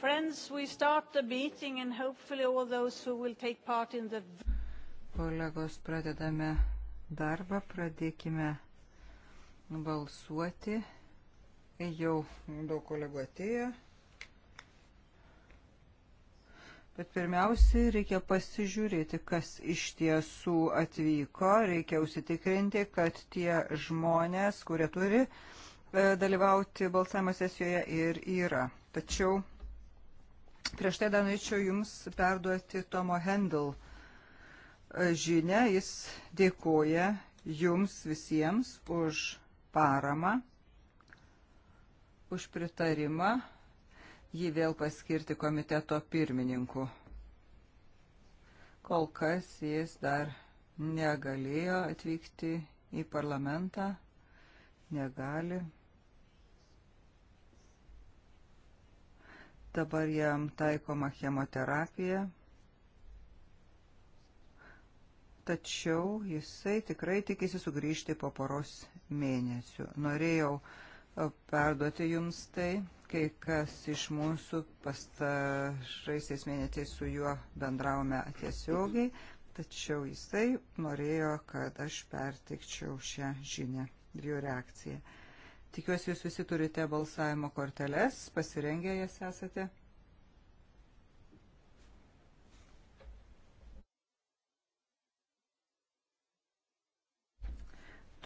Friends, we start the meeting and hopefully all those who will take part in the... Kolegos, pradedame darbą, pradėkime balsuoti. Jau daug kolegų atėjo. Bet pirmiausiai reikia pasižiūrėti, kas iš tiesų atvyko. Reikia užsitikrinti, kad tie žmonės, kurie turi E, dalyvauti balsavimo sesijoje ir yra. Tačiau prieš tai dar norėčiau Jums perduoti Tomo Hendel e, žinę. Jis dėkoja Jums visiems už paramą, už pritarimą jį vėl paskirti komiteto pirmininku. Kol kas jis dar negalėjo atvykti į parlamentą, negali. Dabar jam taikoma chemoterapija. Tačiau jisai tikrai tikisi sugrįžti po poros mėnesių. Norėjau e, perduoti jums tai, kai kas iš mūsų pastaraisiais mėnesiais su juo bendravome tiesiogiai, tačiau jisai norėjo, kad aš pertikčiau šią žinę ir jo reakciją. Tikiuosi, jūs visi turite balsavimo korteles, pasirengę jas esate.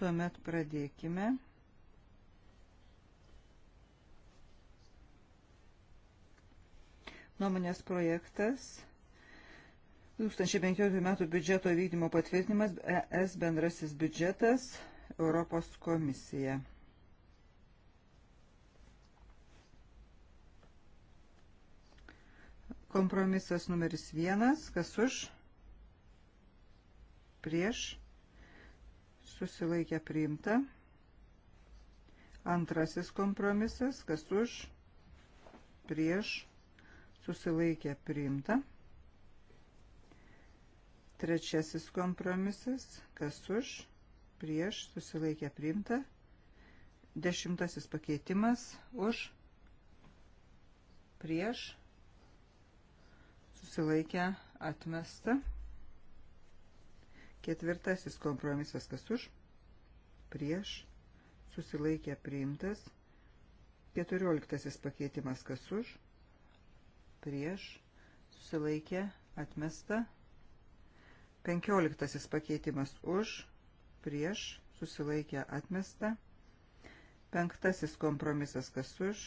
Tuomet pradėkime. Nuomonės projektas 2015 m. biudžeto vykdymo patvirtinimas ES bendrasis biudžetas Europos komisija. Kompromisas numeris vienas, kas už, prieš, susilaikė priimta. Antrasis kompromisas, kas už, prieš, susilaikė priimta. Trečiasis kompromisas, kas už, prieš, susilaikė priimta. Dešimtasis pakeitimas, už, prieš, susilaikė priimta susilaikę atmesta. Ketvirtasis kompromisas kas už, prieš, susilaikę priimtas. Keturioliktasis pakeitimas kas už, prieš, susilaikę atmesta. Penkioliktasis pakeitimas už, prieš, susilaikę atmesta. Penktasis kompromisas kas už,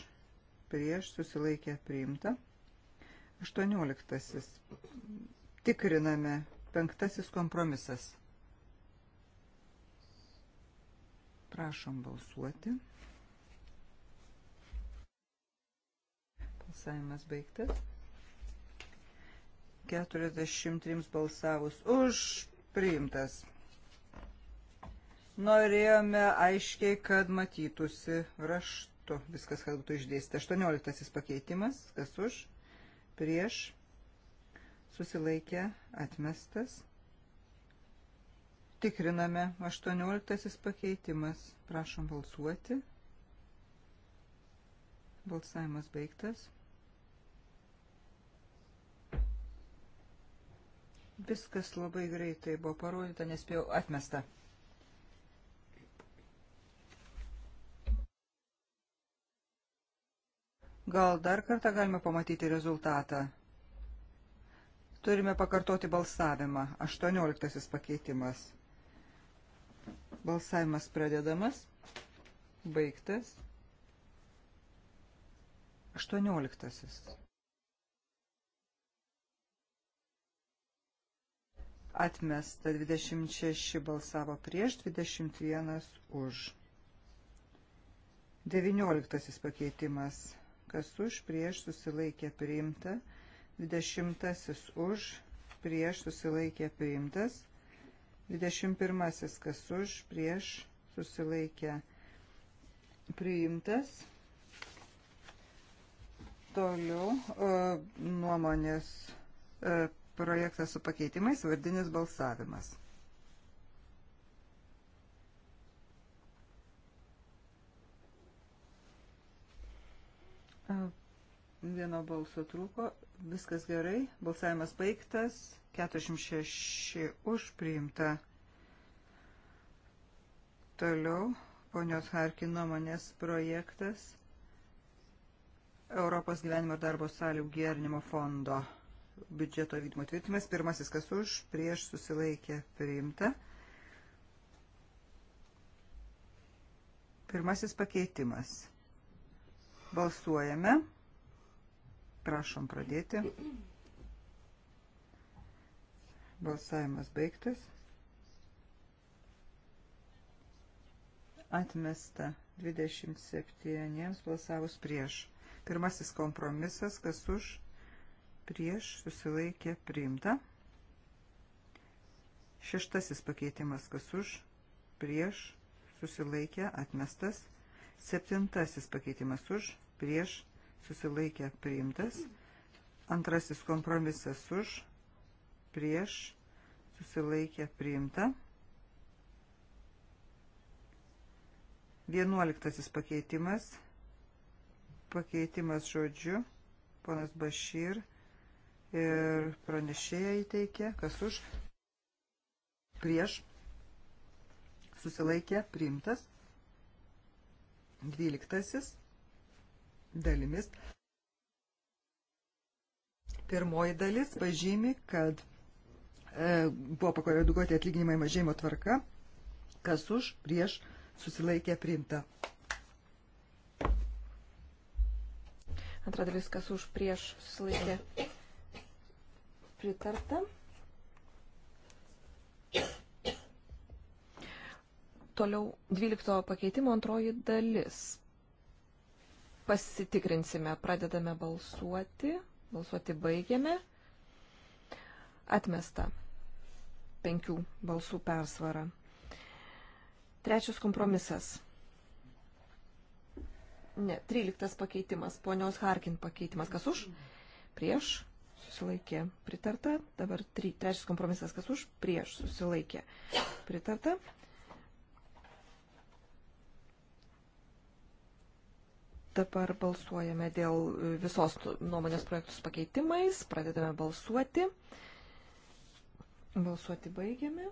prieš, susilaikę priimta. 18. Tikriname. Penktasis kompromisas. Prašom balsuoti. Balsavimas baigtas. 43 balsavus už priimtas. Norėjome aiškiai, kad matytųsi raštu viskas, kad būtų išdėstyti. 18 pakeitimas. Kas už? 18 prieš, susilaikė, atmestas. Tikriname 18 pakeitimas. Prašom balsuoti. Balsavimas baigtas. Viskas labai greitai buvo parodyta, nespėjau atmesta. Gal dar kartą galime pamatyti rezultatą? Turime pakartoti balsavimą. 18 pakeitimas. Balsavimas pradedamas. Baigtas. 18. Atmesta 26 balsavo prieš, 21 už. 19 pakeitimas kas už, prieš susilaikė priimta, 20 už, prieš susilaikė priimtas, 21 kas už, prieš susilaikė priimtas. Toliau e, nuomonės e, projektas su pakeitimais, vardinis balsavimas. Vieno balso trūko. Viskas gerai. Balsavimas baigtas. 46 už priimta. Toliau ponios Harkin nuomonės projektas Europos gyvenimo ir darbo sąlygų gerinimo fondo biudžeto vykdymo tvirtimas. Pirmasis, kas už, prieš susilaikė priimta. Pirmasis pakeitimas. Balsuojame. Prašom pradėti. Balsavimas baigtas. Atmesta 27 balsavus prieš. Pirmasis kompromisas, kas už prieš susilaikė priimta. Šeštasis pakeitimas, kas už prieš susilaikė atmestas. Septintasis pakeitimas už, prieš, susilaikė priimtas. Antrasis kompromisas už, prieš, susilaikė priimta. Vienuoliktasis pakeitimas, pakeitimas žodžiu, ponas Bašyr ir pranešėja įteikė, kas už, prieš, susilaikė priimtas. Dvyliktasis dalimis. Pirmoji dalis pažymi, kad e, buvo pakoreduoti atlyginimai mažėjimo tvarka, kas už prieš susilaikė priimta. Antra dalis, kas už prieš susilaikė pritarta. Toliau 12 pakeitimo antroji dalis. Pasitikrinsime, pradedame balsuoti. Balsuoti baigiame. Atmesta. Penkių balsų persvara. Trečias kompromisas. Ne, 13 pakeitimas. Ponios Harkin pakeitimas. Kas už? Prieš. Susilaikė. Pritarta. Dabar trečias kompromisas. Kas už? Prieš. Susilaikė. Pritarta. Pritarta. Dabar balsuojame dėl visos nuomonės projektus pakeitimais. Pradedame balsuoti. Balsuoti baigiame.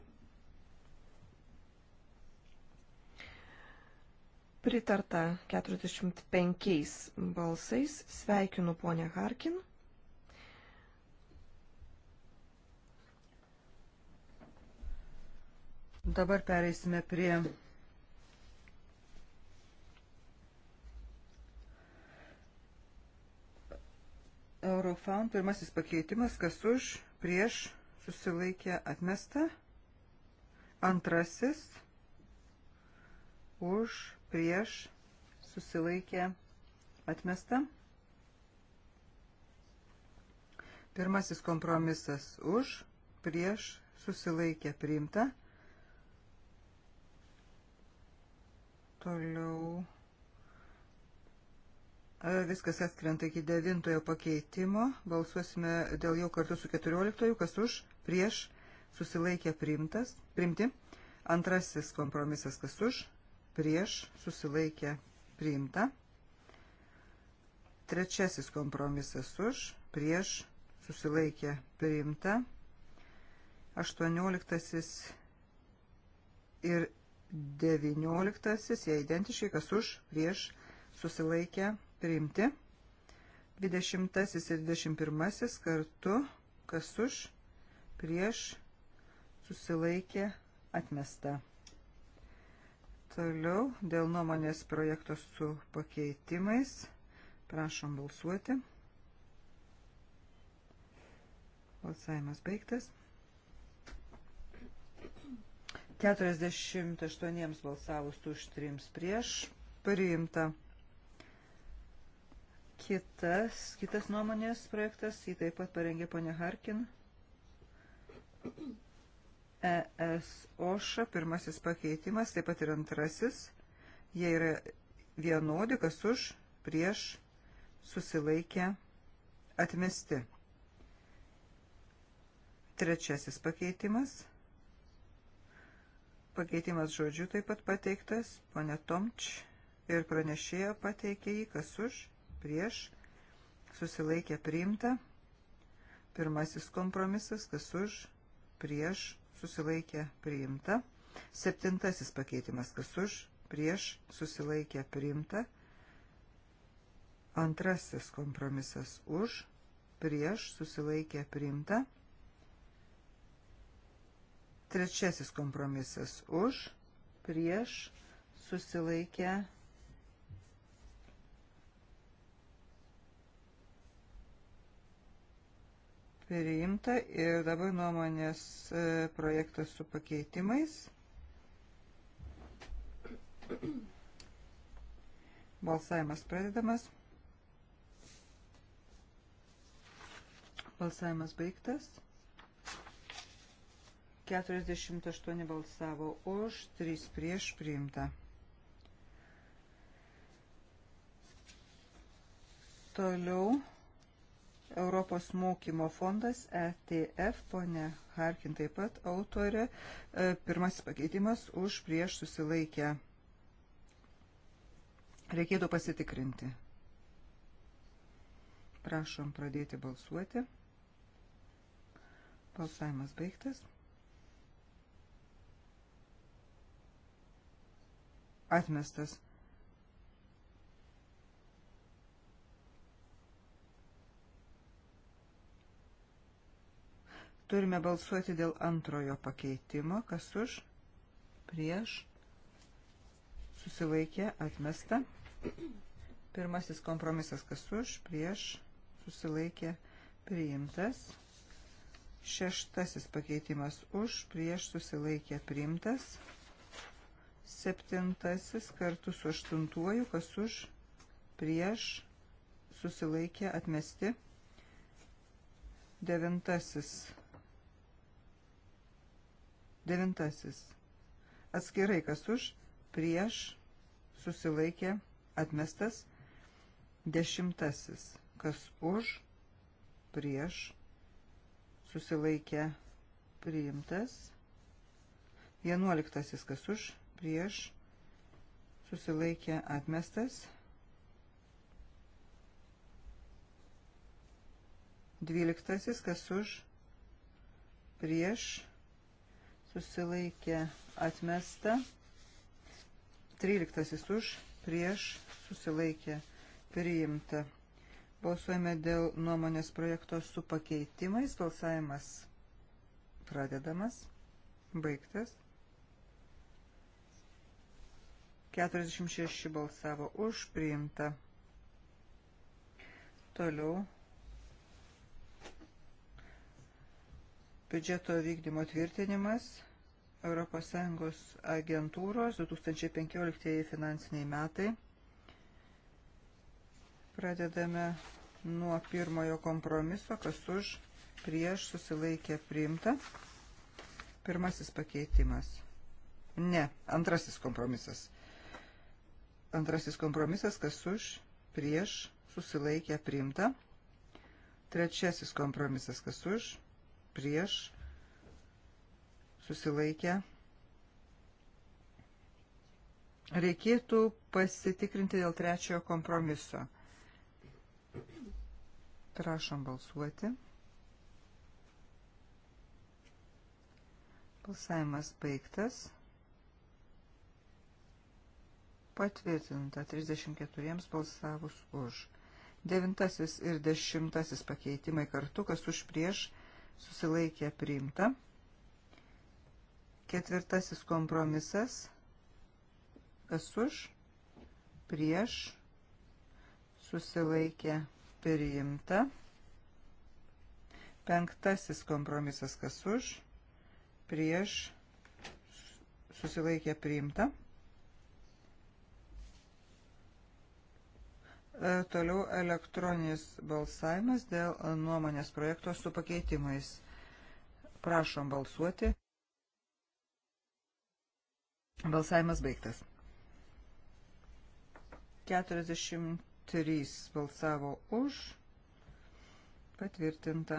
Pritarta 45 balsais. Sveikinu ponę Harkin. Dabar pereisime prie Eurofound pirmasis pakeitimas, kas už, prieš, susilaikė atmesta. Antrasis, už, prieš, susilaikė atmesta. Pirmasis kompromisas už, prieš, susilaikė priimta. Toliau. Viskas atkrenta iki devintojo pakeitimo. Balsuosime dėl jo kartu su keturioliktoju, kas už, prieš, susilaikė priimtas, priimti. Antrasis kompromisas, kas už, prieš, susilaikė priimta. Trečiasis kompromisas už, prieš, susilaikė priimta. Aštuonioliktasis ir devynioliktasis, jie identiškai, kas už, prieš, susilaikė priimta priimti. 20 ir 21 kartu, kas už, prieš, susilaikė, atmesta. Toliau dėl nuomonės projekto su pakeitimais. Prašom balsuoti. Balsavimas baigtas. 48 balsavus už 3 prieš priimta. Kitas, kitas nuomonės projektas, jį taip pat parengė ponia Harkin. ES OŠA, pirmasis pakeitimas, taip pat ir antrasis. Jie yra vienodi, kas už, prieš, susilaikę, atmesti. Trečiasis pakeitimas. Pakeitimas žodžių taip pat pateiktas, ponė Tomč ir pranešėjo pateikė jį, kas už, prieš, susilaikė priimta. Pirmasis kompromisas, kas už, prieš, susilaikė priimta. Septintasis pakeitimas, kas už, prieš, susilaikė priimta. Antrasis kompromisas už, prieš, susilaikė priimta. Trečiasis kompromisas už, prieš, susilaikė priimta priimta ir dabar nuomonės e, projektas su pakeitimais. Balsavimas pradedamas. Balsavimas baigtas. 48 balsavo už, 3 prieš priimta. Toliau Europos mokymo fondas ETF, ponė Harkin taip pat autorė, e, pirmasis pakeitimas už prieš susilaikę. Reikėtų pasitikrinti. Prašom pradėti balsuoti. Balsavimas baigtas. Atmestas. Turime balsuoti dėl antrojo pakeitimo. Kas už? Prieš. Susilaikė. Atmesta. Pirmasis kompromisas. Kas už? Prieš. Susilaikė. Priimtas. Šeštasis pakeitimas. Už. Prieš. Susilaikė. Priimtas. Septintasis kartu su aštuntuoju. Kas už? Prieš. Susilaikė. Atmesti. Devintasis Devintasis. Atskirai kas už, prieš, susilaikė, atmestas. Dešimtasis. Kas už, prieš, susilaikė, priimtas. Vienuoliktasis. Kas už, prieš, susilaikė, atmestas. Dvyliktasis. Kas už, prieš, susilaikė atmesta. 13 už, prieš susilaikė priimta. Balsuojame dėl nuomonės projekto su pakeitimais. Balsavimas pradedamas, baigtas. 46 balsavo už, priimta. Toliau. Biudžeto vykdymo tvirtinimas. ES agentūros 2015 finansiniai metai. Pradedame nuo pirmojo kompromiso, kas už prieš susilaikė priimta. Pirmasis pakeitimas. Ne, antrasis kompromisas. Antrasis kompromisas, kas už prieš susilaikė priimta. Trečiasis kompromisas, kas už prieš susilaikę. Reikėtų pasitikrinti dėl trečiojo kompromiso. Prašom balsuoti. Balsavimas baigtas. Patvirtinta 34 balsavus už. Devintasis ir dešimtasis pakeitimai kartu, kas už prieš susilaikė priimta. Ketvirtasis kompromisas. Kas už? Prieš. Susilaikė priimta. Penktasis kompromisas. Kas už? Prieš. Susilaikė priimta. E, toliau elektroninis balsavimas dėl nuomonės projekto su pakeitimais. Prašom balsuoti. Balsavimas baigtas. 43 balsavo už. Patvirtinta.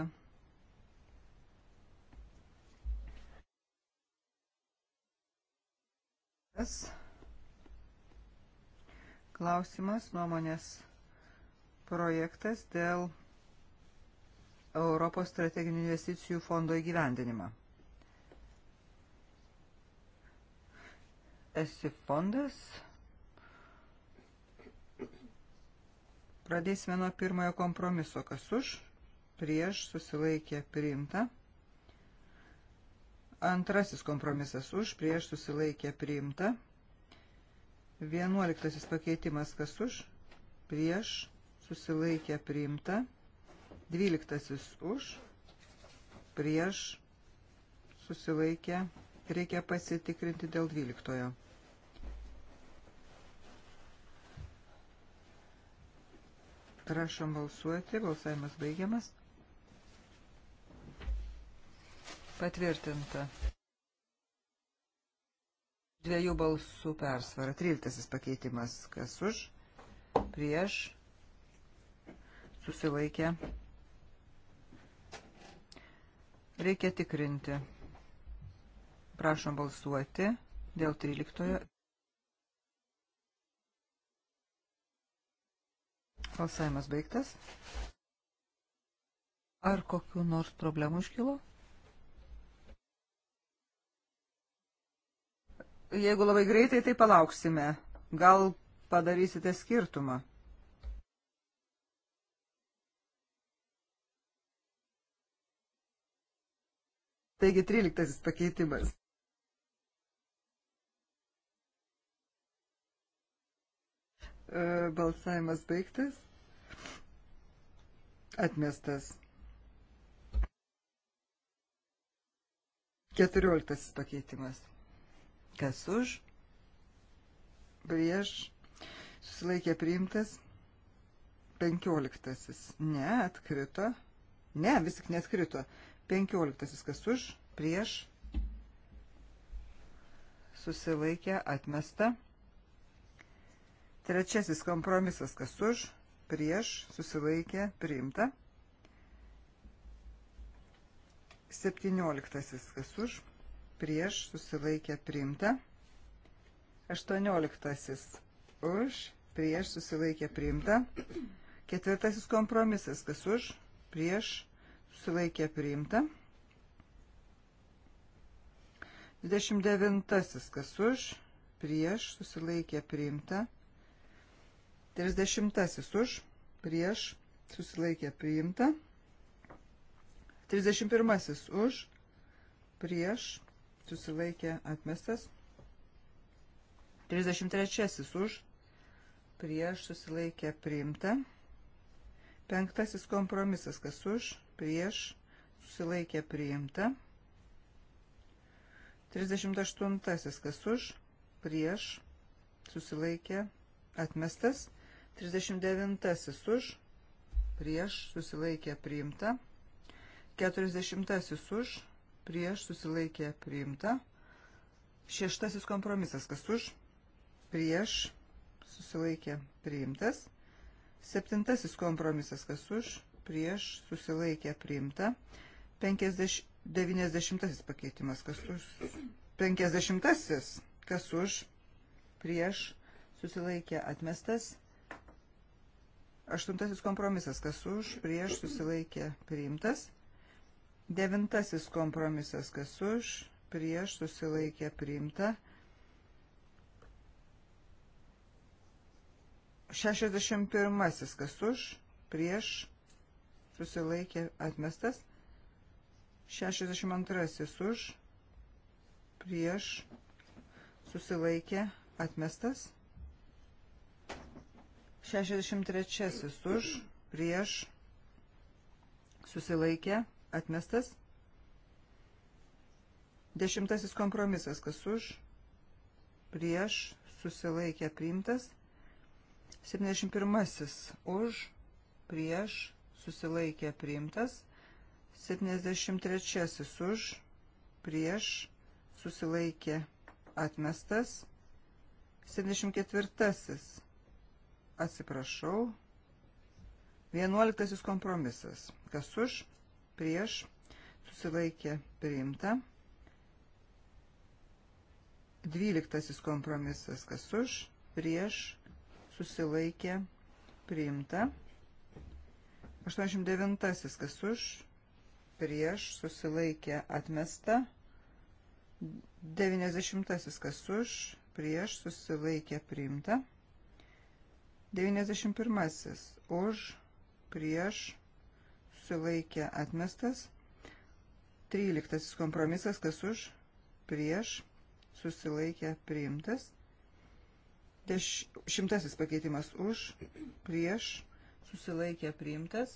Klausimas nuomonės projektas dėl Europos strateginių investicijų fondo įgyvendinimą. ESI fondas. Pradėsime nuo pirmojo kompromiso, kas už, prieš, susilaikė, priimta. Antrasis kompromisas už, prieš, susilaikė, priimta. Vienuoliktasis pakeitimas, kas už, prieš, susilaikė, priimta. Dvyliktasis už, prieš, susilaikė, priimta reikia pasitikrinti dėl dvyliktojo. Prašom balsuoti. Balsavimas baigiamas. Patvirtinta. Dviejų balsų persvara. Tryliktasis pakeitimas. Kas už? Prieš. Susilaikė. Reikia tikrinti. Prašom balsuoti dėl 13. Balsavimas baigtas. Ar kokiu nors problemu iškilo? Jeigu labai greitai, tai palauksime. Gal padarysite skirtumą. Taigi 13 pakeitimas. E, balsavimas baigtas. Atmestas. Keturioliktasis pakeitimas. Kas už? Prieš. Susilaikė priimtas. Penkioliktasis. Ne, atkrito. Ne, vis tik netkrito. Penkioliktasis. Kas už? Prieš. Susilaikė atmesta. Trečiasis kompromisas. Kas už? prieš, susilaikė, priimta. 17 kas už, prieš, susilaikė, priimta. 18 už, prieš, susilaikė, priimta. Ketvirtasis kompromisas, kas už, prieš, susilaikė, priimta. 29 kas už, prieš, susilaikė, priimta. 30 už, prieš, susilaikė priimta. 31 už, prieš, susilaikė atmestas. 33 už, prieš, susilaikė priimta. Penktasis kompromisas, kas už, prieš, susilaikė priimta. 38 kas už, prieš, susilaikė atmestas. 39 už, prieš susilaikė priimta. 40 už, prieš susilaikė priimta. Šeštasis kompromisas, kas už, prieš susilaikė priimtas. Septintasis kompromisas, kas už, prieš susilaikė priimta. 50, 90 pakeitimas, kas už, 50 kas už, prieš susilaikė atmestas. Aštuntasis kompromisas, kas už, prieš susilaikė priimtas. Devintasis kompromisas, kas už, prieš susilaikė priimta. 61. Kas už, prieš, susilaikė, atmestas. 62. Už, prieš, susilaikė, atmestas. 63 už, prieš, susilaikė, atmestas. Dešimtasis kompromisas, kas už, prieš, susilaikė, priimtas. 71 už, prieš, susilaikė, priimtas. 73 už, prieš, susilaikė, atmestas. 74 atsiprašau. Vienuoliktasis kompromisas. Kas už, prieš, susilaikė priimta. Dvyliktasis kompromisas. Kas už, prieš, susilaikė priimta. 89-asis. Kas už, prieš, susilaikė atmesta. 90-asis. Kas už, prieš, susilaikė priimta. 90 91. Už, prieš, sulaikė atmestas. 13. Kompromisas, kas už, prieš, susilaikė priimtas. Deš, šimtasis pakeitimas už, prieš, susilaikė priimtas.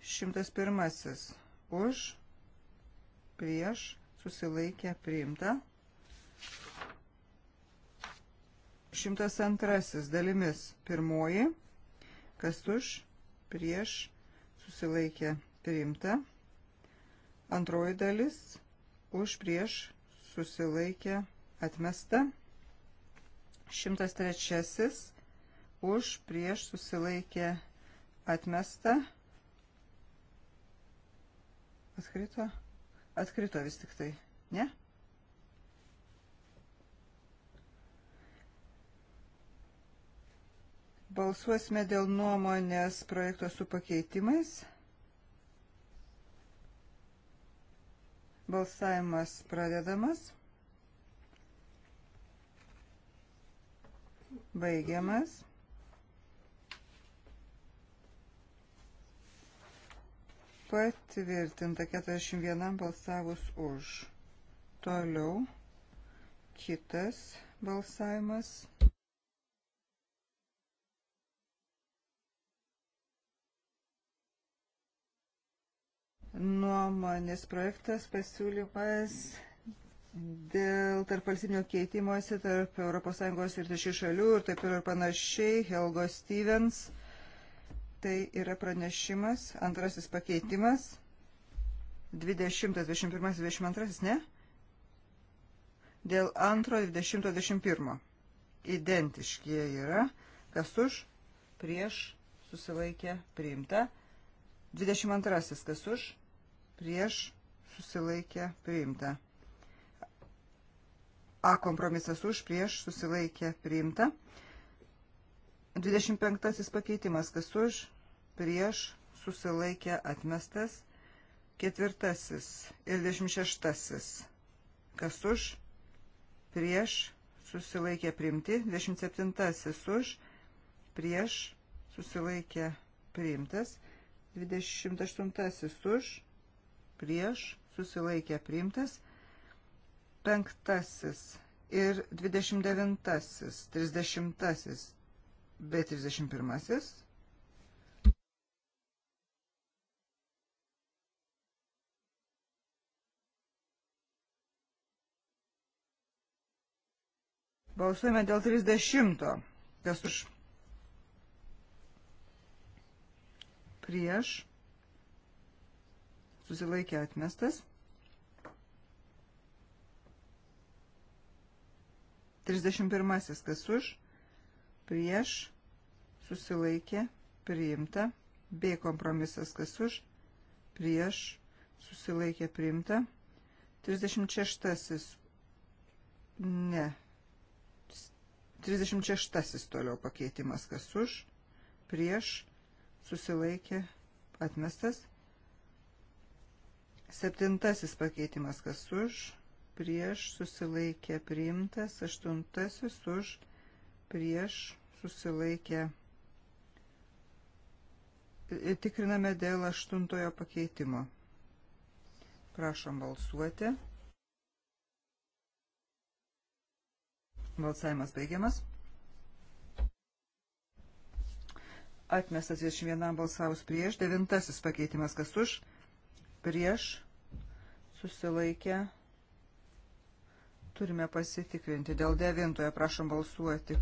Šimtas pirmasis už, prieš, susilaikė priimta. 102 dalimis pirmoji, kas už, prieš, susilaikė priimta. Antroji dalis, už, prieš, susilaikė atmesta. 103 už, prieš, susilaikė atmesta. Atkrito? Atkrito vis tik tai, ne? Ne? Balsuosime dėl nuomonės projekto su pakeitimais. Balsavimas pradedamas. Baigiamas. Patvirtinta 41 balsavus už. Toliau kitas balsavimas. nuomonės projektas pasiūlymas dėl tarp valstybinio keitimosi tarp ES ir trečių šalių ir taip ir panašiai, Helgo Stevens. Tai yra pranešimas, antrasis pakeitimas, 20, 21, 22, ne? Dėl antro, 20, 21. Identiški jie yra, kas už, prieš, susilaikė, priimta. 22, kas už, prieš susilaikė priimta. A kompromisas už prieš susilaikė priimta. 25 pakeitimas, kas už prieš susilaikė atmestas. Ketvirtasis ir 26, kas už prieš susilaikė priimti. 27 už prieš susilaikė priimtas. 28 už prieš, susilaikė priimtas. Penktasis ir 29-asis, 30-asis, bei 31-asis. Balsuojame dėl 30-o. Kas už? Prieš susilaikė atmestas. 31. Kas už, prieš, susilaikė, priimta. B kompromisas. Kas už, prieš, susilaikė, priimta. 36. Ne. 36. Toliau pakeitimas. Kas už, prieš, susilaikė, atmestas. Septintasis pakeitimas kas už, prieš susilaikė priimtas. Aštuntasis už, prieš susilaikė. Tikriname dėl aštuntojo pakeitimo. Prašom balsuoti. Balsavimas baigiamas. Atmestas 21 balsavus prieš, devintasis pakeitimas kas už, prieš prieš susilaikę. Turime pasitikrinti. Dėl devintojo prašom balsuoti.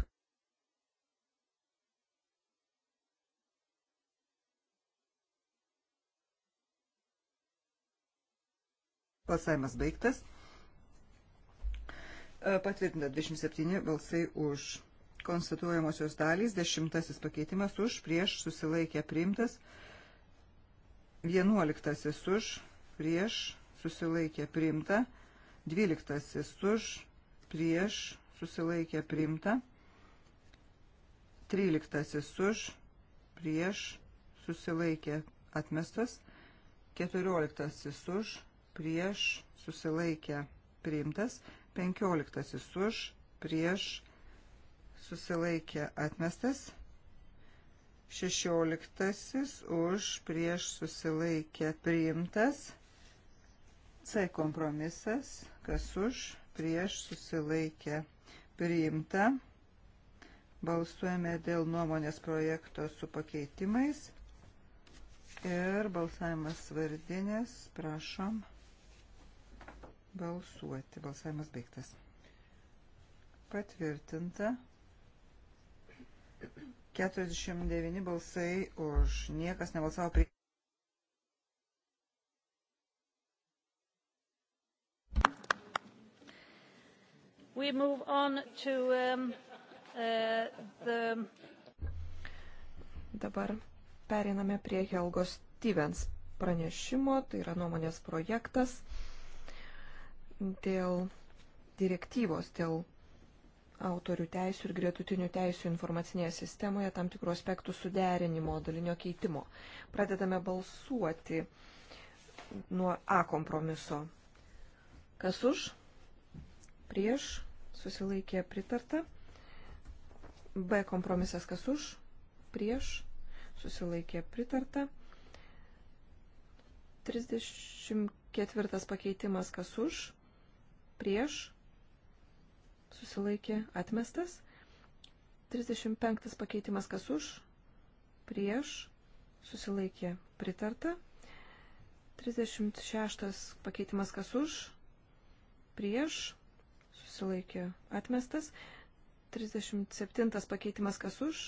Balsavimas baigtas. E, patvirtinta 27 balsai už konstatuojamosios dalys, dešimtasis pakeitimas už, prieš susilaikė priimtas, Vienuoliktasis už, prieš, susilaikė priimta. Dvyliktasis už, prieš, susilaikė priimta. Tryliktasis už, prieš, susilaikė atmestas. Keturioliktasis už, prieš, susilaikė priimtas. Penkioliktasis už, prieš, susilaikė atmestas. Šešioliktasis už prieš susilaikę priimtas. C kompromisas, kas už prieš susilaikę priimta. Balsuojame dėl nuomonės projekto su pakeitimais. Ir balsavimas vardinės, prašom balsuoti. Balsavimas baigtas. Patvirtinta. 49 balsai už. Niekas nebalsavo prie. We move on to um, uh, the... Dabar periname prie Helgos Stevens pranešimo, tai yra nuomonės projektas dėl direktyvos, dėl autorių teisų ir gretutinių teisų informacinėje sistemoje tam tikrų aspektų suderinimo, dalinio keitimo. Pradedame balsuoti nuo A kompromiso. Kas už? Prieš? Susilaikė pritarta. B kompromisas kas už? Prieš? Susilaikė pritarta. 34 pakeitimas kas už? Prieš? susilaikė atmestas. 35 pakeitimas kas už, prieš, susilaikė pritarta. 36 pakeitimas kas už, prieš, susilaikė atmestas. 37 pakeitimas kas už,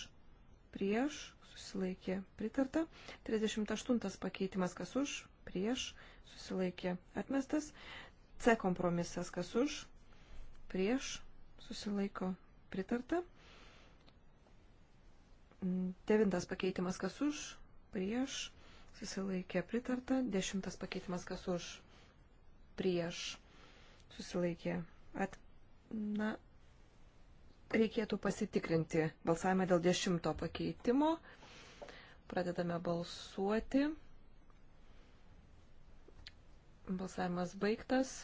prieš, susilaikė pritarta. 38 pakeitimas kas už, prieš, susilaikė atmestas. C kompromisas kas už, prieš, susilaiko pritarta. Mm, devintas pakeitimas kas už, prieš, susilaikė pritarta. Dešimtas pakeitimas kas už, prieš, susilaikė at... Na, reikėtų pasitikrinti balsavimą dėl dešimto pakeitimo. Pradedame balsuoti. Balsavimas baigtas.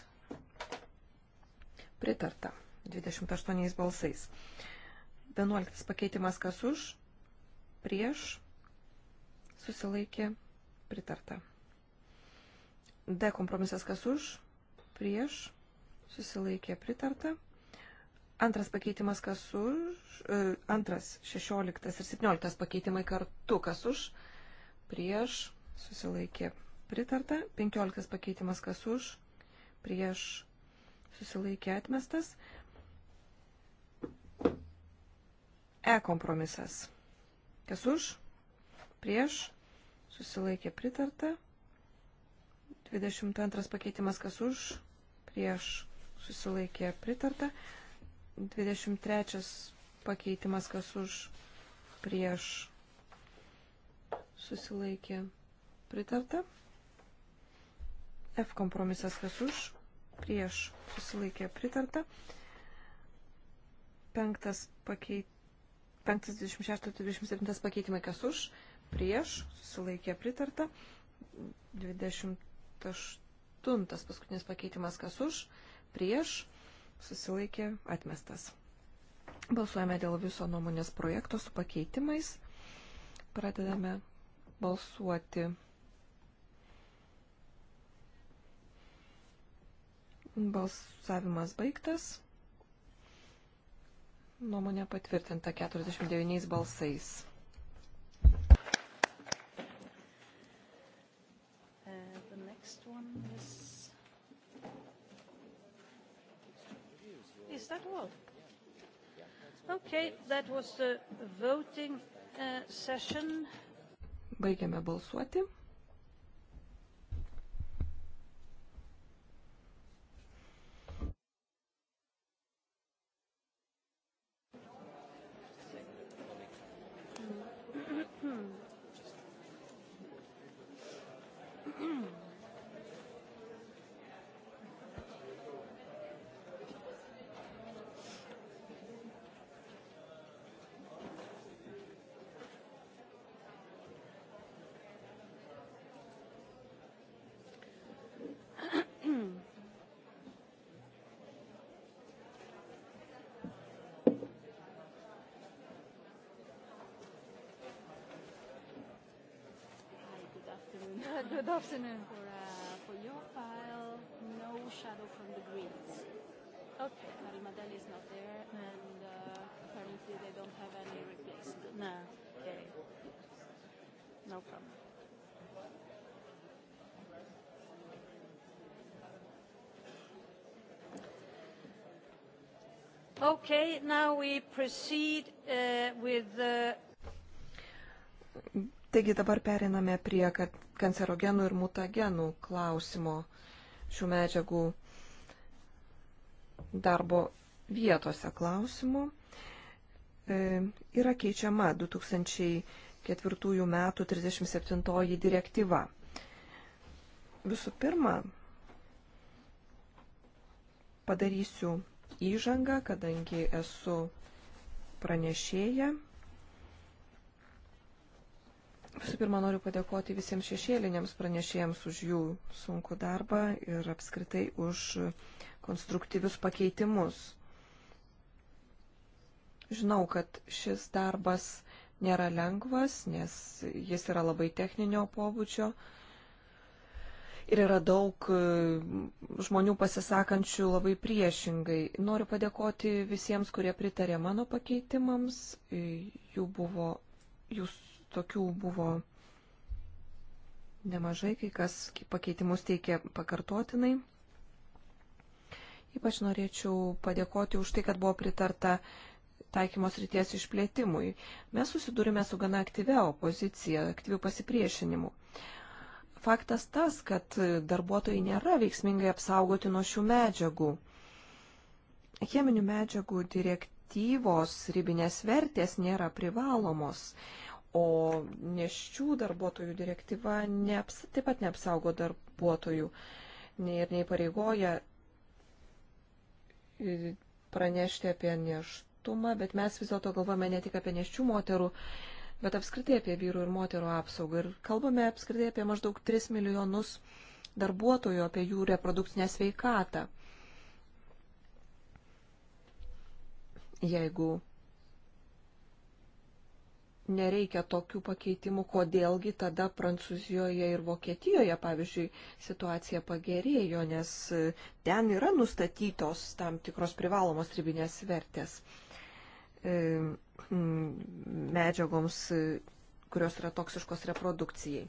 Pritarta. 28 balsais. 11 pakeitimas kas už, prieš, susilaikė, pritarta. D kompromisas kas už, prieš, susilaikė, pritarta. Antras pakeitimas kas už, e, antras, 16 ir 17 pakeitimai kartu kas už, prieš, susilaikė, pritarta. 15 pakeitimas kas už, prieš, susilaikė, atmestas. E kompromisas. Kas už? Prieš. Susilaikė pritarta. 22 pakeitimas kas už? Prieš. Susilaikė pritarta. 23 pakeitimas kas už? Prieš. Susilaikė pritarta. F kompromisas kas už? Prieš. Susilaikė pritarta. Penktas pakeitimas 526-27 pakeitimai kas už, prieš, susilaikė pritarta. 28 paskutinis pakeitimas kas už, prieš, susilaikė atmestas. Balsuojame dėl viso nuomonės projekto su pakeitimais. Pradedame balsuoti. Balsavimas baigtas. Nuomonė patvirtinta 49 balsais. Uh, is that all? Okay, that was the voting uh, session. Baigiame balsuoti. good afternoon. For, uh, for your file, no shadow from the Greens. Okay. Marimadel is not there, and uh, apparently they don't have any replacement. No. Okay. No problem. Okay, now we proceed uh, with the Taigi dabar periname prie kancerogenų ir mutagenų klausimo šių medžiagų darbo vietose klausimų. E, yra keičiama 2004 metų 37 direktyva. Visų pirma, padarysiu įžangą, kadangi esu pranešėja Visų pirma, noriu padėkoti visiems šešėliniams pranešėjams už jų sunku darbą ir apskritai už konstruktyvius pakeitimus. Žinau, kad šis darbas nėra lengvas, nes jis yra labai techninio pobūdžio ir yra daug e, žmonių pasisakančių labai priešingai. Noriu padėkoti visiems, kurie pritarė mano pakeitimams. Jų buvo, jūs tokių buvo nemažai, kai kas pakeitimus teikė pakartotinai. Ypač norėčiau padėkoti už tai, kad buvo pritarta taikymos ryties išplėtimui. Mes susidūrime su gana aktyvia opozicija, aktyviu pasipriešinimu. Faktas tas, kad darbuotojai nėra veiksmingai apsaugoti nuo šių medžiagų. Cheminių medžiagų direktyvos ribinės vertės nėra privalomos, o neščių darbuotojų direktyva neaps, taip pat neapsaugo darbuotojų ir neįpareigoja pranešti apie neštumą, bet mes vis dėlto galvojame ne tik apie neščių moterų, bet apskritai apie vyrų ir moterų apsaugą. Ir kalbame apskritai apie maždaug 3 milijonus darbuotojų, apie jų reprodukcinę sveikatą. Jeigu nereikia tokių pakeitimų, kodėlgi tada Prancūzijoje ir Vokietijoje, pavyzdžiui, situacija pagerėjo, nes e, ten yra nustatytos tam tikros privalomos ribinės vertės e, medžiagoms, e, kurios yra toksiškos reprodukcijai.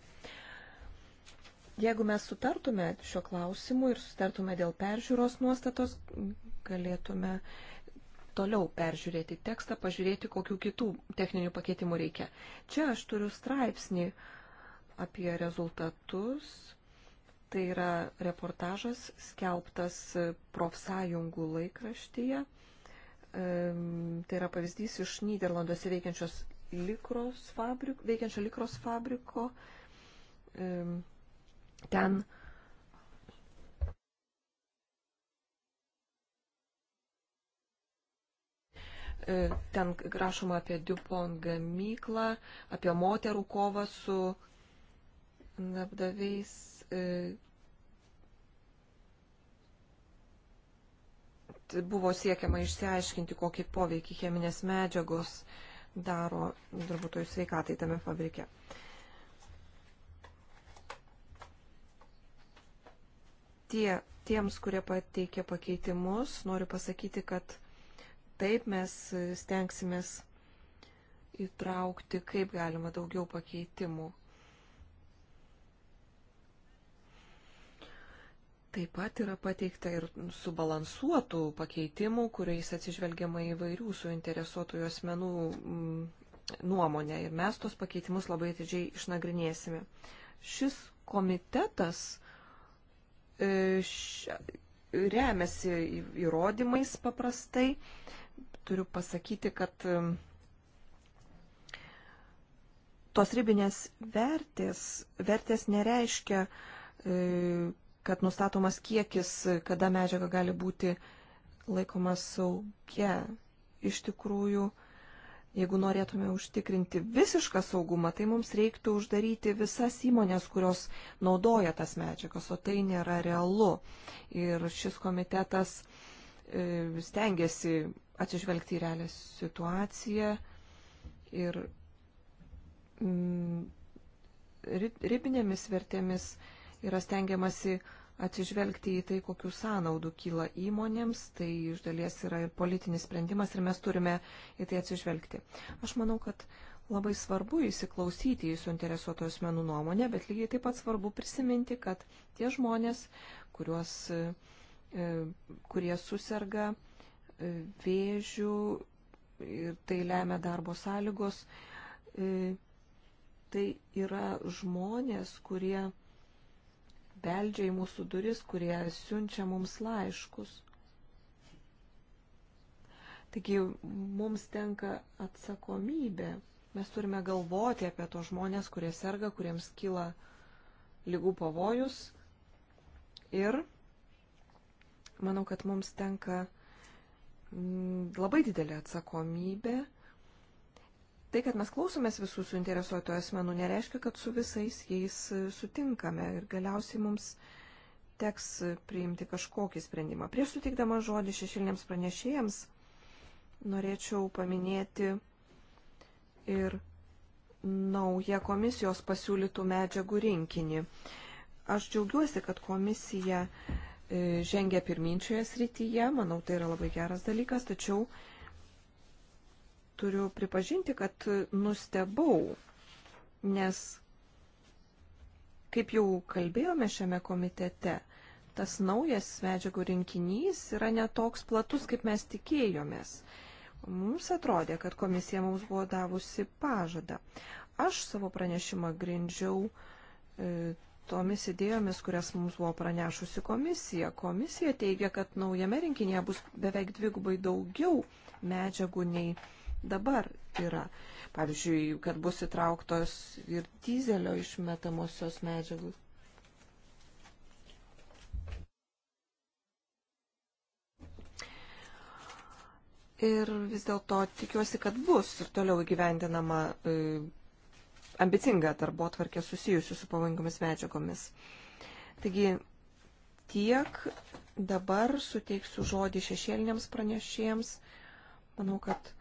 Jeigu mes sutartume šio klausimu ir sutartume dėl peržiūros nuostatos, galėtume uh, toliau peržiūrėti tekstą, pažiūrėti, kokiu kitų techninių pakeitimų reikia. Čia aš turiu straipsnį apie rezultatus. Tai yra reportažas skelbtas profsąjungų laikraštyje. Tai yra pavyzdys iš Niderlanduose veikiančios likros fabriko, veikiančio likros fabriko. Ten E, ten rašoma apie Dupont gamyklą, apie moterų kovą su darbdaviais. E, buvo siekiama išsiaiškinti, kokį poveikį cheminės medžiagos daro darbuotojų sveikatai tame fabrike. Tie, tiems, kurie pateikė pakeitimus, noriu pasakyti, kad Taip mes stengsimės įtraukti kaip galima daugiau pakeitimų. Taip pat yra pateikta ir subalansuotų pakeitimų, kuriais atsižvelgiama įvairių suinteresuotųjų asmenų mm, nuomonę ir mes tos pakeitimus labai atidžiai išnagrinėsime. Šis komitetas e, remiasi įrodymais paprastai, turiu pasakyti, kad tos ribinės vertės, vertės nereiškia, e, kad nustatomas kiekis, kada medžiaga gali būti laikoma saugia. Iš tikrųjų, jeigu norėtume užtikrinti visišką saugumą, tai mums reiktų uždaryti visas įmonės, kurios naudoja tas medžiagas, o tai nėra realu. Ir šis komitetas e, stengiasi atsižvelgti į realią situaciją ir mm, ribinėmis vertėmis yra stengiamasi atsižvelgti į tai, kokių sąnaudų kyla įmonėms, tai iš dalies yra ir politinis sprendimas ir mes turime į tai atsižvelgti. Aš manau, kad labai svarbu įsiklausyti į suinteresuotų asmenų nuomonę, bet lygiai taip pat svarbu prisiminti, kad tie žmonės, kuriuos, e, kurie susirga vėžių ir tai lemia darbo sąlygos. E, tai yra žmonės, kurie beldžia į mūsų duris, kurie siunčia mums laiškus. Taigi mums tenka atsakomybė. Mes turime galvoti apie tos žmonės, kurie serga, kuriems kyla lygų pavojus. Ir manau, kad mums tenka Mm, labai didelė atsakomybė. Tai, kad mes klausomės visų suinteresuotų asmenų, nereiškia, kad su visais jais e, sutinkame ir galiausiai mums teks e, priimti kažkokį sprendimą. Prieš sutikdama žodį šešiliniams pranešėjams, norėčiau paminėti ir naują komisijos pasiūlytų medžiagų rinkinį. Aš džiaugiuosi, kad komisija E, žengia pirminčioje srityje, manau, tai yra labai geras dalykas, tačiau turiu pripažinti, kad nustebau, nes, kaip jau kalbėjome šiame komitete, tas naujas medžiagų rinkinys yra netoks platus, kaip mes tikėjomės. Mums atrodė, kad komisija mums buvo davusi pažadą. Aš savo pranešimą grindžiau e, tomis idėjomis, kurias mums buvo pranešusi komisija. Komisija teigia, kad naujame rinkinėje bus beveik dvigubai daugiau medžiagų nei dabar yra. Pavyzdžiui, kad bus įtrauktos ir dizelio išmetamosios medžiagos. Ir vis dėlto tikiuosi, kad bus ir toliau įgyvendinama e, ambicingą darbo atvarkę susijusių su pavojingomis medžiagomis. Taigi tiek dabar suteiksiu žodį šešėliniams pranešėjams. Manau, kad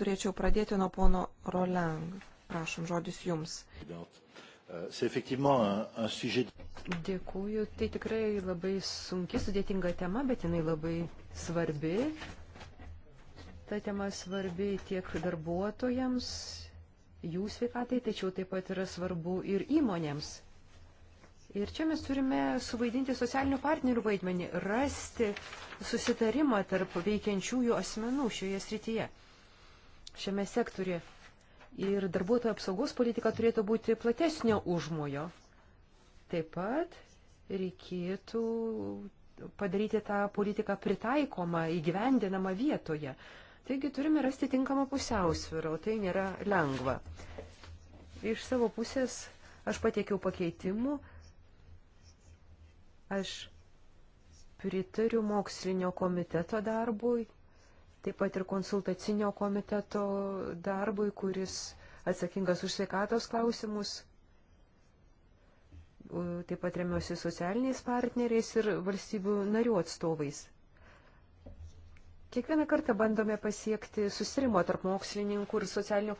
turėčiau pradėti nuo pono Rolang. Prašom, žodis jums. Dėkuoju. Tai tikrai labai sunki, sudėtinga tema, bet jinai labai svarbi. Ta tema svarbi tiek darbuotojams, jų sveikatai, tačiau taip pat yra svarbu ir įmonėms. Ir čia mes turime suvaidinti socialinių partnerių vaidmenį, rasti susitarimą tarp veikiančiųjų asmenų šioje srityje, šiame sektorė. Ir darbuotojų apsaugos politika turėtų būti platesnio užmojo. Taip pat reikėtų padaryti tą politiką pritaikomą, įgyvendinamą vietoje. Taigi turime rasti tinkamą pusiausvyrą, o tai nėra lengva. Iš savo pusės aš patiekiau pakeitimų, aš pritariu mokslinio komiteto darbui, taip pat ir konsultacinio komiteto darbui, kuris atsakingas už sveikatos klausimus. Taip pat remiuosi socialiniais partneriais ir valstybių narių atstovais. Kiekvieną kartą bandome pasiekti susirimo tarp mokslininkų ir socialinių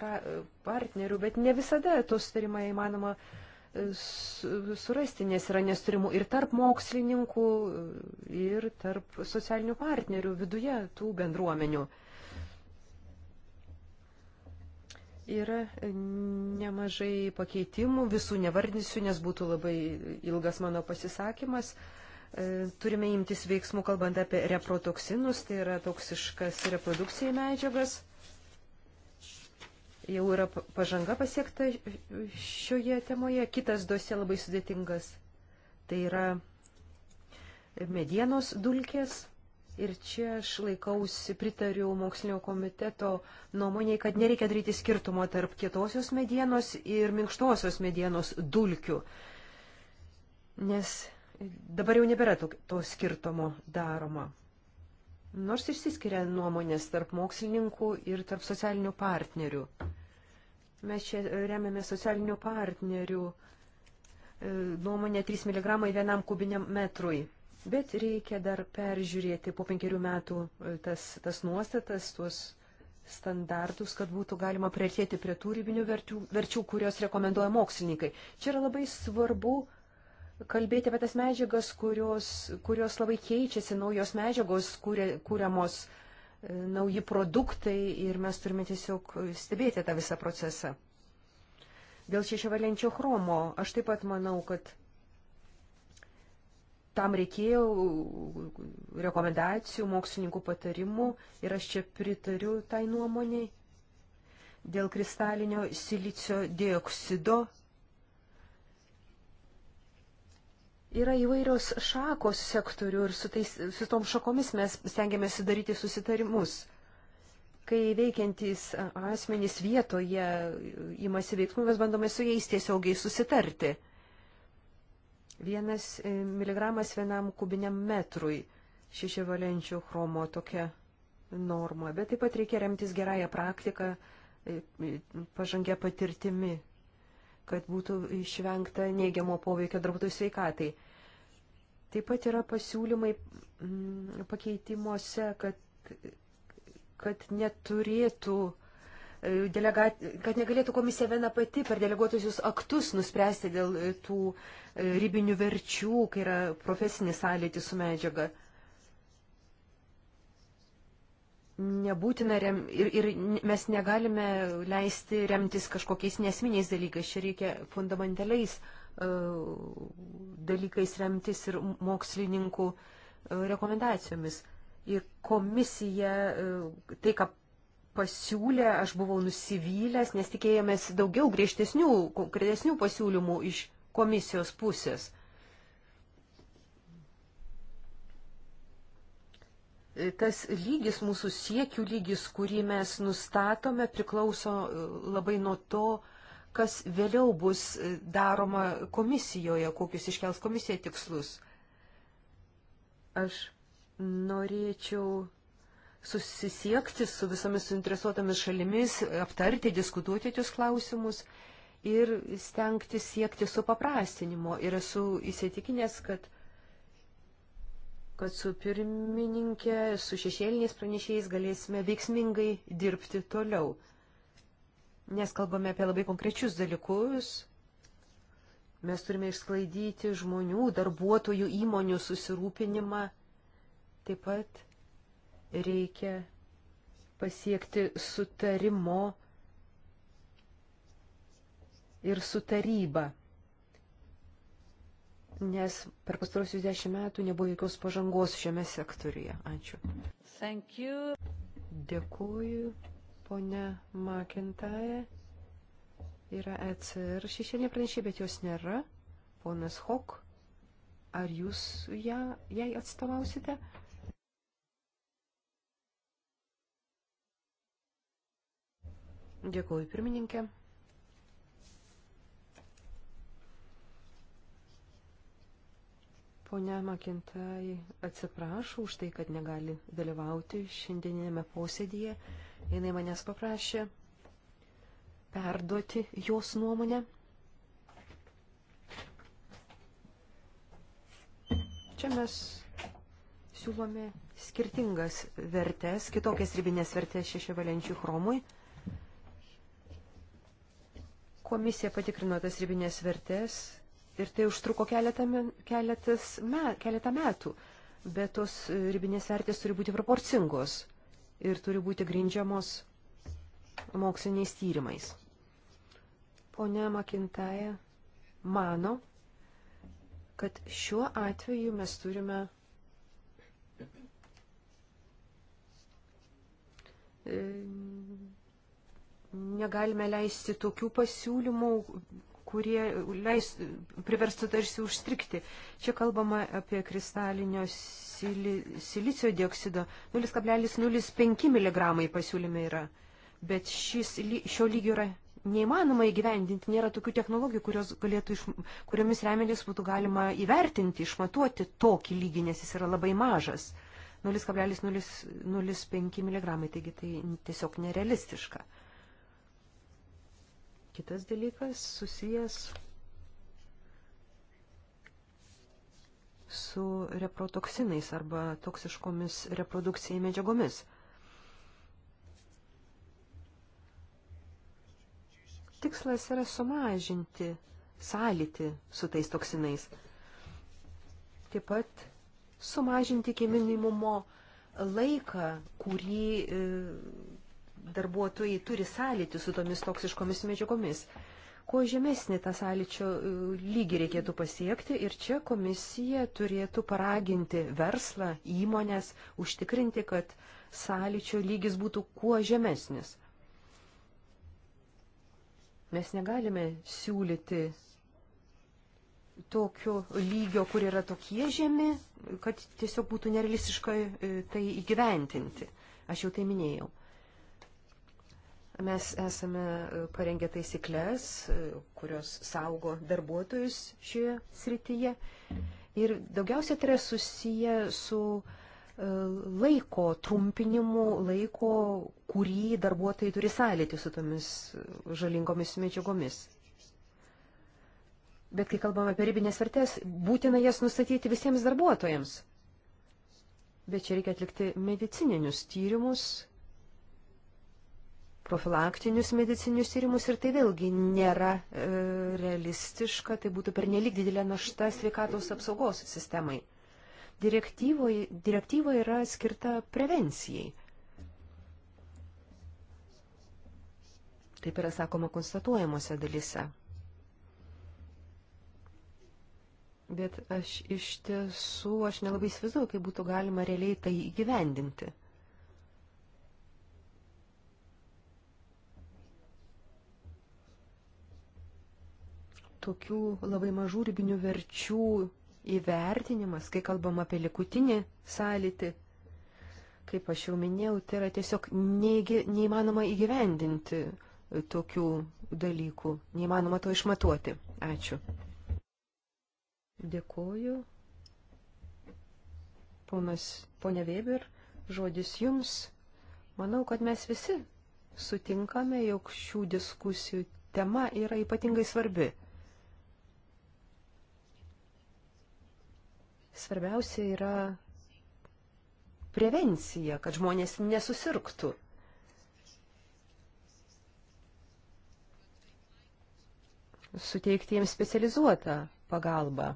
partnerių, bet ne visada to susirimą įmanoma e, surasti, nes yra nesturimų ir tarp mokslininkų, e, ir tarp socialinių partnerių viduje tų bendruomenių. Yra e, nemažai pakeitimų, visų nevardinsiu, nes būtų labai ilgas mano pasisakymas. Uh, E, turime imtis veiksmų, kalbant apie reprotoksinus, tai yra toksiškas reprodukcijai medžiagas. Jau yra pažanga pasiekta šioje temoje. Kitas dosė labai sudėtingas. Tai yra medienos dulkės. Ir čia aš laikausi, pritariu mokslinio komiteto nuomonėje, kad nereikia daryti skirtumo tarp kietosios medienos ir minkštosios medienos dulkių. Nes Dabar jau nebėra to, to skirtumo daroma. Nors išsiskiria nuomonės tarp mokslininkų ir tarp socialinių partnerių. Mes čia remiame socialinių partnerių e, nuomonę 3 mg vienam kubiniam metrui. Bet reikia dar peržiūrėti po penkerių metų e, tas, tas nuostatas, tuos standartus, kad būtų galima prieartėti prie tų ribinių verčių, verčių, kurios rekomenduoja mokslininkai. Čia yra labai svarbu kalbėti apie tas medžiagas, kurios, kurios labai keičiasi, naujos medžiagos kūriamos, e, nauji produktai ir mes turime tiesiog stebėti tą visą procesą. Dėl šešiavalenčio chromo aš taip pat manau, kad tam reikėjo rekomendacijų, mokslininkų patarimų ir aš čia pritariu tai nuomoniai. Dėl kristalinio silicio dioksido Yra įvairios šakos sektorių ir su, tais, su tom šakomis mes stengiamės sudaryti susitarimus. Kai veikiantys asmenys vietoje įmasi veiksmų, mes bandome su jais tiesiogiai susitarti. Vienas e, miligramas vienam kubiniam metrui šešiavalenčių chromo tokia norma, bet taip pat reikia remtis gerąją praktiką, e, e, pažangę patirtimi, kad būtų išvengta neigiamo poveikio darbuotojų sveikatai. Taip pat yra pasiūlymai mm, pakeitimuose, kad, kad neturėtų e, delegat, kad negalėtų komisija viena pati per deleguotusius aktus nuspręsti dėl e, tų e, ribinių verčių, kai yra profesinis sąlytis su medžiaga. Nebūtina rem, ir, ir mes negalime leisti remtis kažkokiais nesminiais dalykais, čia reikia fundamentaliais uh, E, dalykais remtis ir mokslininkų e, rekomendacijomis. Ir komisija, e, tai ką pasiūlė, aš buvau nusivylęs, nes tikėjomės daugiau griežtesnių, konkretesnių pasiūlymų iš komisijos pusės. tas lygis, mūsų siekių lygis, kurį mes nustatome, priklauso labai nuo to, kas vėliau bus daroma komisijoje, kokius iškels komisija tikslus. Aš norėčiau susisiekti su visomis suinteresuotomis šalimis, aptarti, diskutuoti tius klausimus ir stengti siekti supaprastinimo. Ir esu įsitikinęs, kad, kad su pirmininkė, su šešėliniais pranešėjais galėsime veiksmingai dirbti toliau nes kalbame apie labai konkrečius dalykus. Mes turime išsklaidyti žmonių, darbuotojų, įmonių susirūpinimą. Taip pat reikia pasiekti sutarimo ir su taryba. Nes per pastarosius dešimt metų nebuvo jokios pažangos šiame sektoriuje. Ačiū. Dėkuoju. Pone Makintaja yra ECR šešėlė pranešė, bet jos nėra. Ponas Hok, ar jūs ją, jai atstovausite? Dėkuoju, pirmininkė. Pone Makintai atsiprašau už tai, kad negali dalyvauti šiandieninėme posėdėje jinai manęs paprašė perduoti jos nuomonę. Čia mes siūlome skirtingas vertės, kitokias ribinės vertės šešiavalenčių chromui. Komisija patikrino tas ribinės vertės ir tai užtruko keletą, keletas, me, keletą metų, bet tos ribinės vertės turi būti proporcingos ir turi būti grindžiamos moksliniais tyrimais. Pone Makintaja mano, kad šiuo atveju mes turime e, negalime leisti tokių pasiūlymų, kurie leis, priverstų tarsi užstrikti. Čia kalbama apie kristalinio silicio dioksido 0,05 mg pasiūlyme yra. Bet šis, šio lygio yra neįmanoma įgyvendinti, nėra tokių technologijų, kurios galėtų iš, kuriomis remiantis būtų galima įvertinti, išmatuoti tokį lygį, nes jis yra labai mažas. 0,005 mg, taigi tai tiesiog nerealistiška. Kitas dalykas susijęs su reprotoksinais arba toksiškomis reprodukcijai medžiagomis. Tikslas yra sumažinti sąlyti su tais toksinais. Taip pat sumažinti iki minimumo laiką, kurį e, darbuotojai turi sąlyti su tomis toksiškomis medžiagomis kuo žemesnį tą sąlyčio e, lygį reikėtų pasiekti ir čia komisija turėtų paraginti verslą, įmonės, užtikrinti, kad sąlyčio lygis būtų kuo žemesnis. Mes negalime siūlyti tokio lygio, kur yra tokie žemi, kad tiesiog būtų nerealistiška e, tai įgyventinti. Aš jau tai minėjau. Mes esame e, parengę taisyklės, e, kurios saugo darbuotojus šioje srityje. Ir daugiausia tai yra susiję su e, laiko trumpinimu, laiko, kurį darbuotojai turi sąlyti su tomis žalingomis medžiagomis. Bet kai kalbame apie ribinės vertės, būtina jas nustatyti visiems darbuotojams. Bet čia reikia atlikti medicininius tyrimus profilaktinius medicinius tyrimus ir tai vėlgi nėra e, realistiška, tai būtų pernelyg didelė našta sveikatos apsaugos sistemai. Direktyvoje, direktyva yra skirta prevencijai. Taip yra sakoma konstatuojamuose dalyse. Bet aš iš tiesų, aš nelabai įsivaizduoju, kaip būtų galima realiai tai įgyvendinti. tokių labai mažų ribinių verčių įvertinimas, kai kalbam apie likutinį sąlytį, kaip aš jau minėjau, tai yra tiesiog neįgy, neįmanoma įgyvendinti tokių dalykų, neįmanoma to išmatuoti. Ačiū. Dėkuoju. Ponas, ponia Weber, žodis jums. Manau, kad mes visi sutinkame, jog šių diskusijų tema yra ypatingai svarbi. Svarbiausia yra prevencija, kad žmonės nesusirgtų. Suteikti jiems specializuotą pagalbą.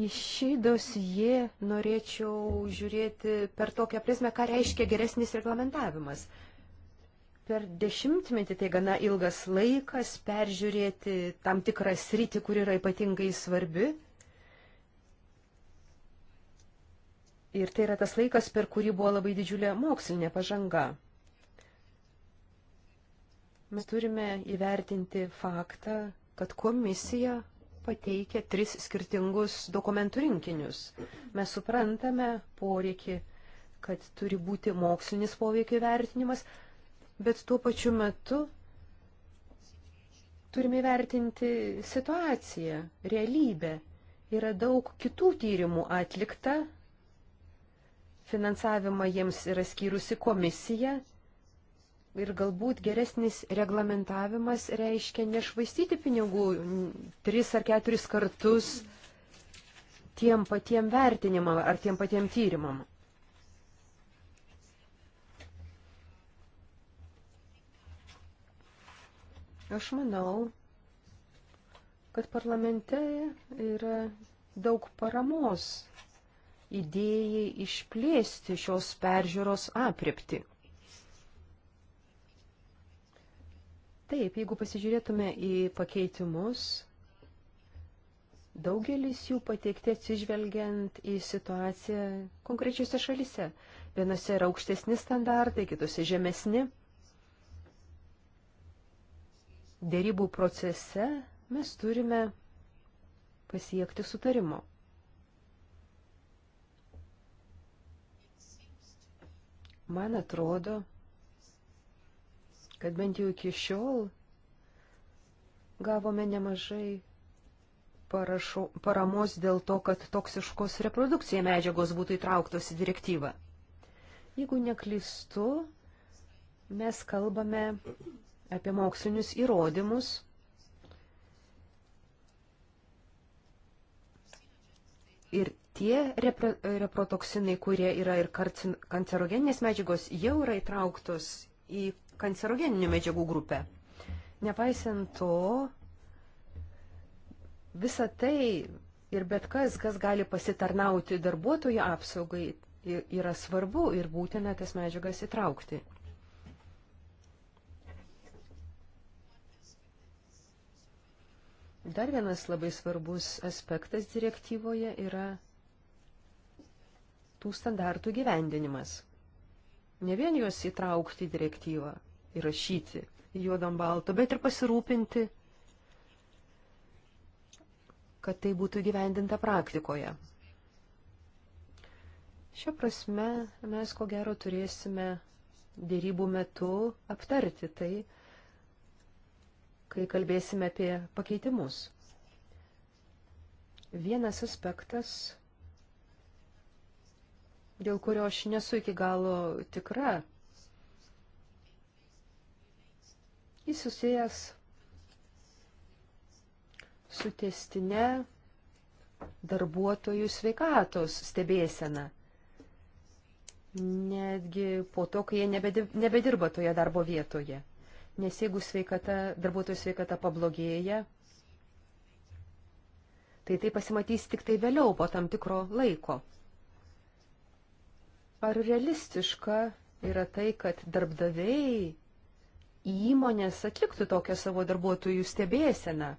Į šį dosiją norėčiau žiūrėti per tokią prizmę, ką reiškia geresnis reglamentavimas. Per dešimtmetį tai gana ilgas laikas peržiūrėti tam tikrą sritį, kur yra ypatingai svarbi Ir tai yra tas laikas, per kurį buvo labai didžiulė mokslinė pažanga. Mes turime įvertinti faktą, kad komisija pateikia tris skirtingus dokumentų rinkinius. Mes suprantame poreikį, kad turi būti mokslinis poveikio vertinimas, bet tuo pačiu metu turime vertinti situaciją, realybę. Yra daug kitų tyrimų atlikta, Finansavimą jiems yra skyrusi komisija ir galbūt geresnis reglamentavimas reiškia nešvaistyti pinigų tris ar keturis kartus tiem patiem vertinimam ar tiem patiem tyrimam. Aš manau, kad parlamente yra daug paramos idėjai išplėsti šios peržiūros aprepti. Taip, jeigu pasižiūrėtume į pakeitimus, daugelis jų pateikti atsižvelgiant į situaciją konkrečiose šalise. Vienose yra aukštesni standartai, kitose žemesni. Dėrybų procese mes turime pasiekti sutarimo. Man atrodo, kad bent jau iki šiol gavome nemažai parašo, paramos dėl to, kad toksiškos reprodukcija medžiagos būtų įtrauktos į direktyvą. Jeigu neklystu, mes kalbame apie mokslinius įrodymus, ir tie repro, reprotoksinai, kurie yra ir kancerogeninės medžiagos, jau yra įtrauktos į kancerogeninių medžiagų grupę. Nepaisant to, visa tai ir bet kas, kas gali pasitarnauti darbuotojų apsaugai, yra svarbu ir būtina tas medžiagas įtraukti. Dar vienas labai svarbus aspektas direktyvoje yra tų standartų gyvendinimas. Ne vien juos įtraukti į direktyvą, įrašyti juodam balto, bet ir pasirūpinti, kad tai būtų gyvendinta praktikoje. Šią prasme mes ko gero turėsime dėrybų metu aptarti tai, kai kalbėsime apie pakeitimus. Vienas aspektas dėl kurio aš nesu iki galo tikra. Jis susijęs su testinė darbuotojų sveikatos stebėsena. Netgi po to, kai jie nebedirba toje darbo vietoje. Nes jeigu sveikata, darbuotojų sveikata pablogėja, tai tai pasimatys tik tai vėliau po tam tikro laiko. Ar realistiška yra tai, kad darbdaviai įmonės atliktų tokią savo darbuotojų stebėseną?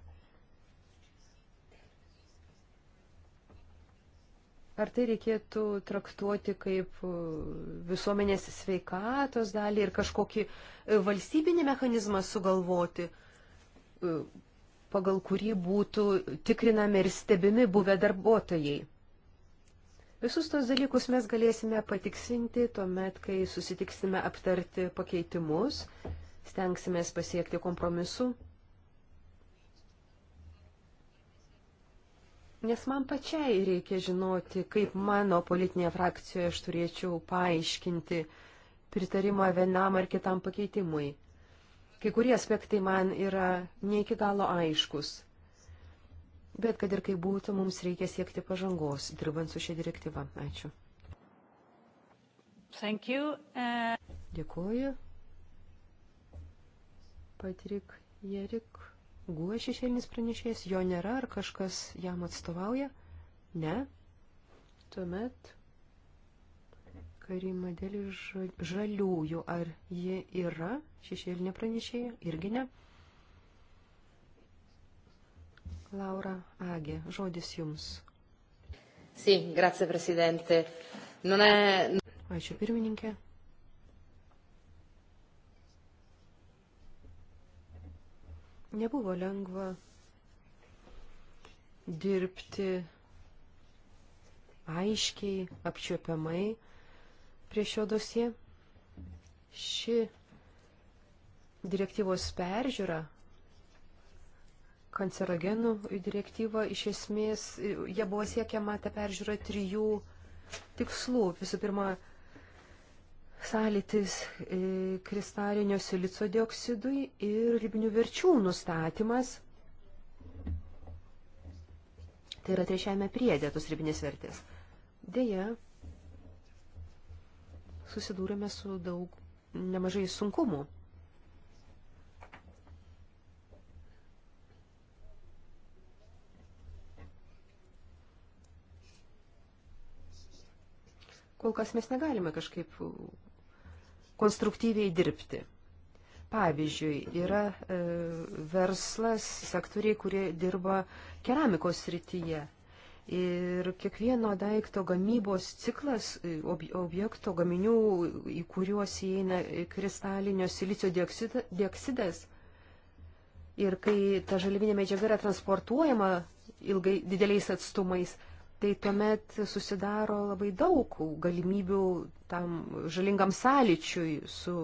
Ar tai reikėtų traktuoti kaip uh, visuomenės sveikatos dalį ir kažkokį uh, valstybinį mechanizmą sugalvoti, uh, pagal kurį būtų tikrinami ir stebimi buvę darbuotojai? Visus tos dalykus mes galėsime patiksinti tuomet, kai susitiksime aptarti pakeitimus, stengsime pasiekti kompromisu. Nes man pačiai reikia žinoti, kaip mano politinėje frakcijoje aš turėčiau paaiškinti pritarimą vienam ar kitam pakeitimui. Kai kurie aspektai man yra ne iki galo aiškus. Bet kad ir kaip būtų, mums reikia siekti pažangos, dirbant su šia direktyva. Ačiū. Thank you. Uh... Dėkuoju. Patrik Jerik Guo šešėlinis pranešėjas, jo nėra, ar kažkas jam atstovauja? Ne. Tuomet Karima dėl žaliųjų, ar ji yra šešėlinė pranešėja? Irgi ne. Laura Agė, žodis jums. Sì, si, grazie Presidente. Non è... Ačiū pirmininkė. Nebuvo lengva dirbti aiškiai, apčiopiamai prie šio dosie. Ši direktyvos peržiūra kancerogenų direktyvą, iš esmės, jie buvo siekiama tą peržiūrą trijų tikslų. Visų pirma, sąlytis e, kristalinio silicio dioksidui ir ribinių verčių nustatymas. Tai yra trečiame priedė tos ribinės vertės. Deja, susidūrėme su daug nemažai sunkumų. kol kas mes negalime kažkaip konstruktyviai dirbti. Pavyzdžiui, yra e, verslas, sektoriai, kurie dirba keramikos srityje. Ir kiekvieno daikto gamybos ciklas, e, objekto gaminių, į kuriuos įeina kristalinio silicio dioksidas. Ir kai ta žalivinė medžiaga yra transportuojama ilgai dideliais atstumais, tai tuomet susidaro labai daug galimybių tam žalingam sąlyčiui su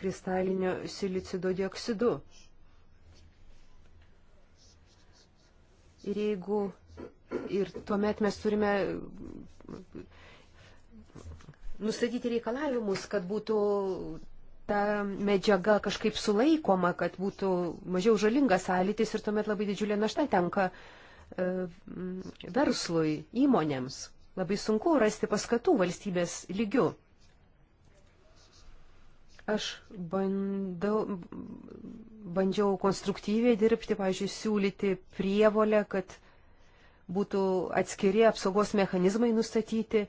kristalinio silicido dioksidu. Ir jeigu ir tuomet mes turime nustatyti reikalavimus, kad būtų ta medžiaga kažkaip sulaikoma, kad būtų mažiau žalingas sąlytis ir tuomet labai didžiulė našta tenka uh, E, verslui, įmonėms. Labai sunku rasti paskatų valstybės lygių. Aš bandau, bandžiau konstruktyviai dirbti, pažiūrėjau, siūlyti prievolę, kad būtų atskiri apsaugos mechanizmai nustatyti,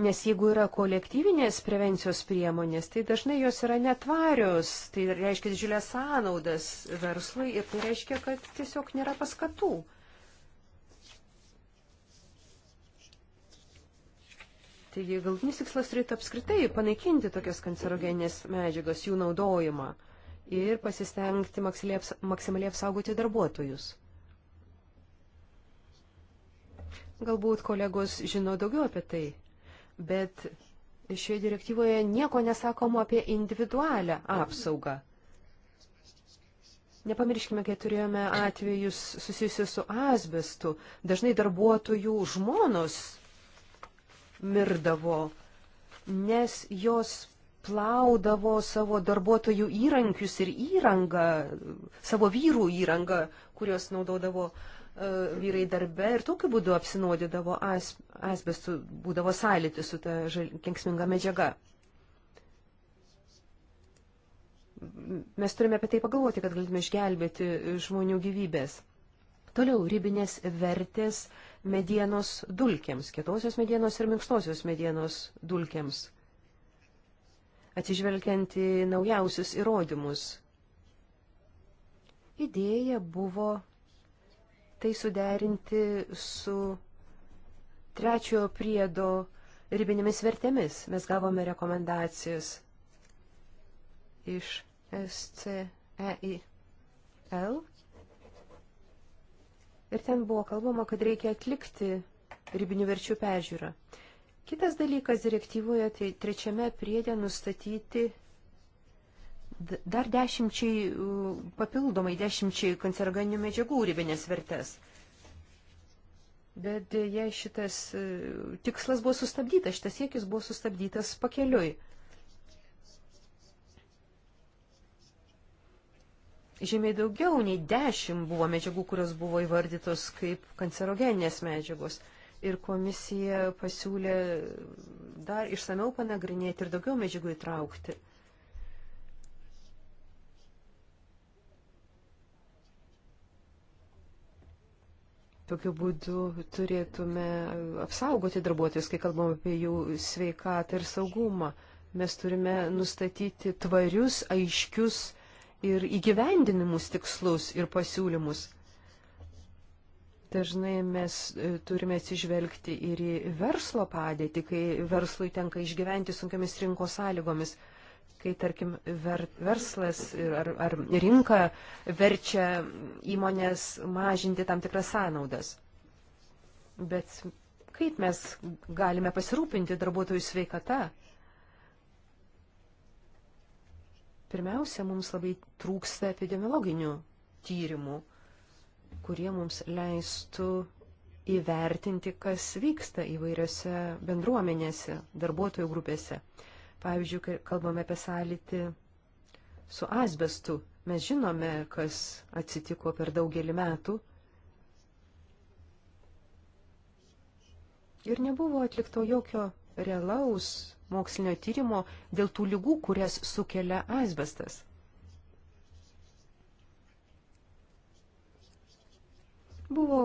Nes jeigu yra kolektyvinės prevencijos priemonės, tai dažnai jos yra netvarios, tai reiškia didžiulės sąnaudas verslui ir tai reiškia, kad tiesiog nėra paskatų. Taigi galtinis tikslas turėtų apskritai panaikinti tokias kancerogenės medžiagas, jų naudojimą ir pasistengti maksimaliai apsaugoti darbuotojus. Galbūt kolegos žino daugiau apie tai bet šioje direktyvoje nieko nesakomo apie individualią apsaugą. Nepamirškime, kai turėjome atvejus susijusius su asbestu, dažnai darbuotojų žmonos mirdavo, nes jos plaudavo savo darbuotojų įrankius ir įrangą, savo vyrų įrangą, kurios naudodavo uh, E, vyrai darbe ir tokiu būdu apsinuodydavo as, asbestų, būdavo sąlyti su ta žal, kenksminga medžiaga. Mes turime apie tai pagalvoti, kad galime išgelbėti žmonių gyvybės. Toliau ribinės vertės medienos dulkėms, kietosios medienos ir minkštosios medienos dulkėms. Atsižvelgiant į naujausius įrodymus. Idėja buvo tai suderinti su trečiojo priedo ribinėmis vertėmis. Mes gavome rekomendacijas iš SCEIL. Ir ten buvo kalbama, kad reikia atlikti ribinių verčių peržiūrą. Kitas dalykas direktyvoje, tai trečiame priedė nustatyti dar dešimčiai, papildomai dešimčiai koncerganinių medžiagų ribinės vertės. Bet jei šitas tikslas buvo sustabdytas, šitas siekis buvo sustabdytas pakeliui. Žymiai daugiau nei dešimt buvo medžiagų, kurios buvo įvardytos kaip kancerogeninės medžiagos. Ir komisija pasiūlė dar išsameu panagrinėti ir daugiau medžiagų įtraukti. Tokiu būdu turėtume apsaugoti darbuotojus, kai kalbam apie jų sveikatą ir saugumą. Mes turime nustatyti tvarius, aiškius ir įgyvendinimus tikslus ir pasiūlymus. Dažnai mes e, turime atsižvelgti ir į verslo padėtį, kai verslui tenka išgyventi sunkiamis rinkos sąlygomis kai, tarkim, ver, verslas ar, ar rinka verčia įmonės mažinti tam tikras sąnaudas. Bet kaip mes galime pasirūpinti darbuotojų sveikata? Pirmiausia, mums labai trūksta epidemiologinių tyrimų, kurie mums leistų įvertinti, kas vyksta įvairiose bendruomenėse, darbuotojų grupėse. Pavyzdžiui, kai kalbame apie sąlytį su asbestu, mes žinome, kas atsitiko per daugelį metų. Ir nebuvo atlikto jokio realaus mokslinio tyrimo dėl tų lygų, kurias sukelia asbestas. Buvo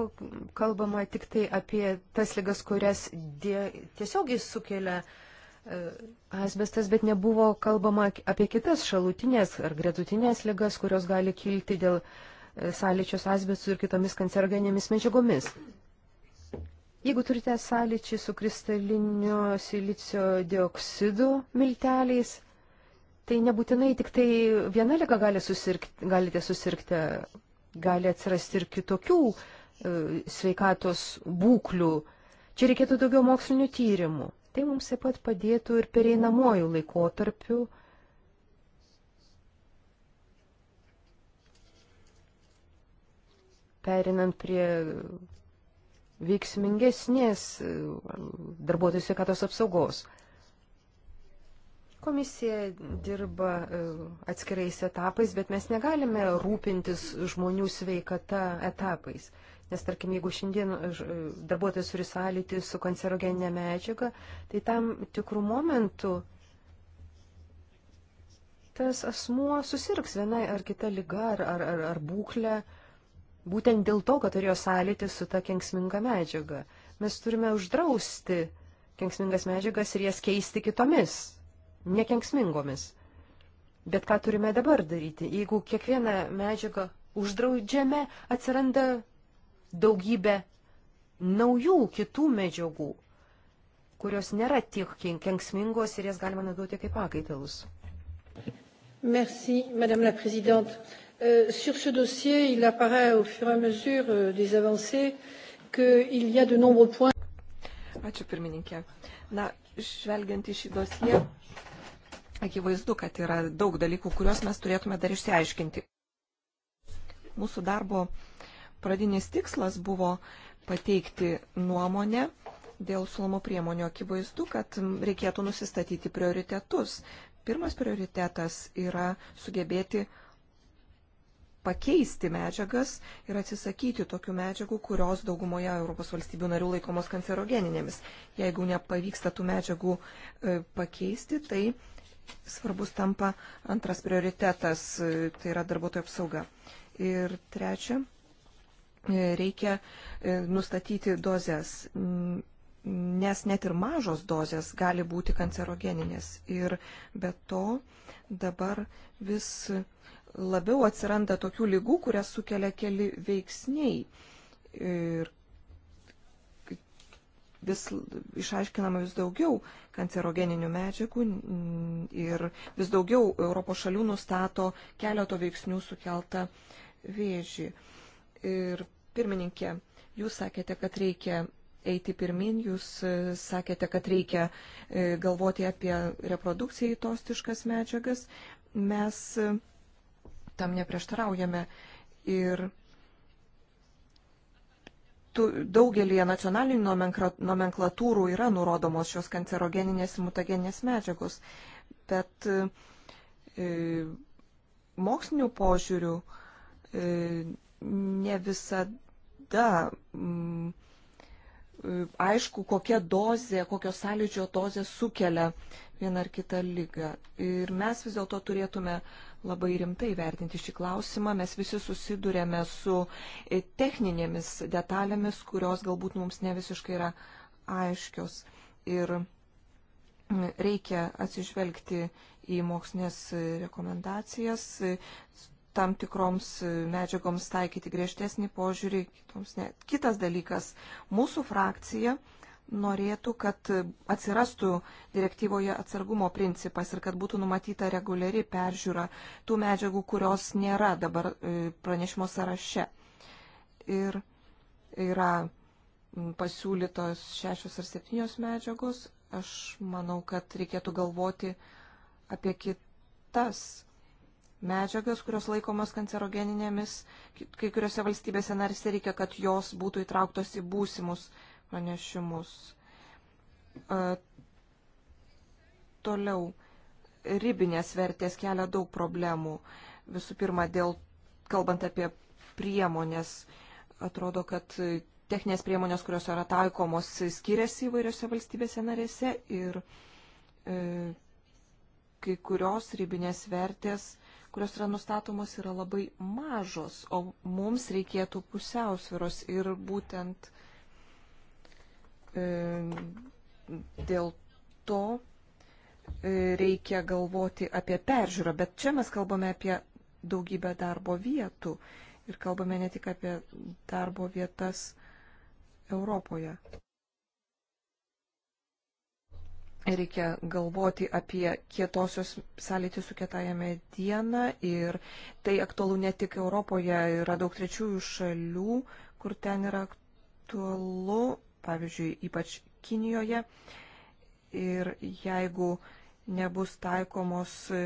kalbama tik tai apie tas lygas, kurias die, tiesiogiai sukelia asbestas asbestas, bet nebuvo kalbama apie kitas šalutinės ar gretutinės ligas, kurios gali kilti dėl e, sąlyčios asbestų ir kitomis kancerganėmis medžiagomis. Jeigu turite sąlyčį su kristalinio silicio dioksidu milteliais, tai nebūtinai tik tai viena liga gali susirgti, galite susirgti, gali atsirasti ir kitokių e, sveikatos būklių. Čia reikėtų daugiau mokslinių tyrimų. Tai mums taip pat padėtų ir pereinamojų laikotarpių. Perinant prie veiksmingesnės uh, darbuotojų sveikatos apsaugos. Komisija dirba uh, atskirais etapais, bet mes negalime rūpintis žmonių sveikata etapais. Nes tarkim, jeigu šiandien e, e, darbuotojas turi sąlytį su kancerogeninė medžiaga, tai tam tikrų momentų tas asmuo susirgs vienai ar kita lyga ar, ar, ar, ar būklė, būtent dėl to, kad turėjo sąlytį su ta kenksminga medžiaga. Mes turime uždrausti kenksmingas medžiagas ir jas keisti kitomis, nekenksmingomis. Bet ką turime dabar daryti? Jeigu kiekvieną medžiagą uždraudžiame, atsiranda daugybę naujų kitų medžiagų, kurios nėra tiek kenksmingos ir jas galima naudoti kaip pakaitalus. Merci, Madame la Présidente. Euh, sur ce dossier, il apparaît au fur et à mesure euh, des avancées qu'il y a de nombreux points. Ačiū pirmininkė. Na, žvelgiant į šį dosiją, akivaizdu, kad yra daug dalykų, kuriuos mes turėtume dar išsiaiškinti. Mūsų darbo uh, Pradinis tikslas buvo pateikti nuomonę dėl siūlomų priemonių. Akivaizdu, kad reikėtų nusistatyti prioritetus. Pirmas prioritetas yra sugebėti pakeisti medžiagas ir atsisakyti tokių medžiagų, kurios daugumoje Europos valstybių narių laikomos kancerogeninėmis. Jeigu nepavyksta tų medžiagų e, pakeisti, tai svarbus tampa antras prioritetas, e, tai yra darbuotojų apsauga. Ir trečia, reikia e, nustatyti dozes, nes net ir mažos dozes gali būti kancerogeninės. Ir be to dabar vis labiau atsiranda tokių lygų, kurias sukelia keli veiksniai. Ir vis išaiškinama vis daugiau kancerogeninių medžiagų ir vis daugiau Europos šalių nustato keleto veiksnių sukeltą vėžį. Ir Pirmininkė, jūs sakėte, kad reikia eiti pirmin, jūs e, sakėte, kad reikia e, galvoti apie reprodukciją į tostiškas medžiagas. Mes e, tam neprieštaraujame ir daugelį nacionalinių nomenklatūrų yra nurodomos šios kancerogeninės ir mutageninės medžiagos, bet mokslinių požiūrių ne visada tada mm, aišku, kokia dozė, kokios sąlyčio dozė sukelia vieną ar kitą lygą. Ir mes vis dėlto turėtume labai rimtai vertinti šį klausimą. Mes visi susidurėme su e, techninėmis detalėmis, kurios galbūt mums ne visiškai yra aiškios. Ir mm, reikia atsižvelgti į mokslinės rekomendacijas, tam tikroms e, medžiagoms taikyti griežtesnį požiūrį, kitoms ne. Kitas dalykas, mūsų frakcija norėtų, kad atsirastų direktyvoje atsargumo principas ir kad būtų numatyta reguliari peržiūra tų medžiagų, kurios nėra dabar e, pranešimo sąraše. Ir yra pasiūlytos šešios ar septynios medžiagos. Aš manau, kad reikėtų galvoti apie kitas medžiagas, kurios laikomos kancerogeninėmis. Kai kuriuose valstybėse narse reikia, kad jos būtų įtrauktos į būsimus pranešimus. E, toliau. Ribinės vertės kelia daug problemų. Visų pirma, dėl, kalbant apie priemonės, atrodo, kad techninės priemonės, kurios yra taikomos, skiriasi įvairiose valstybėse narėse ir e, kai kurios ribinės vertės kurios yra nustatomos, yra labai mažos, o mums reikėtų pusiausviros ir būtent e, dėl to e, reikia galvoti apie peržiūrą, bet čia mes kalbame apie daugybę darbo vietų ir kalbame ne tik apie darbo vietas Europoje reikia galvoti apie kietosios sąlytį su kietąją medieną ir tai aktualu ne tik Europoje, yra daug trečiųjų šalių, kur ten yra aktualu, pavyzdžiui, ypač Kinijoje. Ir jeigu nebus taikomos e,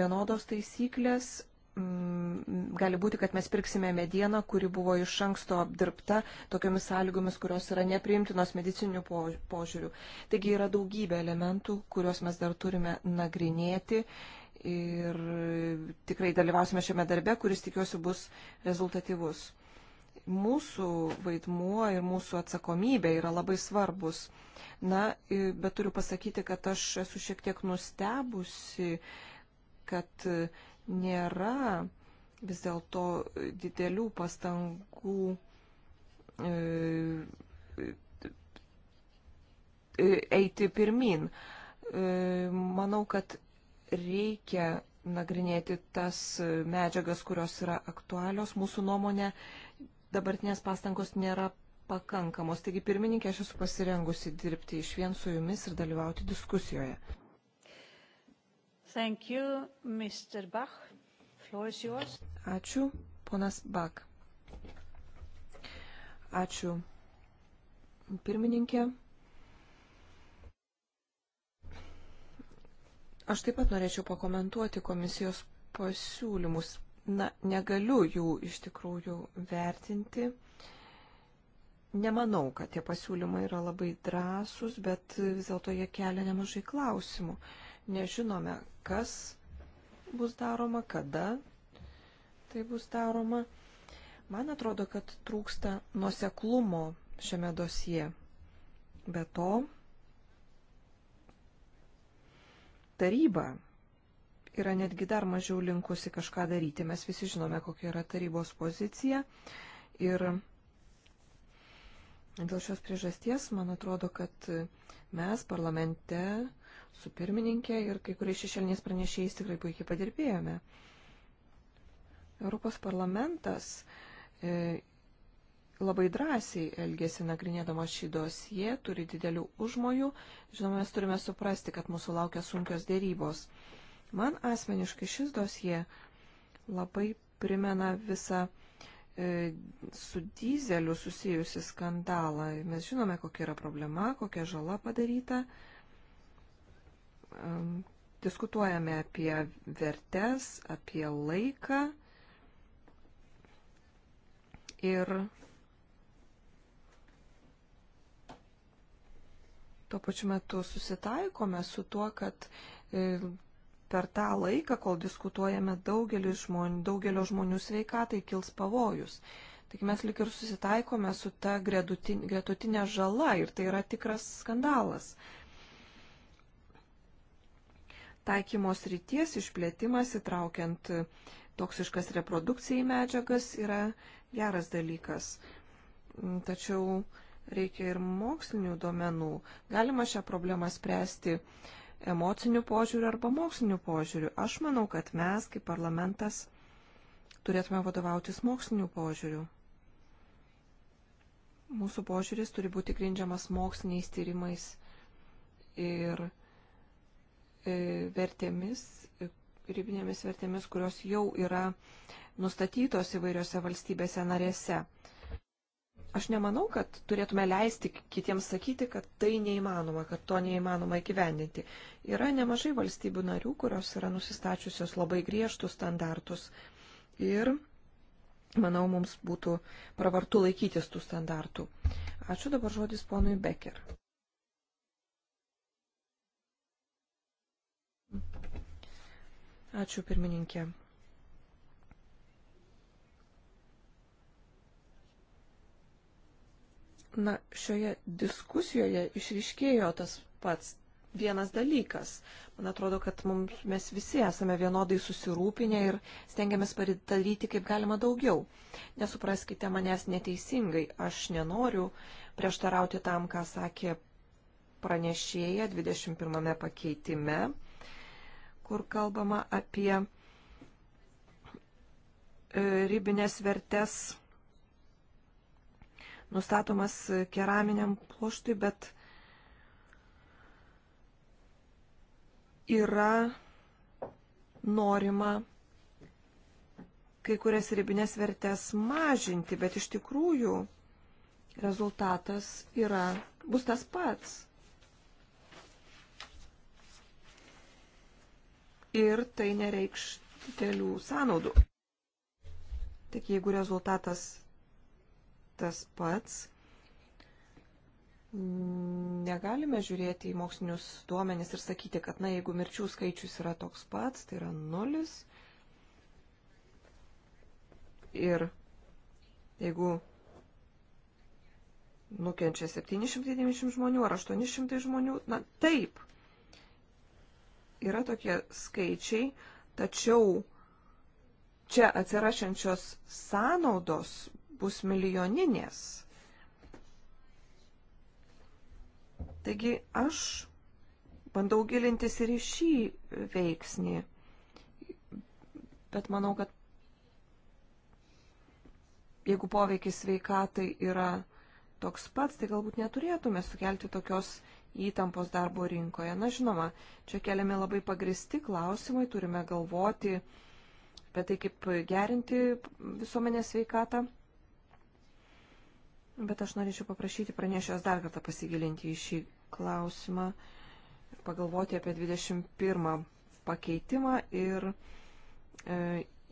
vienodos taisyklės, Mm, gali būti, kad mes pirksime medieną, kuri buvo iš anksto apdirbta tokiomis sąlygomis, kurios yra nepriimtinos medicinių požiūrių. Taigi yra daugybė elementų, kuriuos mes dar turime nagrinėti ir tikrai dalyvausime šiame darbe, kuris tikiuosi bus rezultatyvus. Mūsų vaidmuo ir mūsų atsakomybė yra labai svarbus. Na, bet turiu pasakyti, kad aš esu šiek tiek nustebusi, kad nėra vis dėlto didelių pastangų e, e, eiti pirmin. E, manau, kad reikia nagrinėti tas medžiagas, kurios yra aktualios. Mūsų nuomonė, dabartinės pastangos nėra pakankamos. Taigi, pirmininkė, aš esu pasirengusi dirbti iš vien su jumis ir dalyvauti diskusijoje. Thank you, Mr. Bach. Floor is yours. Ačiū, ponas Bak. Ačiū, pirmininkė. Aš taip pat norėčiau pakomentuoti komisijos pasiūlymus. Na, negaliu jų iš tikrųjų vertinti. Nemanau, kad tie pasiūlymai yra labai drąsūs, bet vis dėlto jie kelia nemažai klausimų. Uh, nežinome, kas bus daroma, kada tai bus daroma. Man atrodo, kad trūksta nuseklumo šiame dosie. Be to, taryba yra netgi dar mažiau linkusi kažką daryti. Mes visi žinome, kokia yra tarybos pozicija. Ir dėl šios priežasties, man atrodo, kad mes parlamente su pirmininkė ir kai kuriais šešėliniais pranešėjais tikrai puikiai padirbėjome. Europos parlamentas e, labai drąsiai elgėsi nagrinėdamas šį dosiją, turi didelių užmojų. Žinoma, mes turime suprasti, kad mūsų laukia sunkios dėrybos. Man asmeniškai šis dosija labai primena visą e, su dizeliu susijusi skandalą. Mes žinome, kokia yra problema, kokia žala padaryta. E, diskutuojame apie vertes, apie laiką ir tuo pačiu metu susitaikome su tuo, kad e, per tą laiką, kol diskutuojame daugelio žmonių, daugelio žmonių sveikatai, kils pavojus. Tik mes lik ir susitaikome su ta gretutinė žala ir tai yra tikras skandalas taikymos ryties išplėtimas įtraukiant toksiškas reprodukcijai medžiagas yra geras dalykas. Mm, tačiau reikia ir mokslinių duomenų. Galima šią problemą spręsti emocinių požiūrių arba mokslinių požiūrių. Aš manau, kad mes kaip parlamentas turėtume vadovautis mokslinių požiūrių. Mūsų požiūris turi būti grindžiamas moksliniais tyrimais ir tyrimais E, vertėmis, e, ribinėmis vertėmis, kurios jau yra nustatytos įvairiose valstybėse narėse. Aš nemanau, kad turėtume leisti kitiems sakyti, kad tai neįmanoma, kad to neįmanoma įgyvendinti. Yra nemažai valstybių narių, kurios yra nusistačiusios labai griežtus standartus. Ir manau, mums būtų pravartu laikytis tų standartų. Ačiū dabar žodis ponui Becker. Ačiū pirmininkė. Na, šioje diskusijoje išriškėjo tas pats vienas dalykas. Man atrodo, kad mums, mes visi esame vienodai susirūpinę ir stengiamės padaryti kaip galima daugiau. Nesupraskite manęs neteisingai, aš nenoriu prieštarauti tam, ką sakė pranešėja 21 pakeitime kur kalbama apie e, ribinės vertės nustatomas keraminiam pluoštui, bet yra norima kai kurias ribinės vertės mažinti, bet iš tikrųjų rezultatas yra, bus tas pats. ir tai nereikš didelių sąnaudų. Tik jeigu rezultatas tas pats, negalime žiūrėti į mokslinius duomenis ir sakyti, kad na, jeigu mirčių skaičius yra toks pats, tai yra nulis. Ir jeigu nukenčia 790 žmonių ar 800 žmonių, na taip, yra tokie skaičiai, tačiau čia atsirašančios sąnaudos bus milijoninės. Taigi aš bandau gilintis ir į šį veiksnį, bet manau, kad jeigu poveikis veikatai yra toks pats, tai galbūt neturėtume sukelti tokios įtampos darbo rinkoje. Na žinoma, čia keliami labai pagristi klausimai, turime galvoti apie tai, kaip gerinti visuomenės veikatą. Bet aš norėčiau paprašyti pranešėjos dar kartą pasigilinti į šį klausimą ir pagalvoti apie 21 pakeitimą ir e,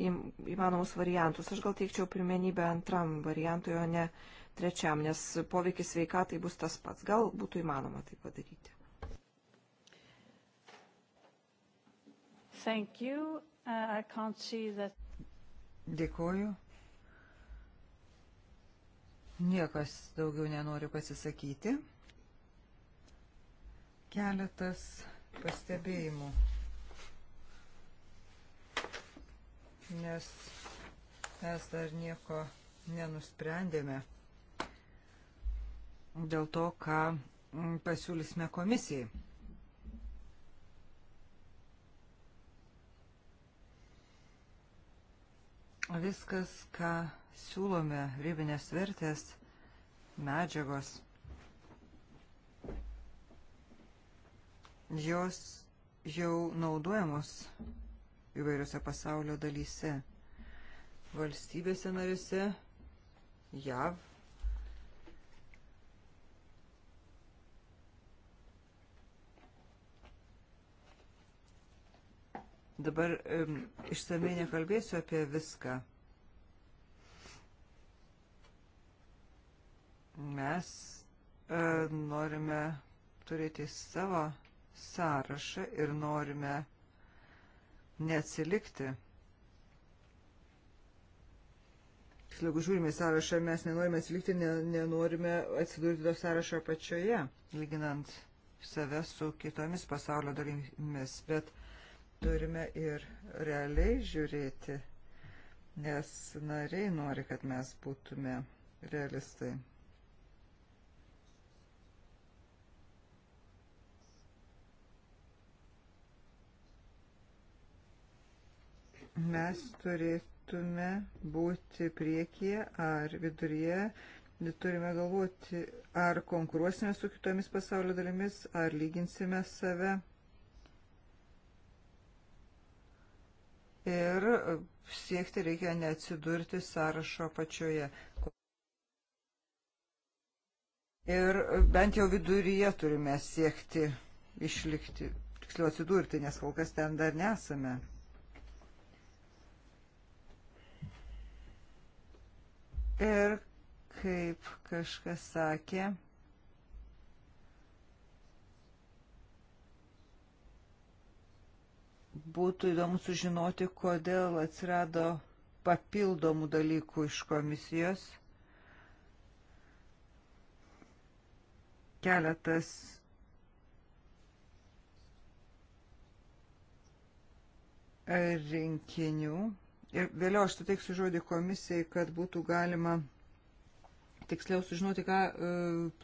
įmanomus variantus. Aš gal teikčiau pirmenybę antram variantui, o ne e, trečiam, nes poveikis sveikatai bus tas pats. Gal būtų įmanoma tai padaryti. Thank you. Uh, I can't see that. Dėkoju. Niekas daugiau nenori pasisakyti. Keletas pastebėjimų. Nes mes dar nieko nenusprendėme dėl to, ką mm, pasiūlysime komisijai. Viskas, ką siūlome ribinės vertės, medžiagos, jos jau naudojamos įvairiose pasaulio dalyse, valstybėse narėse, JAV, Dabar um, išsamei nekalbėsiu apie viską. Mes uh, norime turėti savo sąrašą ir norime neatsilikti. Jeigu žiūrime sąrašą, mes nenorime atsilikti, nenorime atsidurti to sąrašo apačioje, lyginant save su kitomis pasaulio dalimis. Bet turime ir realiai žiūrėti, nes nariai nori, kad mes būtume realistai. mes turėtume būti priekyje ar viduryje, turime galvoti, ar konkuruosime su kitomis pasaulio dalimis, ar lyginsime save. ir siekti reikia neatsidurti sąrašo pačioje. Ir bent jau viduryje turime siekti išlikti, tiksliau atsidurti, nes kol kas ten dar nesame. Ir kaip kažkas sakė, Būtų įdomu sužinoti, kodėl atsirado papildomų dalykų iš komisijos. Keletas rinkinių. Ir vėliau aš suteiksiu žodį komisijai, kad būtų galima tiksliau sužinoti, ką e,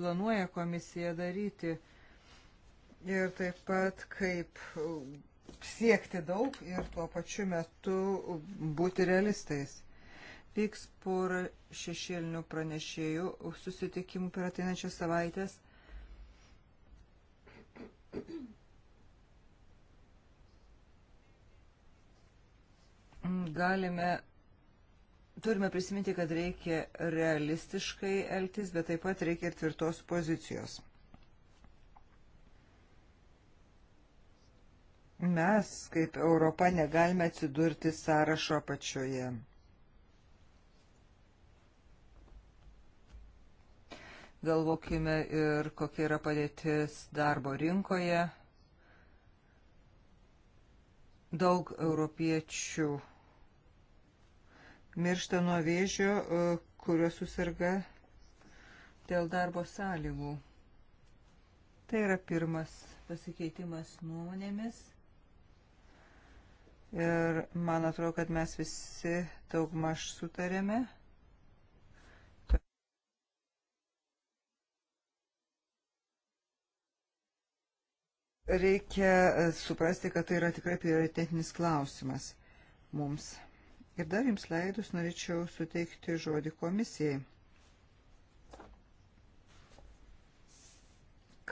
planuoja komisija daryti. Ir taip pat kaip siekti daug ir tuo pačiu metu būti realistais. Vyks por šešėlinių pranešėjų susitikimų per ateinančias savaitės. Galime, turime prisiminti, kad reikia realistiškai elgtis, bet taip pat reikia ir tvirtos pozicijos. mes, kaip Europa, negalime atsidurti sąrašo apačioje. Galvokime ir kokia yra padėtis darbo rinkoje. Daug europiečių miršta nuo vėžio, e, kurio susirga dėl darbo sąlygų. Tai yra pirmas pasikeitimas nuomonėmis. Ir man atrodo, kad mes visi daugmaž sutarėme. Reikia suprasti, kad tai yra tikrai prioritetinis klausimas mums. Ir dar jums leidus norėčiau suteikti žodį komisijai.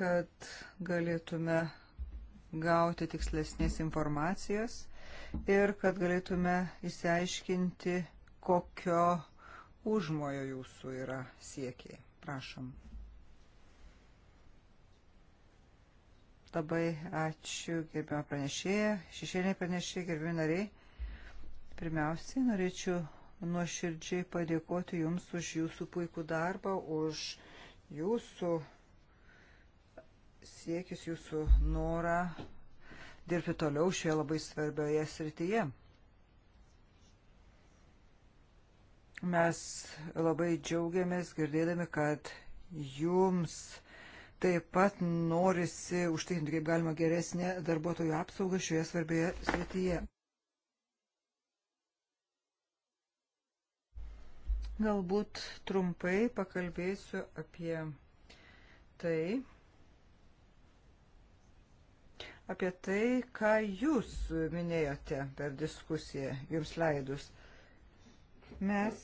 Kad galėtume gauti tikslesnės informacijos ir kad galėtume įsiaiškinti, kokio užmojo jūsų yra siekiai. Prašom. Labai ačiū, gerbimo pranešėja, šešėlė pranešėja, gerbimi nariai. Pirmiausiai norėčiau nuoširdžiai padėkoti Jums už Jūsų puikų darbą, už Jūsų siekis, Jūsų norą dirbti toliau šioje labai svarbioje srityje. Mes labai džiaugiamės girdėdami, kad jums taip pat norisi užtikrinti kaip galima geresnę darbuotojų apsaugą šioje svarbioje srityje. Galbūt trumpai pakalbėsiu apie tai, apie tai, ką jūs minėjote per diskusiją jums leidus. Mes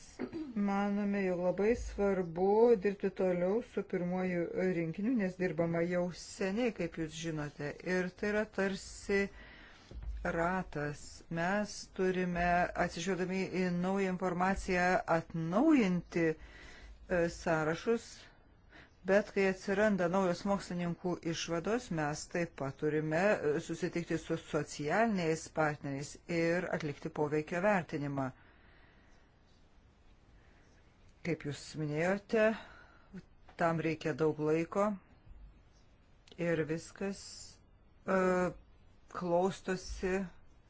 manome, jog labai svarbu dirbti toliau su pirmoju rinkiniu, nes dirbama jau seniai, kaip jūs žinote. Ir tai yra tarsi ratas. Mes turime, atsižiūrėdami į naują informaciją, atnaujinti e, sąrašus Bet kai atsiranda naujos mokslininkų išvados, mes taip pat turime e, susitikti su socialiniais partneriais ir atlikti poveikio vertinimą. Kaip jūs minėjote, tam reikia daug laiko ir viskas e, klaustosi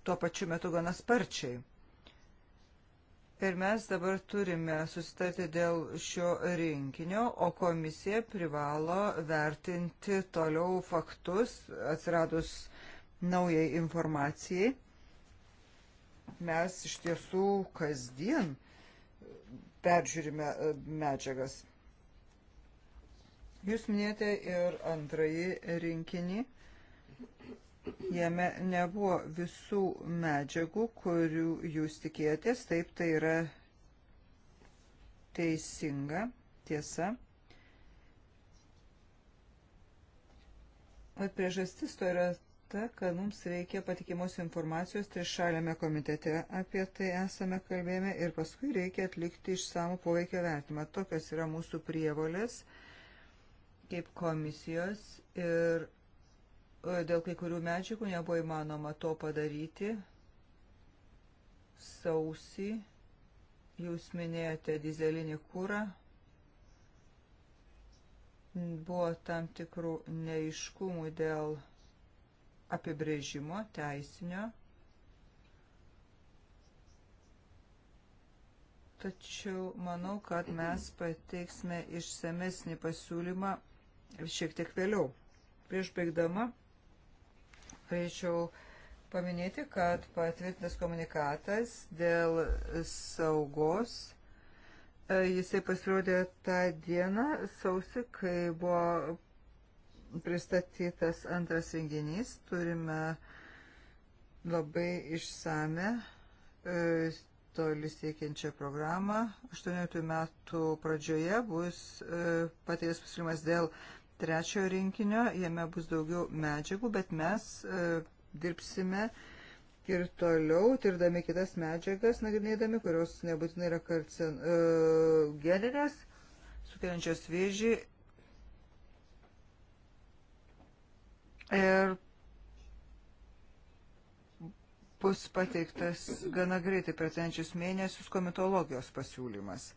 tuo pačiu metu gana sparčiai. Ir mes dabar turime susitarti dėl šio rinkinio, o komisija privalo vertinti toliau faktus atsiradus naujai informacijai. Mes iš tiesų kasdien peržiūrime e, medžiagas. Jūs minėjote ir antrąjį rinkinį. Jame nebuvo visų medžiagų, kurių jūs tikėjotės, taip tai yra teisinga, tiesa. Bet priežastis to yra ta, kad mums reikia patikimos informacijos trišalėme komitete, apie tai esame kalbėjome ir paskui reikia atlikti išsamų poveikio vertimą. Tokios yra mūsų prievolės kaip komisijos ir E, dėl kai kurių medžiagų nebuvo įmanoma to padaryti. Sausį jūs minėjote dizelinį kūrą. Buvo tam tikrų neiškumų dėl apibrėžimo teisinio. Tačiau manau, kad mes pateiksime išsamesnį pasiūlymą šiek tiek vėliau. Prieš baigdama Norėčiau paminėti, kad patvirtintas komunikatas dėl saugos. E, jisai pasirodė tą dieną sausi, kai buvo pristatytas antras renginys. Turime labai išsame e, toli siekiančią programą. 18 metų pradžioje bus e, pateiktas pasiūlymas dėl trečiojo rinkinio, jame bus daugiau medžiagų, bet mes e, dirbsime ir toliau, tirdami kitas medžiagas, nagrinėdami, kurios nebūtinai yra karcinogeninės, e, sukeliančios vėžį. Ir bus pateiktas gana greitai pretenčius mėnesius komitologijos pasiūlymas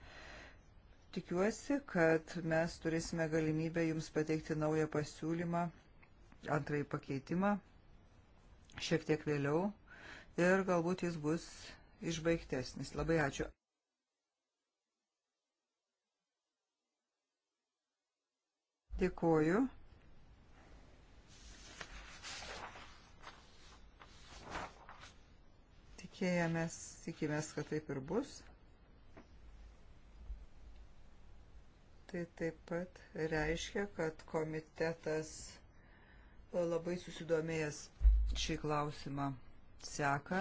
tikiuosi, kad mes turėsime galimybę jums pateikti naują pasiūlymą, antrąjį pakeitimą šiek tiek vėliau ir galbūt jis bus išbaigtesnis. Labai ačiū. Dėkoju. Tikėjomės, tikimės, kad taip ir bus. Tai taip pat reiškia, kad komitetas labai susidomėjęs šį klausimą seka.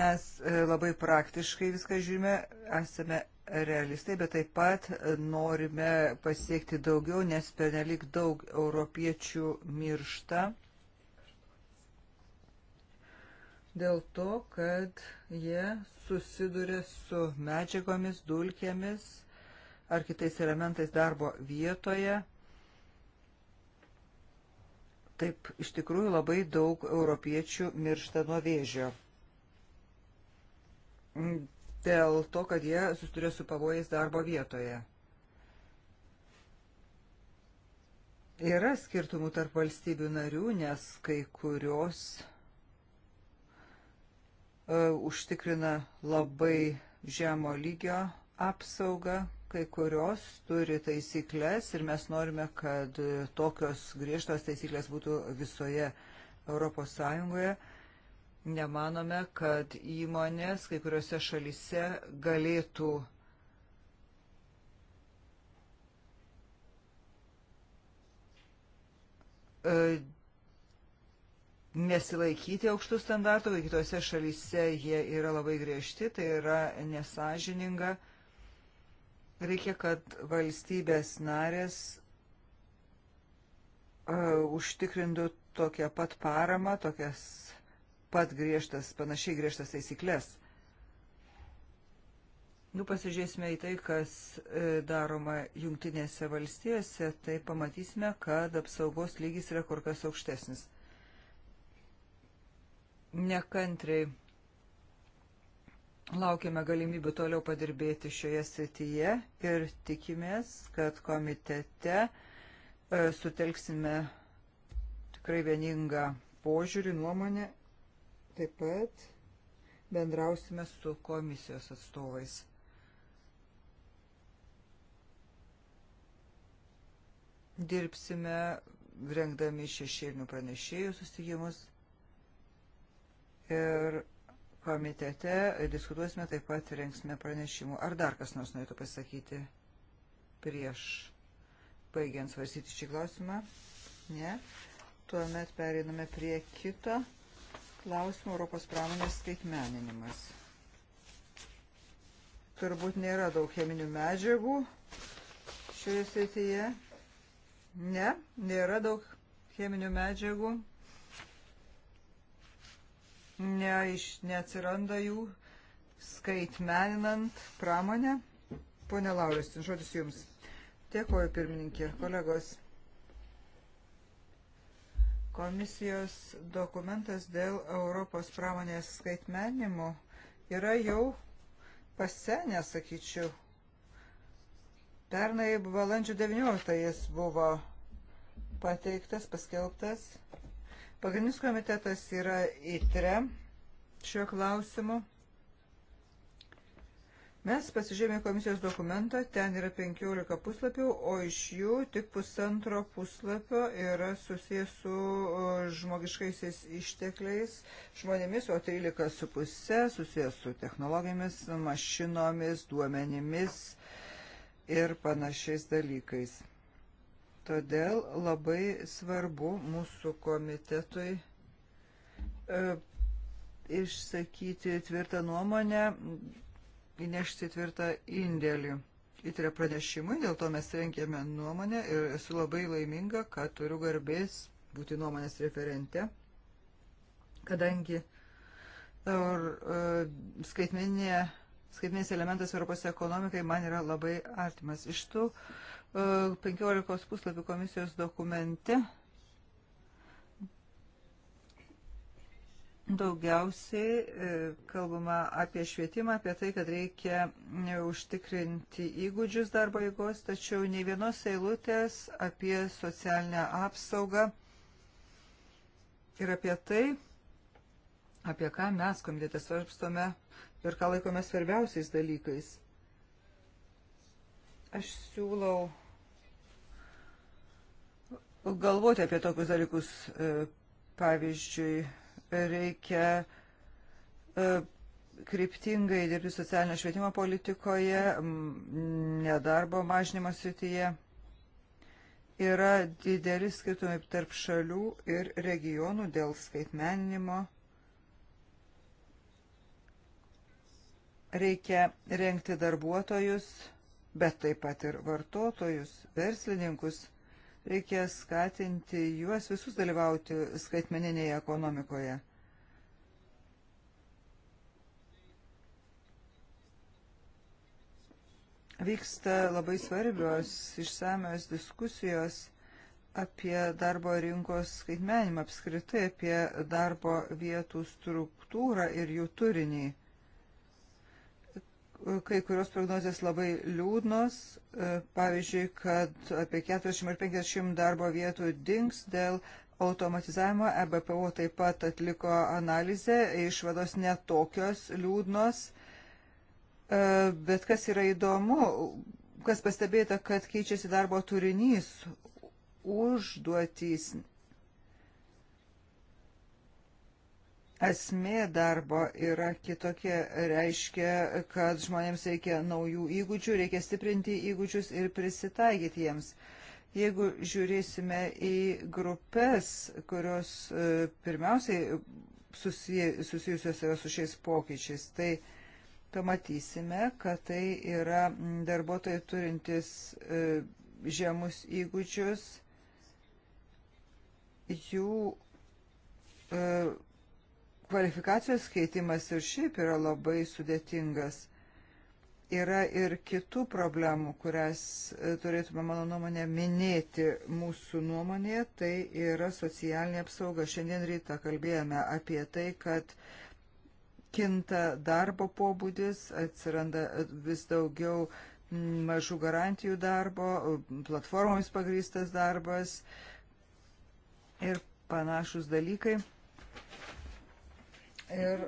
Mes e, labai praktiškai viską žiūrime, esame realistai, bet taip pat norime pasiekti daugiau, nes pernelik daug europiečių miršta dėl to, kad jie susiduria su medžiagomis, dulkėmis ar kitais elementais darbo vietoje. Taip, iš tikrųjų labai daug europiečių miršta nuo vėžio. Dėl to, kad jie susiduria su pavojais darbo vietoje. Yra skirtumų tarp valstybių narių, nes kai kurios E, užtikrina labai žemo lygio apsaugą, kai kurios turi taisyklės ir mes norime, kad tokios griežtos taisyklės būtų visoje Europos Sąjungoje. Nemanome, kad įmonės kai kuriuose šalyse galėtų nesilaikyti aukštų standartų, kai kitose šalyse jie yra labai griežti, tai yra nesažininga. Reikia, kad valstybės narės uh, užtikrintų tokią pat paramą, tokias pat griežtas, panašiai griežtas taisyklės. Nu, pasižiūrėsime į tai, kas e, daroma jungtinėse valstijose, tai pamatysime, kad apsaugos lygis yra kur kas aukštesnis nekantriai laukiame galimybių toliau padirbėti šioje srityje ir tikimės, kad komitete e, sutelksime tikrai vieningą požiūrį, nuomonę, taip pat bendrausime su komisijos atstovais. Dirbsime rengdami šešėlinių pranešėjų susitikimus ir komitete diskutuosime, taip pat rengsime pranešimų. Ar dar kas nors norėtų pasakyti prieš baigiant svarstyti šį klausimą? Ne. Tuomet pereiname prie kito klausimo Europos pramonės skaitmeninimas. Turbūt nėra daug cheminių medžiagų šioje srityje. Ne, nėra daug cheminių medžiagų ne, iš, neatsiranda jų skaitmeninant pramonę. Pone Lauris, žodis jums. Dėkuoju, pirmininkė, kolegos. Komisijos dokumentas dėl Europos pramonės skaitmenimo yra jau pasenę, sakyčiau. Pernai balandžio 19 jis buvo pateiktas, paskelbtas Pagrindinis komitetas yra ITRE šiuo klausimu. Mes pasižiūrėjome komisijos dokumentą, ten yra 15 puslapių, o iš jų tik pusantro puslapio yra susijęs su žmogiškaisiais ištekliais žmonėmis, o 13,5 susijęs su technologijomis, mašinomis, duomenimis ir panašiais dalykais. Todėl labai svarbu mūsų komitetui e, išsakyti tvirtą nuomonę, įnešti tvirtą indėlį. Įtrė tai pranešimui, dėl to mes renkėme nuomonę ir esu labai laiminga, kad turiu garbės būti nuomonės referente, kadangi ir, uh, e, skaitmeninė, skaitmeninis elementas Europos ekonomikai man yra labai artimas. Iš tų 15 puslapių komisijos dokumente Daugiausiai e, kalbama apie švietimą, apie tai, kad reikia e, užtikrinti įgūdžius darbo jėgos, tačiau nei vienos eilutės apie socialinę apsaugą ir apie tai, apie ką mes komitete svarstome ir ką laikome svarbiausiais dalykais. Aš siūlau galvoti apie tokius dalykus. E, pavyzdžiui, reikia e, kryptingai dirbti socialinio švietimo politikoje, nedarbo mažinimo srityje. Yra dideli skirtumai tarp šalių ir regionų dėl skaitmeninimo. Reikia renkti darbuotojus, bet taip pat ir vartotojus, verslininkus Reikia skatinti juos visus dalyvauti skaitmeninėje ekonomikoje. Vyksta labai svarbios išsamios diskusijos apie darbo rinkos skaitmenimą, apskritai apie darbo vietų struktūrą ir jų turinį kai kurios prognozijos labai liūdnos, e, pavyzdžiui, kad apie 40 ir 50 darbo vietų dings dėl automatizavimo, EBPO taip pat atliko analizę, išvados netokios liūdnos, e, bet kas yra įdomu, kas pastebėta, kad keičiasi darbo turinys, užduotys esmė darbo yra kitokia, reiškia, kad žmonėms reikia naujų įgūdžių, reikia stiprinti įgūdžius ir prisitaikyti jiems. Jeigu žiūrėsime į grupės, kurios e, pirmiausiai susijusios yra su šiais pokyčiais, tai pamatysime, kad tai yra darbuotojai turintis e, žemus įgūdžius, jų e, kvalifikacijos keitimas ir šiaip yra labai sudėtingas. Yra ir kitų problemų, kurias e, turėtume, mano nuomonė, minėti mūsų nuomonėje, tai yra socialinė apsauga. Šiandien rytą kalbėjome apie tai, kad kinta darbo pobūdis, atsiranda e, vis daugiau mažų garantijų darbo, e, platformomis pagrystas darbas ir panašus dalykai ir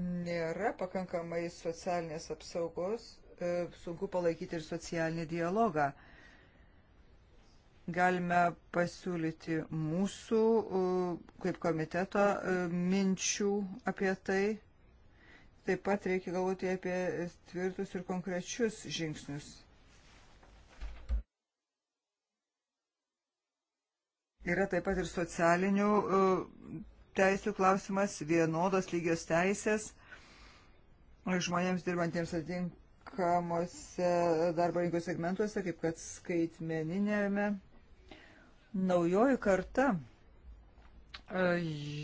nėra pakankamai socialinės apsaugos, e, sunku palaikyti ir socialinį dialogą. Galime pasiūlyti mūsų e, kaip komiteto e, minčių apie tai. Taip pat reikia galvoti apie tvirtus ir konkrečius žingsnius. Yra taip pat ir socialinių teisų klausimas, vienodos lygios teisės žmonėms dirbantiems atitinkamuose darbo rinkos segmentuose, kaip kad skaitmeninėme. Naujoji karta e,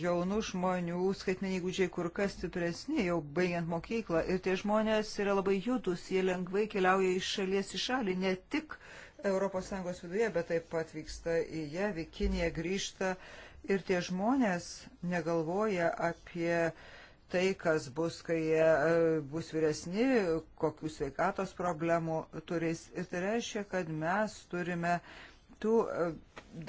jaunų žmonių skaitmeniai įgūdžiai kur kas stipresni, jau baigiant mokyklą. Ir tie žmonės yra labai judus, jie lengvai keliauja iš šalies į šalį, ne tik ES viduje, bet taip pat vyksta į ją, Vikinija grįžta Ir tie žmonės negalvoja apie tai, kas bus, kai jie e, bus vyresni, kokių sveikatos problemų turės. Ir tai reiškia, kad mes turime tų e,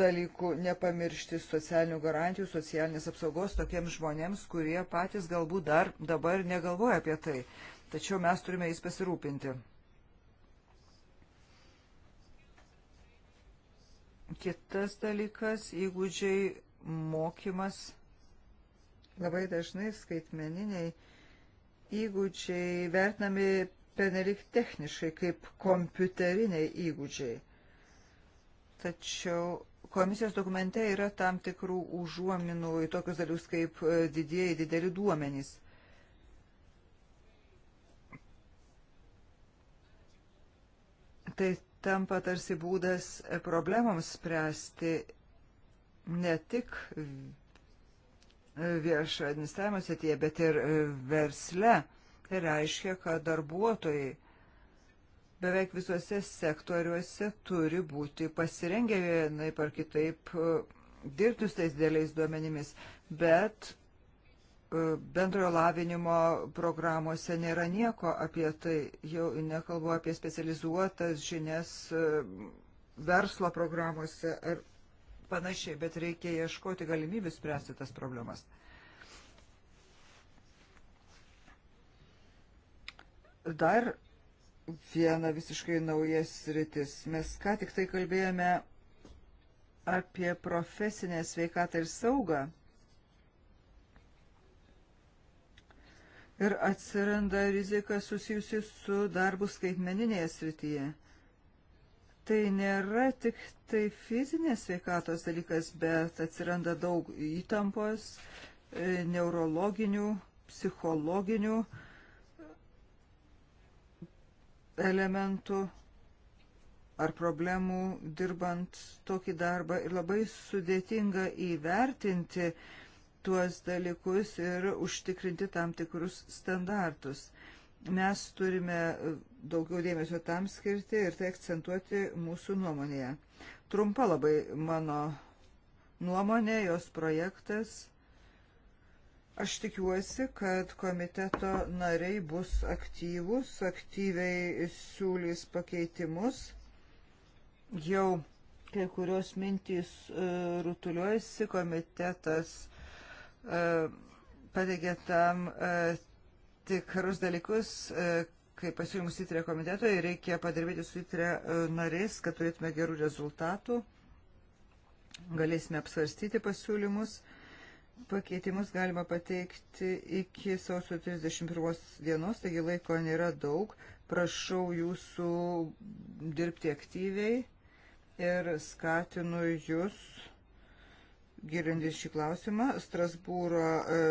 dalykų nepamiršti socialinių garantijų, socialinės apsaugos tokiems žmonėms, kurie patys galbūt dar dabar negalvoja apie tai. Tačiau mes turime jais pasirūpinti. Kitas dalykas - įgūdžiai mokymas. Labai dažnai skaitmeniniai įgūdžiai vertinami penelik techniškai kaip kompiuteriniai įgūdžiai. Tačiau komisijos dokumente yra tam tikrų užuominų į tokius dalykus kaip e, didieji dideli duomenys. Tai tampa tarsi būdas problemams spręsti ne tik viešo administravimo srityje, bet ir versle. Tai reiškia, kad darbuotojai beveik visuose sektoriuose turi būti pasirengę vienaip ar kitaip e, dirbti su tais dėliais duomenimis, bet e, bendrojo lavinimo programuose nėra nieko apie tai, jau nekalbu apie specializuotas žinias e, verslo programuose ar panašiai, bet reikia ieškoti galimybių spręsti tas problemas. Dar viena visiškai naujas rytis. Mes ką tik tai kalbėjome apie profesinę sveikatą ir saugą. Ir atsiranda rizika susijusi su darbu skaitmeninėje srityje. Tai nėra tik tai fizinės sveikatos dalykas, bet atsiranda daug įtampos, e, neurologinių, psichologinių elementų ar problemų dirbant tokį darbą ir labai sudėtinga įvertinti tuos dalykus ir užtikrinti tam tikrus standartus. Mes turime daugiau dėmesio tam skirti ir tai akcentuoti mūsų nuomonėje. Trumpa labai mano nuomonė, jos projektas. Aš tikiuosi, kad komiteto nariai bus aktyvus, aktyviai siūlys pakeitimus. Jau kai kurios mintys e, rutuliuojasi, komitetas e, pateikė tam e, tikrus dalykus, kaip pasiūlymus įtrė komitetoje, reikia padirbėti su įtrė e, nariais, kad turėtume gerų rezultatų. Galėsime apsvarstyti pasiūlymus. Pakeitimus galima pateikti iki sausio 31 dienos, taigi laiko nėra daug. Prašau jūsų dirbti aktyviai ir skatinu jūs gilintis šį klausimą. Strasbūro e,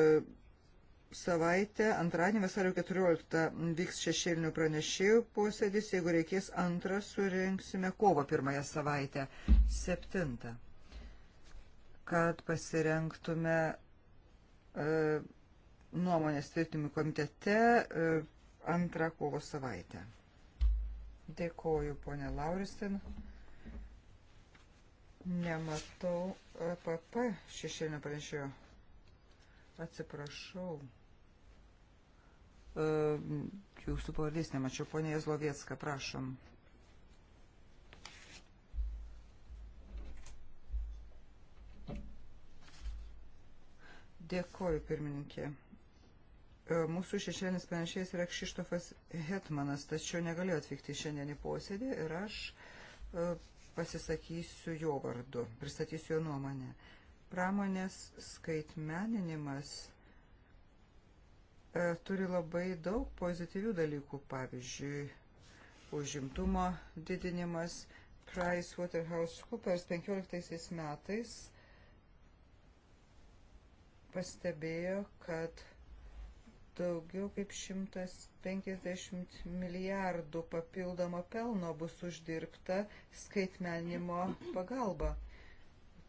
savaitę, antradienį vasario 14 vyks šešėlinių pranešėjų posėdis, jeigu reikės antrą surinksime kovo pirmąją savaitę, septintą, kad pasirenktume e, nuomonės tvirtimų komitete e, antrą kovo savaitę. Dėkoju, ponė Lauristin. Nematau PP e šešėlinio pranešėjo. Atsiprašau. Ehm, jūsų pavardės nemačiau. Pone Jezlovietska, prašom. Dėkoju, pirmininkė. E, mūsų šešėlinis pranešėjas yra Kšištofas Hetmanas, tačiau negaliu atvykti šiandien į posėdį ir aš e, pasisakysiu jo vardu, pristatysiu jo nuomonę. Pramonės skaitmeninimas E, turi labai daug pozityvių dalykų, pavyzdžiui, užimtumo didinimas. PricewaterhouseCoopers 15 metais pastebėjo, kad daugiau kaip 150 milijardų papildomo pelno bus uždirbta skaitmenimo pagalba.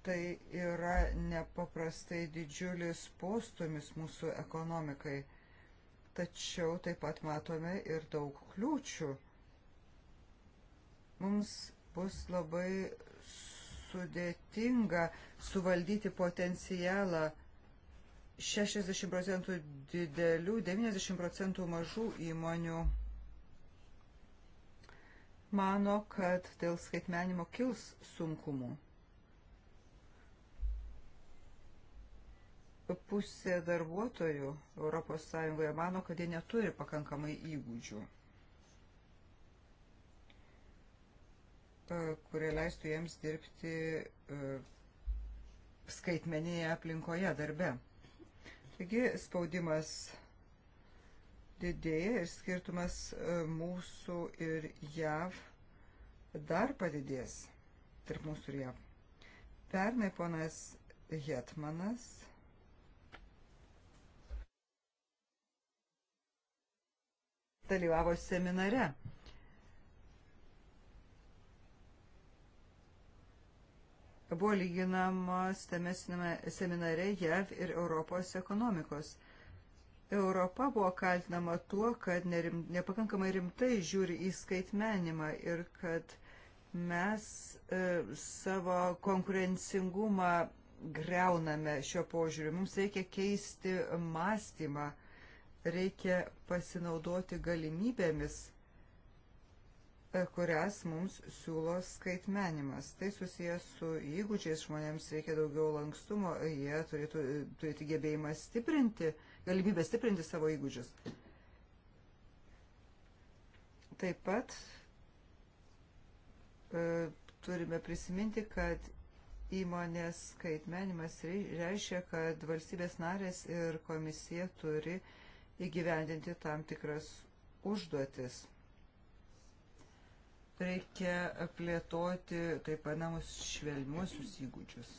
Tai yra nepaprastai didžiulis postumis mūsų ekonomikai tačiau taip pat matome ir daug kliūčių. Mums bus labai sudėtinga suvaldyti potencialą 60 procentų didelių, 90 procentų mažų įmonių. Mano, kad dėl skaitmenimo kils sunkumų. pusė darbuotojų ES mano, kad jie neturi pakankamai įgūdžių, e, kurie leistų jiems dirbti e, skaitmeninėje aplinkoje darbe. Taigi spaudimas didėja ir skirtumas e, mūsų ir JAV dar padidės tarp mūsų ir JAV. Pernai ponas Hetmanas dalyvavo seminare. Buvo lyginamas tame seminare JAV ir Europos ekonomikos. Europa buvo kaltinama tuo, kad nerim, nepakankamai rimtai žiūri į skaitmenimą ir kad mes e, savo konkurencingumą greuname šio požiūriu. Mums reikia keisti mąstymą reikia pasinaudoti galimybėmis, e, kurias mums siūlo skaitmenimas. Tai susijęs su įgūdžiais žmonėms reikia daugiau lankstumo, jie turėtų e, turėti gebėjimą stiprinti, galimybę stiprinti savo įgūdžius. Taip pat e, turime prisiminti, kad įmonės skaitmenimas reiškia, kad valstybės narės ir komisija turi e, įgyvendinti tam tikras užduotis. Reikia plėtoti taip panamus švelniuosius įgūdžius.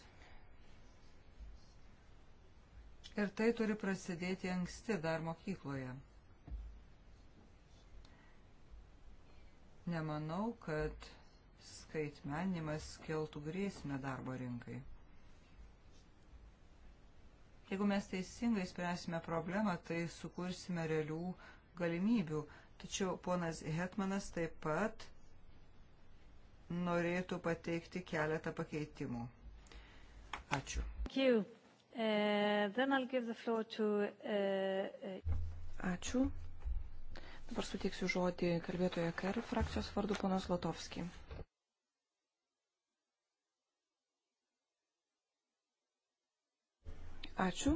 Ir tai turi prasidėti anksti dar mokykloje. Nemanau, kad skaitmenimas keltų grėsmę darbo rinkai. Jeigu mes teisingai spręsime problemą, tai sukursime realių galimybių. Tačiau ponas Hetmanas taip pat norėtų pateikti keletą pakeitimų. Ačiū. Uh, uh, uh, Ačiū. Dabar suteiksiu žodį kalbėtoje KR frakcijos vardu ponas Lotovskijai. Ačiū.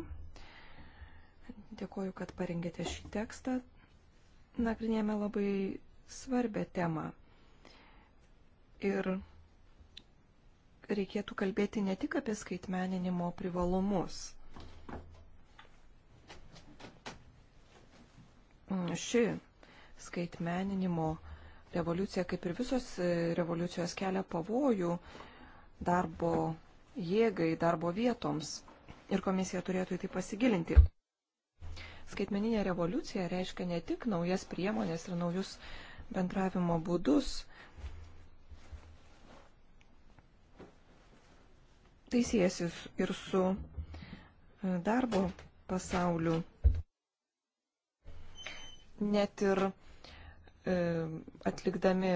Dėkuoju, kad parengėte šį tekstą. Nagrinėjame labai svarbę temą. Ir reikėtų kalbėti ne tik apie skaitmeninimo privalumus. Ši skaitmeninimo revoliucija, kaip ir visos revoliucijos, kelia pavojų darbo jėgai, darbo vietoms ir komisija turėtų į tai pasigilinti. Skaitmeninė revoliucija reiškia ne tik naujas priemonės ir naujus bendravimo būdus, tai siejasi ir su e, darbo pasauliu. Net ir e, atlikdami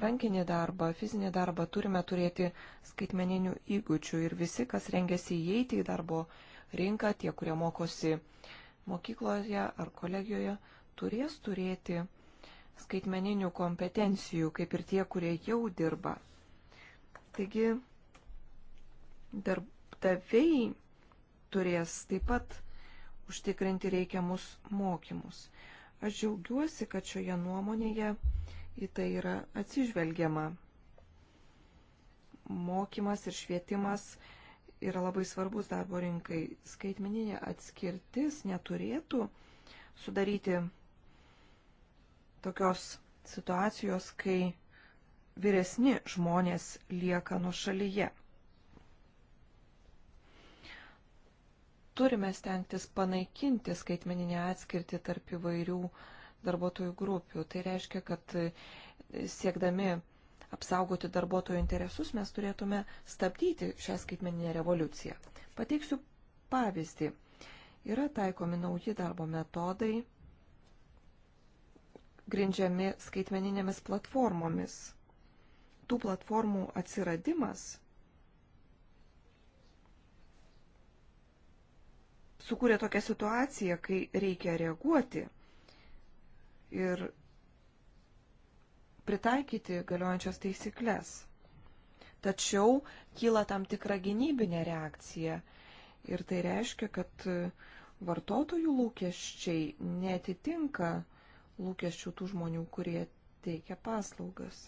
rankinį darbą, fizinį darbą, turime turėti skaitmeninių įgūdžių ir visi, kas rengiasi įeiti į darbo rinką, tie, kurie mokosi mokykloje ar kolegijoje, turės turėti skaitmeninių kompetencijų, kaip ir tie, kurie jau dirba. Taigi, darbdaviai turės taip pat užtikrinti reikiamus mokymus. Aš džiaugiuosi, kad šioje nuomonėje į tai yra atsižvelgiama. Mokymas ir švietimas yra labai svarbus darbo rinkai. Skaitmeninė atskirtis neturėtų sudaryti tokios situacijos, kai vyresni žmonės lieka nuo šalyje. Turime stengtis panaikinti skaitmeninę atskirtį tarp įvairių uh, darbuotojų grupių. Tai reiškia, kad siekdami apsaugoti darbuotojų interesus mes turėtume stabdyti šią skaitmeninę revoliuciją. Pateiksiu pavyzdį. Yra taikomi nauji darbo metodai, grindžiami skaitmeninėmis platformomis. Tų platformų atsiradimas sukūrė tokią situaciją, kai reikia reaguoti – ir pritaikyti galiojančias taisyklės. Tačiau kyla tam tikra gynybinė reakcija ir tai reiškia, kad vartotojų lūkesčiai netitinka lūkesčių tų žmonių, kurie teikia paslaugas.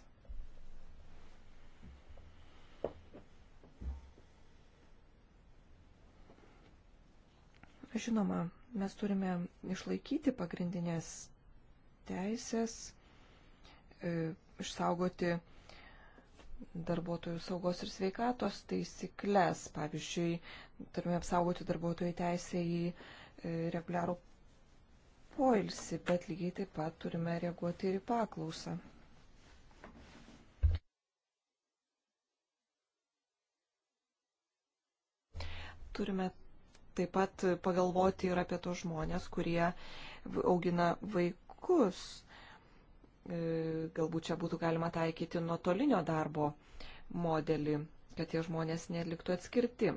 Žinoma, mes turime išlaikyti pagrindinės teisės, e, išsaugoti darbuotojų saugos ir sveikatos taisyklės. Pavyzdžiui, turime apsaugoti darbuotojų teisę į e, reguliarų poilsį, bet lygiai taip pat turime reaguoti ir į paklausą. Turime taip pat pagalvoti ir apie tos žmonės, kurie augina vaikus dalykus. E, galbūt čia būtų galima taikyti nuotolinio darbo modelį, kad tie žmonės neliktų atskirti.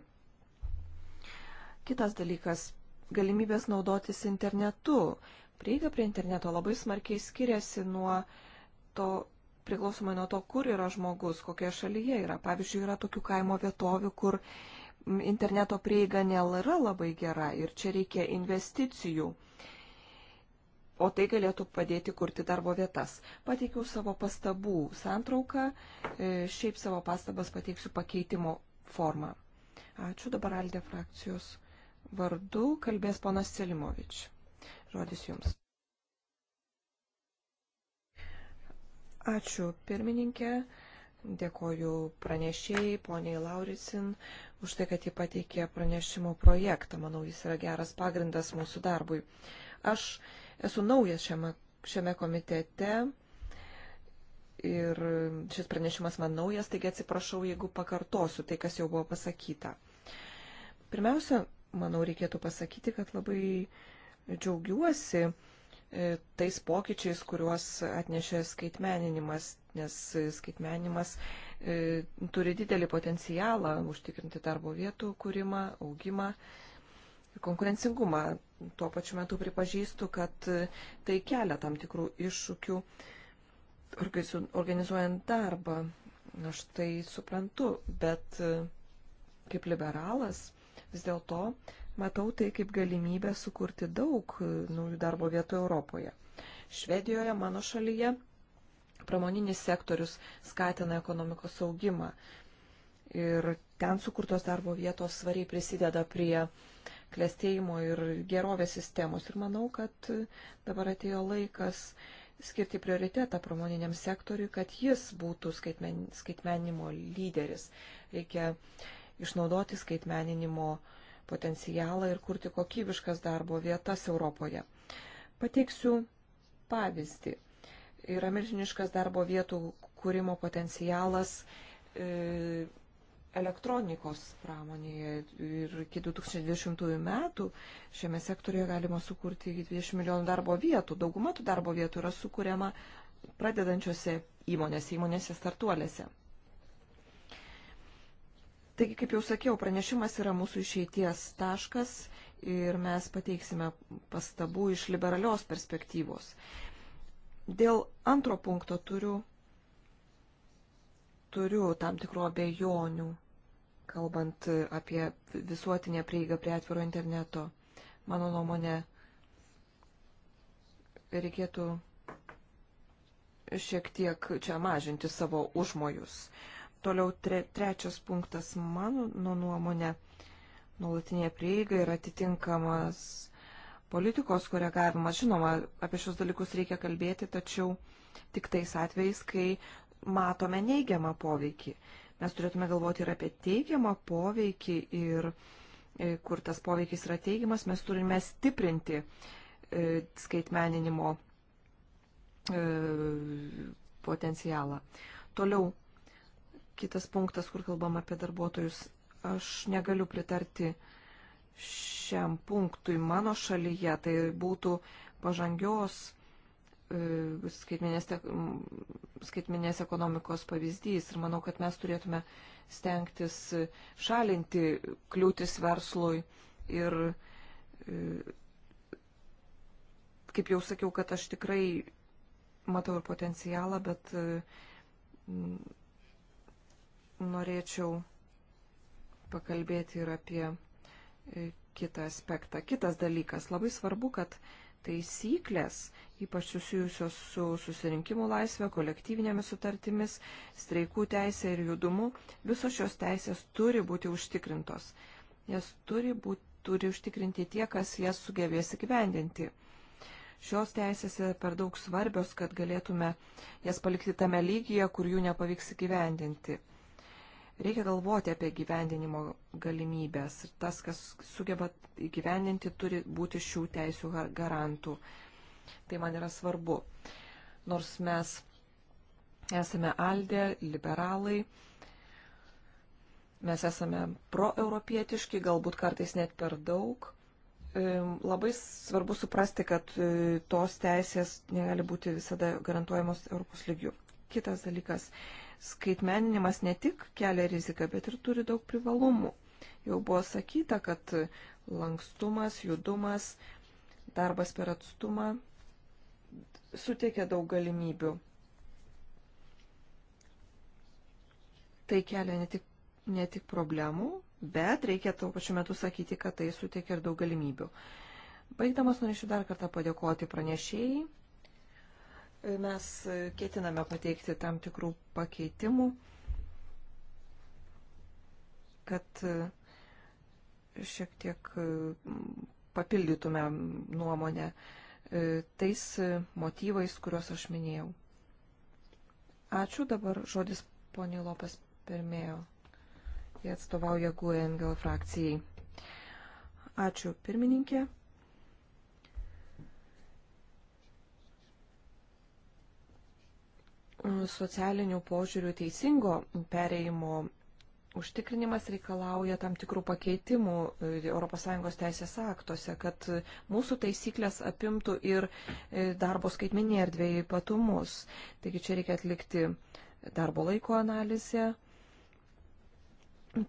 Kitas dalykas - galimybės naudotis internetu. Prieiga prie interneto labai smarkiai skiriasi nuo to priklausomai nuo to, kur yra žmogus, kokioje šalyje yra. Pavyzdžiui, yra tokių kaimo vietovių, kur interneto prieiga nėra labai gera ir čia reikia investicijų o tai galėtų padėti kurti darbo vietas. Pateikiau savo pastabų santrauką, e, šiaip savo pastabas pateiksiu pakeitimo formą. Ačiū dabar Aldė frakcijos vardu, kalbės ponas Selimovič. Žodis jums. Ačiū pirmininkė, dėkoju pranešėjai, poniai Lauricin, už tai, kad jį pateikė pranešimo projektą. Manau, jis yra geras pagrindas mūsų darbui. Aš Esu naujas šiame, šiame komitete ir šis pranešimas man naujas, taigi atsiprašau, jeigu pakartosiu tai, kas jau buvo pasakyta. Pirmiausia, manau, reikėtų pasakyti, kad labai džiaugiuosi e, tais pokyčiais, kuriuos atnešė skaitmeninimas, nes skaitmeninimas e, turi didelį potencialą užtikrinti darbo vietų kūrimą, augimą ir konkurencingumą. Tuo pačiu metu pripažįstu, kad tai kelia tam tikrų iššūkių organizuojant darbą. Aš tai suprantu, bet kaip liberalas vis dėlto matau tai kaip galimybę sukurti daug naujų darbo vietų Europoje. Švedijoje, mano šalyje, pramoninis sektorius skatina ekonomikos augimą. Ir ten sukurtos darbo vietos svariai prisideda prie klėstėjimo ir gerovės sistemos. Ir manau, kad dabar atėjo laikas skirti prioritetą pramoniniam sektoriui, kad jis būtų skaitmen, skaitmeninimo lyderis. Reikia išnaudoti skaitmeninimo potencialą ir kurti kokybiškas darbo vietas Europoje. Pateiksiu pavyzdį. Yra milžiniškas darbo vietų kūrimo potencialas e, elektronikos pramonėje ir iki 2020 metų šiame sektorijoje galima sukurti iki 20 milijonų darbo vietų. Dauguma tų darbo vietų yra sukūriama pradedančiose įmonėse, įmonėse startuolėse. Taigi, kaip jau sakiau, pranešimas yra mūsų išeities taškas ir mes pateiksime pastabų iš liberalios perspektyvos. Dėl antro punkto turiu turiu tam tikrų abejonių kalbant apie visuotinę prieigą prie atviro interneto. Mano nuomonė, reikėtų šiek tiek čia mažinti savo užmojus. Toliau tre, trečias punktas, mano nu, nuomonė, nuolatinė prieiga ir atitinkamas politikos koregavimas. Žinoma, apie šios dalykus reikia kalbėti, tačiau tik tais atvejais, kai matome neigiamą poveikį mes turėtume galvoti ir apie teigiamą poveikį ir e, kur tas poveikis yra teigiamas, mes turime stiprinti e, skaitmeninimo e, potencialą. Toliau, kitas punktas, kur kalbam apie darbuotojus, aš negaliu pritarti šiam punktui mano šalyje, tai būtų pažangios skaitminės, e, skaitminės ekonomikos pavyzdys ir manau, kad mes turėtume stengtis šalinti kliūtis verslui ir, e, kaip jau sakiau, kad aš tikrai matau ir potencialą, bet e, norėčiau pakalbėti ir apie kitą aspektą. Kitas dalykas, labai svarbu, kad taisyklės, ypač susijusios su susirinkimų laisvė, kolektyvinėmis sutartimis, streikų teisė ir judumu, visos šios teisės turi būti užtikrintos. Jas turi, būt, turi užtikrinti tie, kas jas sugebės įgyvendinti. Šios teisės yra per daug svarbios, kad galėtume jas palikti tame lygyje, kur jų nepavyks įgyvendinti. Reikia galvoti apie gyvendinimo galimybės ir tas, kas sugeba įgyvendinti, turi būti šių teisų garantų. Gar Tai man yra svarbu. Nors mes esame aldė, liberalai, mes esame proeuropietiški, galbūt kartais net per daug. Labai svarbu suprasti, kad e, tos teisės negali būti visada garantuojamos Europos lygių. Kitas dalykas - skaitmeninimas ne tik kelia riziką, bet ir turi daug privalumų. Jau buvo sakyta, kad lankstumas, judumas, darbas per atstumą suteikia daug galimybių. Tai kelia ne tik, ne tik problemų, bet reikia tuo pačiu metu sakyti, kad tai suteikia ir daug galimybių. Baigdamas norėčiau dar kartą padėkoti pranešėjai. Mes ketiname pateikti tam tikrų pakeitimų, kad šiek tiek papildytume nuomonę E, tais e, motyvais, kuriuos aš minėjau. Ačiū dabar žodis poniai Lopes Permėjo. Jie atstovauja GUENGEL frakcijai. Ačiū pirmininkė. Socialinių požiūrių teisingo pereimo užtikrinimas reikalauja tam tikrų pakeitimų ES teisės aktuose, kad mūsų taisyklės apimtų ir e, darbo skaitmeninėje erdvėje ypatumus. Taigi čia reikia atlikti darbo laiko analizę,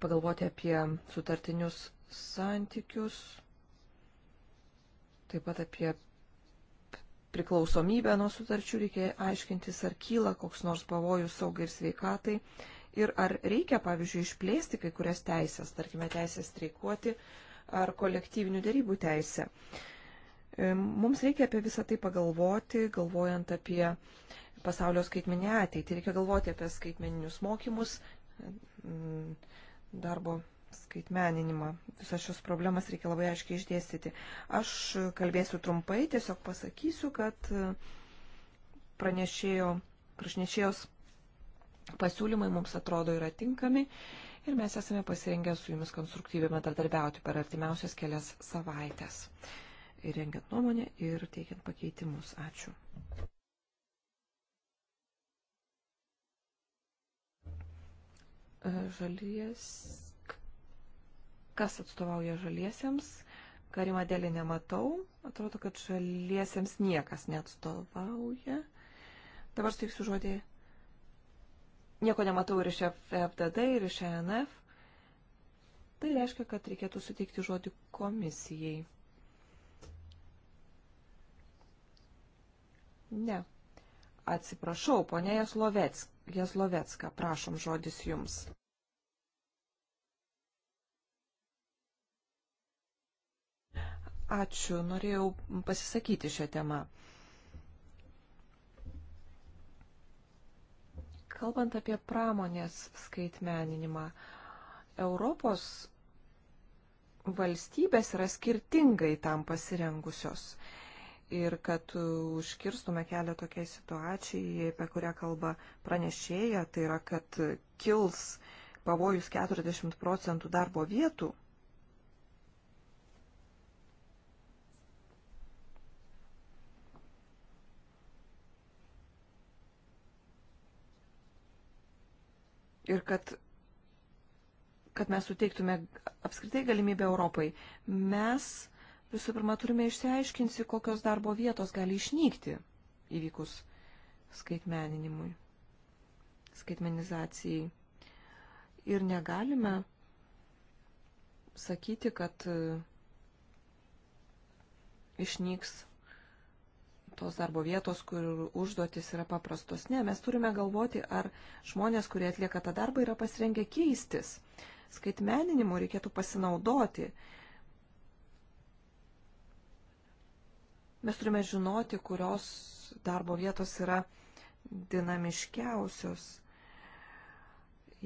pagalvoti apie sutartinius santykius, taip pat apie priklausomybę nuo sutarčių reikia aiškintis, ar kyla koks nors pavojus saugai ir sveikatai ir ar reikia, pavyzdžiui, išplėsti kai kurias teisės, tarkime, teisę streikuoti ar kolektyvinių dėrybų teisę. E, mums reikia apie visą tai pagalvoti, galvojant apie pasaulio skaitmenę ateitį. Reikia galvoti apie skaitmeninius mokymus, mm, darbo skaitmeninimą. Visas šios problemas reikia labai aiškiai išdėstyti. Aš kalbėsiu trumpai, tiesiog pasakysiu, kad pranešėjo, pranešėjos Pasiūlymai mums atrodo yra tinkami ir mes esame pasirengę su jumis konstruktyviai bendradarbiauti per artimiausias kelias savaitės. Ir rengiant nuomonę ir teikiant pakeitimus. Ačiū. Žalies. Kas atstovauja žaliesiems? Karima dėlį nematau. Atrodo, kad žaliesiems niekas neatstovauja. Dabar steiksiu žodį nieko nematau ir iš FDD, ir iš ENF. Tai reiškia, kad reikėtų suteikti žodį komisijai. Ne. Atsiprašau, ponė Jaslovecka, Jaslovec, prašom žodis jums. Ačiū, norėjau pasisakyti šią temą. Kalbant apie pramonės skaitmeninimą, Europos valstybės yra skirtingai tam pasirengusios. Ir kad užkirstume kelią tokiai situacijai, apie kurią kalba pranešėja, tai yra, kad kils pavojus 40 procentų darbo vietų, ir kad, kad mes suteiktume apskritai galimybę Europai, mes visų pirma turime išsiaiškinti, kokios darbo vietos gali išnykti įvykus skaitmeninimui, skaitmenizacijai. Ir negalime sakyti, kad e, išnyks tos darbo vietos, kur užduotis yra paprastos. Ne, mes turime galvoti, ar žmonės, kurie atlieka tą darbą, yra pasirengę keistis. Skaitmeninimu reikėtų pasinaudoti. Mes turime žinoti, kurios darbo vietos yra dinamiškiausios.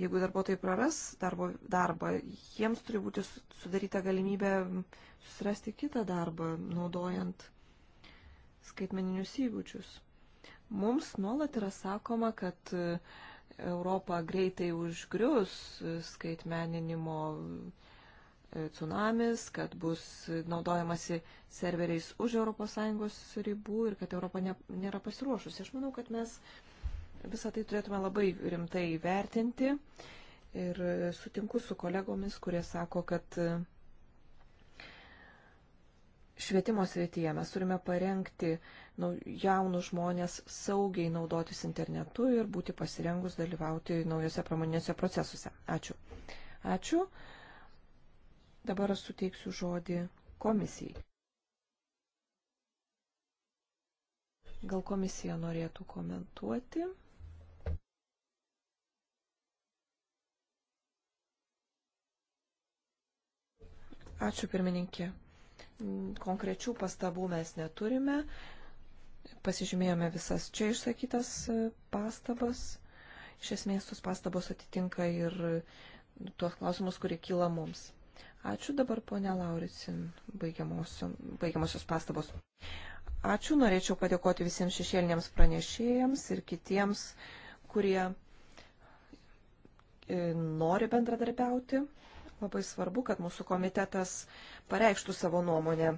Jeigu darbuotojai praras darbo, darbą, jiems turi būti sudaryta galimybė susirasti kitą darbą, naudojant skaitmeninius įgūdžius. Mums nuolat yra sakoma, kad e, Europą greitai užgrius e, skaitmeninimo e, tsunamis, kad bus naudojamasi serveriais už ES ribų ir kad Europa ne, nėra pasiruošusi. Aš manau, kad mes visą tai turėtume labai rimtai vertinti ir sutinku su kolegomis, kurie sako, kad Švietimo srityje mes turime parengti nu, jaunus žmonės saugiai naudotis internetu ir būti pasirengus dalyvauti naujose pramoninėse procesuose. Ačiū. Ačiū. Dabar aš suteiksiu žodį komisijai. Gal komisija norėtų komentuoti? Ačiū pirmininkė. Konkrečių pastabų mes neturime. Pasižymėjome visas čia išsakytas e, pastabas. Iš esmės tos pastabos atitinka ir tuos klausimus, kurie kyla mums. Ačiū dabar, ponė Lauricin, baigiamosios pastabos. Ačiū, norėčiau padėkoti visiems šešėliniams pranešėjams ir kitiems, kurie e, nori bendradarbiauti. Labai svarbu, kad mūsų komitetas pareikštų savo nuomonę.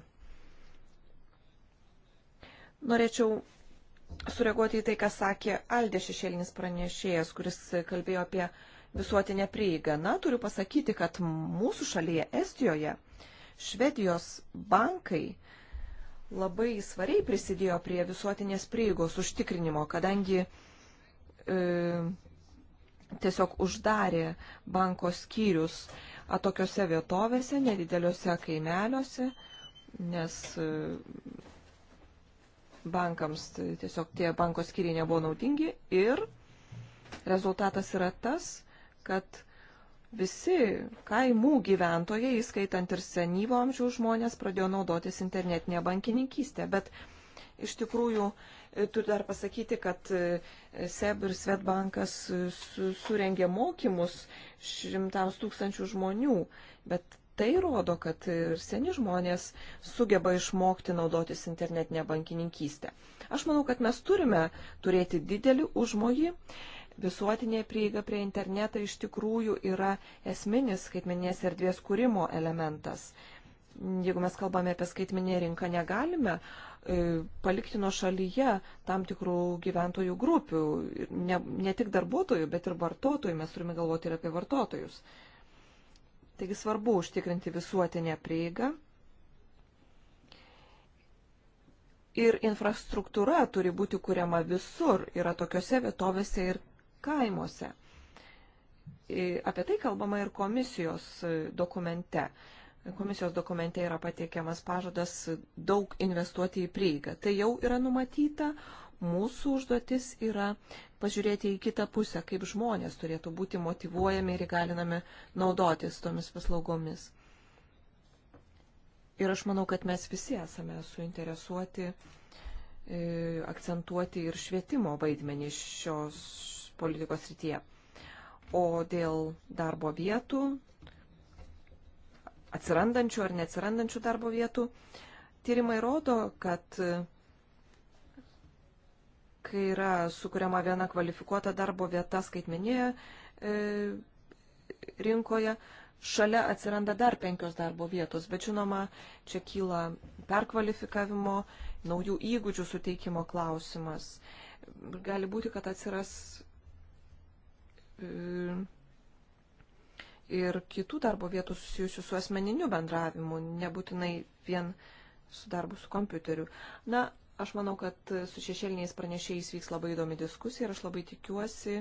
Norėčiau sureaguoti į tai, ką sakė Aldė šešėlinis pranešėjas, kuris kalbėjo apie visuotinę prieigą. Na, turiu pasakyti, kad mūsų šalyje, Estijoje, Švedijos bankai labai svariai prisidėjo prie visuotinės prieigos užtikrinimo, kadangi e, tiesiog uždarė banko skyrius atokiose vietovėse, nedideliuose kaimeliuose, nes e, bankams tiesiog tie banko skyriai nebuvo naudingi ir rezultatas yra tas, kad visi kaimų gyventojai, įskaitant ir senyvo amžiaus žmonės, pradėjo naudotis internetinė bankininkystė. Bet iš tikrųjų Turiu dar pasakyti, kad e, SEB ir Svetbankas e, surengė mokymus šimtams tūkstančių žmonių, bet tai rodo, kad ir seni žmonės sugeba išmokti naudotis internetinę bankininkystę. Aš manau, kad mes turime turėti didelį užmojį. Visuotinė prieiga prie internetą iš tikrųjų yra esminis skaitmeninės erdvės kūrimo elementas. Jeigu mes kalbame apie skaitmeninę rinką, negalime uh, E, palikti nuo šalyje tam tikrų gyventojų grupių, ne, ne tik darbuotojų, bet ir vartotojų, mes turime galvoti ir apie vartotojus. Taigi svarbu užtikrinti visuotinę prieigą. Ir infrastruktūra turi būti kuriama visur, yra tokiuose vietovėse ir kaimuose. E, apie tai kalbama ir komisijos e, dokumente. Komisijos dokumente yra pateikiamas pažadas daug investuoti į prieigą. Tai jau yra numatyta. Mūsų užduotis yra pažiūrėti į kitą pusę, kaip žmonės turėtų būti motivuojami ir įgalinami naudotis tomis paslaugomis. Ir aš manau, kad mes visi esame suinteresuoti e, akcentuoti ir švietimo vaidmenį šios politikos rytyje. O dėl darbo vietų atsirandančių ar neatsirandančių darbo vietų. Tyrimai rodo, kad kai yra sukuriama viena kvalifikuota darbo vieta skaitmeninėje e, rinkoje, šalia atsiranda dar penkios darbo vietos, bet žinoma, čia kyla perkvalifikavimo, naujų įgūdžių suteikimo klausimas. Gali būti, kad atsiras e, ir kitų darbo vietų susijusių su asmeniniu bendravimu, nebūtinai vien su darbu su kompiuteriu. Na, aš manau, kad su šešėliniais pranešėjais vyks labai įdomi diskusija ir aš labai tikiuosi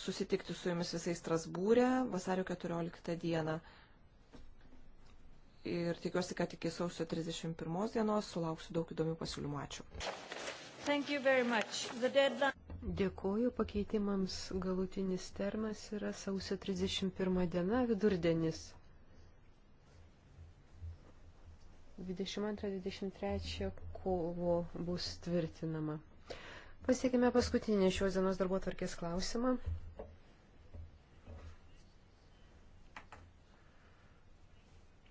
susitikti su jumis visais Strasbūrė vasario 14 dieną. Ir tikiuosi, kad iki sausio 31 dienos sulauksiu daug įdomių pasiūlymų. Ačiū. Deadline... Dėkoju pakeitimams. Galutinis termas yra sausio 31 diena, vidurdienis. 22-23 kovo bus tvirtinama. Pasiekime paskutinį šios dienos darbo tvarkės klausimą.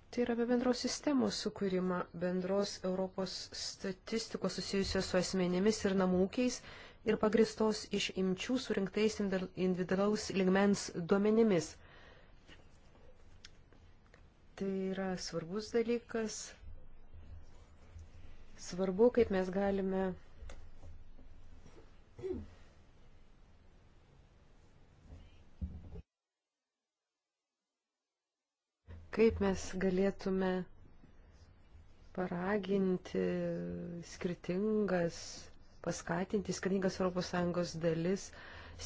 Tai yra apie bendros sistemos sukūrimą, bendros Europos statistikos susijusios su asmenėmis ir namūkiais ir pagristos iš imčių surinktais individualaus ligmens duomenimis. Tai yra svarbus dalykas. Svarbu, kaip mes galime kaip mes galėtume paraginti skirtingas paskatinti skirtingas ES dalis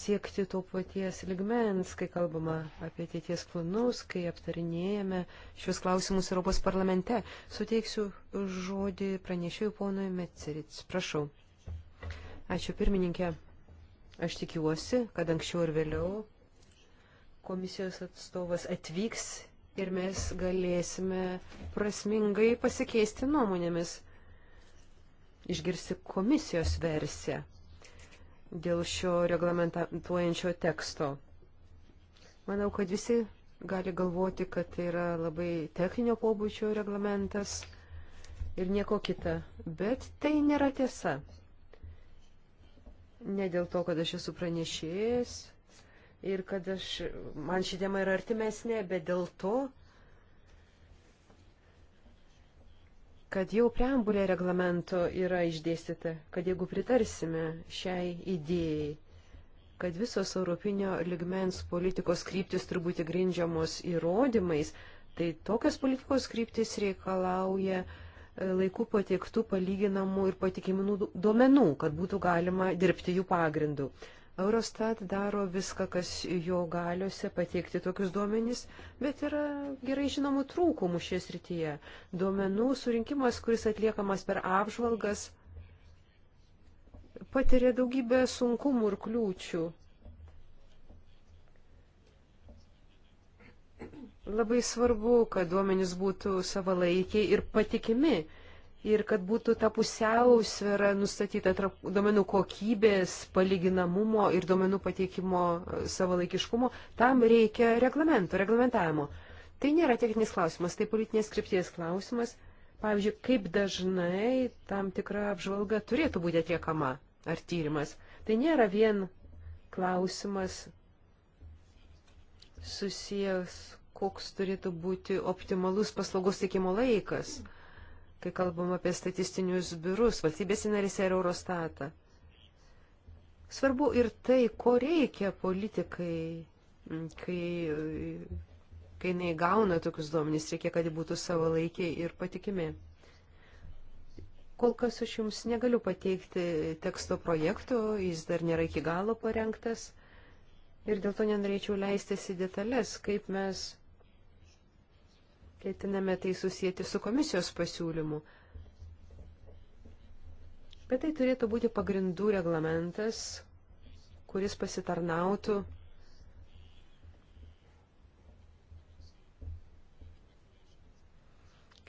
siekti to paties ligmens, kai kalbama apie ateities planus, kai aptarinėjame šios klausimus Europos parlamente. Suteiksiu žodį pranešėjų ponui Metzeric. Prašau. Ačiū pirmininkė. Aš tikiuosi, kad anksčiau ir vėliau komisijos atstovas atvyks ir mes galėsime prasmingai pasikeisti nuomonėmis išgirsti komisijos versiją dėl šio reglamentuojančio teksto. Manau, kad visi gali galvoti, kad tai yra labai techninio pobūdžio reglamentas ir nieko kita, bet tai nėra tiesa. Ne dėl to, kad aš esu pranešėjęs ir kad aš, man ši tema yra artimesnė, bet dėl to, kad jau preambulė reglamento yra išdėstyta, kad jeigu pritarsime šiai idėjai, kad visos europinio ligmens politikos kryptis turbūt grindžiamos įrodymais, tai tokios politikos kryptis reikalauja e, laikų pateiktų palyginamų ir patikimų nu-, duomenų, kad būtų galima dirbti jų pagrindu. Eurostat daro viską, kas jo galiuose pateikti tokius duomenys, bet yra gerai žinomų trūkumų šioje srityje. Duomenų surinkimas, kuris atliekamas per apžvalgas, patiria daugybę sunkumų ir kliūčių. Labai svarbu, kad duomenys būtų savalaikiai ir patikimi ir kad būtų ta pusiausvėra nustatyta tarp duomenų kokybės, palyginamumo ir duomenų pateikimo e, savalaikiškumo, tam reikia reglamento, reglamentavimo. Tai nėra techninis klausimas, tai politinės skripties klausimas. Pavyzdžiui, kaip dažnai tam tikra apžvalga turėtų būti atliekama ar tyrimas. Tai nėra vien klausimas susijęs, koks turėtų būti optimalus paslaugos teikimo laikas. Mm kai kalbam apie statistinius biurus, valstybės narėse ir Eurostatą. Svarbu ir tai, ko reikia politikai, kai, kai jinai gauna tokius duomenys, reikia, kad jie būtų savalaikiai ir patikimi. Kol kas aš jums negaliu pateikti teksto projektų, jis dar nėra iki galo parengtas ir dėl to nenorėčiau leistis į detalės, kaip mes ketiname tai susijęti su komisijos pasiūlymu. Bet tai turėtų būti pagrindų reglamentas, kuris pasitarnautų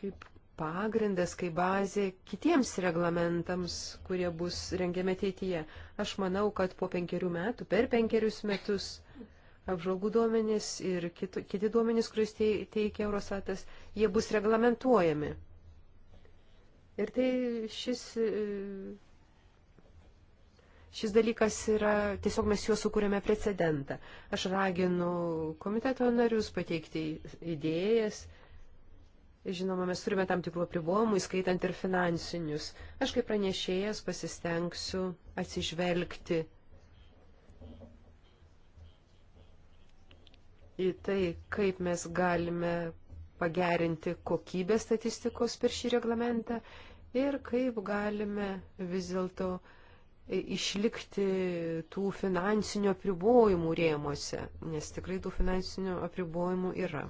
kaip pagrindas, kaip bazė kitiems reglamentams, kurie bus rengiami ateityje. Aš manau, kad po penkerių metų, per penkerius metus apžvalgų duomenys ir kiti duomenys, kuriuos teikia Eurostatas, jie bus reglamentuojami. Ir tai šis, šis dalykas yra, tiesiog mes juos sukūrėme precedentą. Aš raginu komiteto narius pateikti idėjas. Žinoma, mes turime tam tikrų apribojimų, įskaitant ir finansinius. Aš kaip pranešėjas pasistengsiu atsižvelgti į tai, kaip mes galime pagerinti kokybę statistikos per šį reglamentą ir kaip galime vis dėlto išlikti tų finansinių apribojimų rėmuose, nes tikrai tų finansinių apribojimų yra.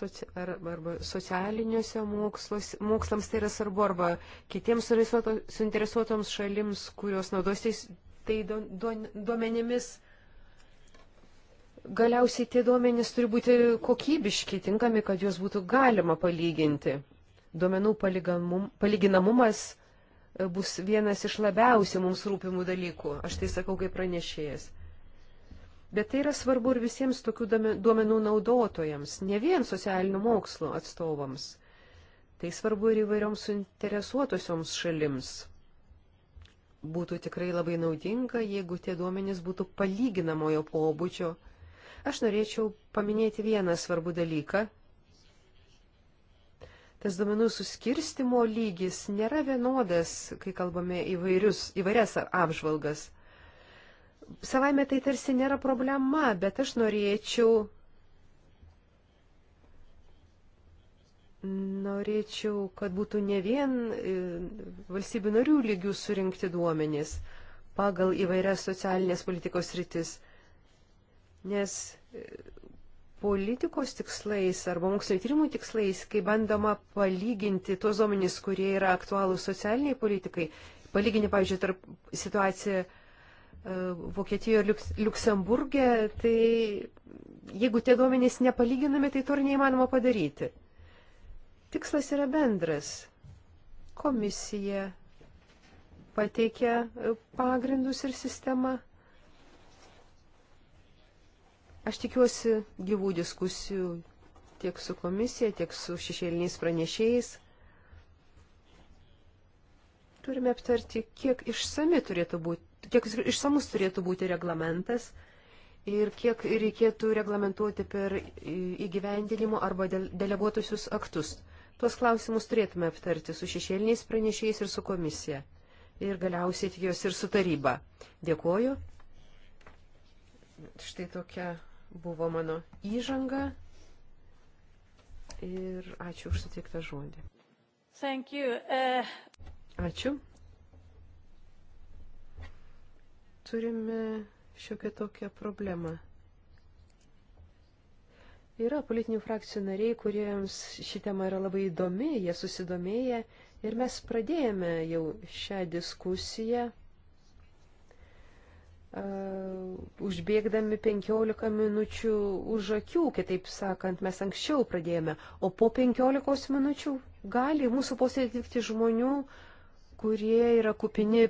Soci, arba socialiniuose mokslos, mokslams tai yra svarbu, arba kitiems suinteresuotoms šalims, kurios naudos tai duomenimis. Galiausiai tie duomenys turi būti kokybiški, tinkami, kad juos būtų galima palyginti. Duomenų palyginamumas e, bus vienas iš labiausiai mums rūpimų dalykų, aš tai sakau kaip pranešėjas. Bet tai yra svarbu ir visiems tokių duomenų naudotojams, ne vien socialinių mokslų atstovams. Tai svarbu ir įvairioms suinteresuotosioms šalims būtų tikrai labai naudinga, jeigu tie duomenys būtų palyginamojo pobūdžio. Aš norėčiau paminėti vieną svarbų dalyką. Tas duomenų suskirstimo lygis nėra vienodas, kai kalbame įvairius, įvairias apžvalgas. Savaime tai tarsi nėra problema, bet aš norėčiau Norėčiau, kad būtų ne vien e, valstybių narių lygių surinkti duomenys pagal įvairias socialinės politikos rytis, nes e, politikos tikslais arba mokslinio tyrimų tikslais, kai bandoma palyginti tuos duomenys, kurie yra aktualūs socialiniai politikai, palyginti, pavyzdžiui, tarp situaciją e, Vokietijoje ir Liuks, Luksemburgė, tai jeigu tie duomenys nepalyginami, tai to ir neįmanoma padaryti. Tikslas yra bendras. Komisija pateikia e, pagrindus ir sistemą. Aš tikiuosi gyvų diskusijų tiek su komisija, tiek su šešėliniais pranešėjais. Turime aptarti, kiek, išsami turėtų būti, kiek išsamus turėtų būti reglamentas ir kiek reikėtų reglamentuoti per įgyvendinimo arba deleguotusius aktus. Tuos klausimus turėtume aptarti su šešėliniais pranešėjais ir su komisija. Ir galiausiai jos ir su taryba. Dėkuoju. Štai tokia buvo mano įžanga. Ir ačiū už suteiktą žodį. Thank you. Uh... Ačiū. Turime šiokią tokią problemą. Yra politinių frakcijų nariai, kuriems ši tema yra labai įdomi, jie susidomėję ir mes pradėjome jau šią diskusiją užbėgdami 15 minučių už akių, kitaip sakant, mes anksčiau pradėjome, o po 15 minučių gali mūsų posėdį atvykti žmonių, kurie yra kupini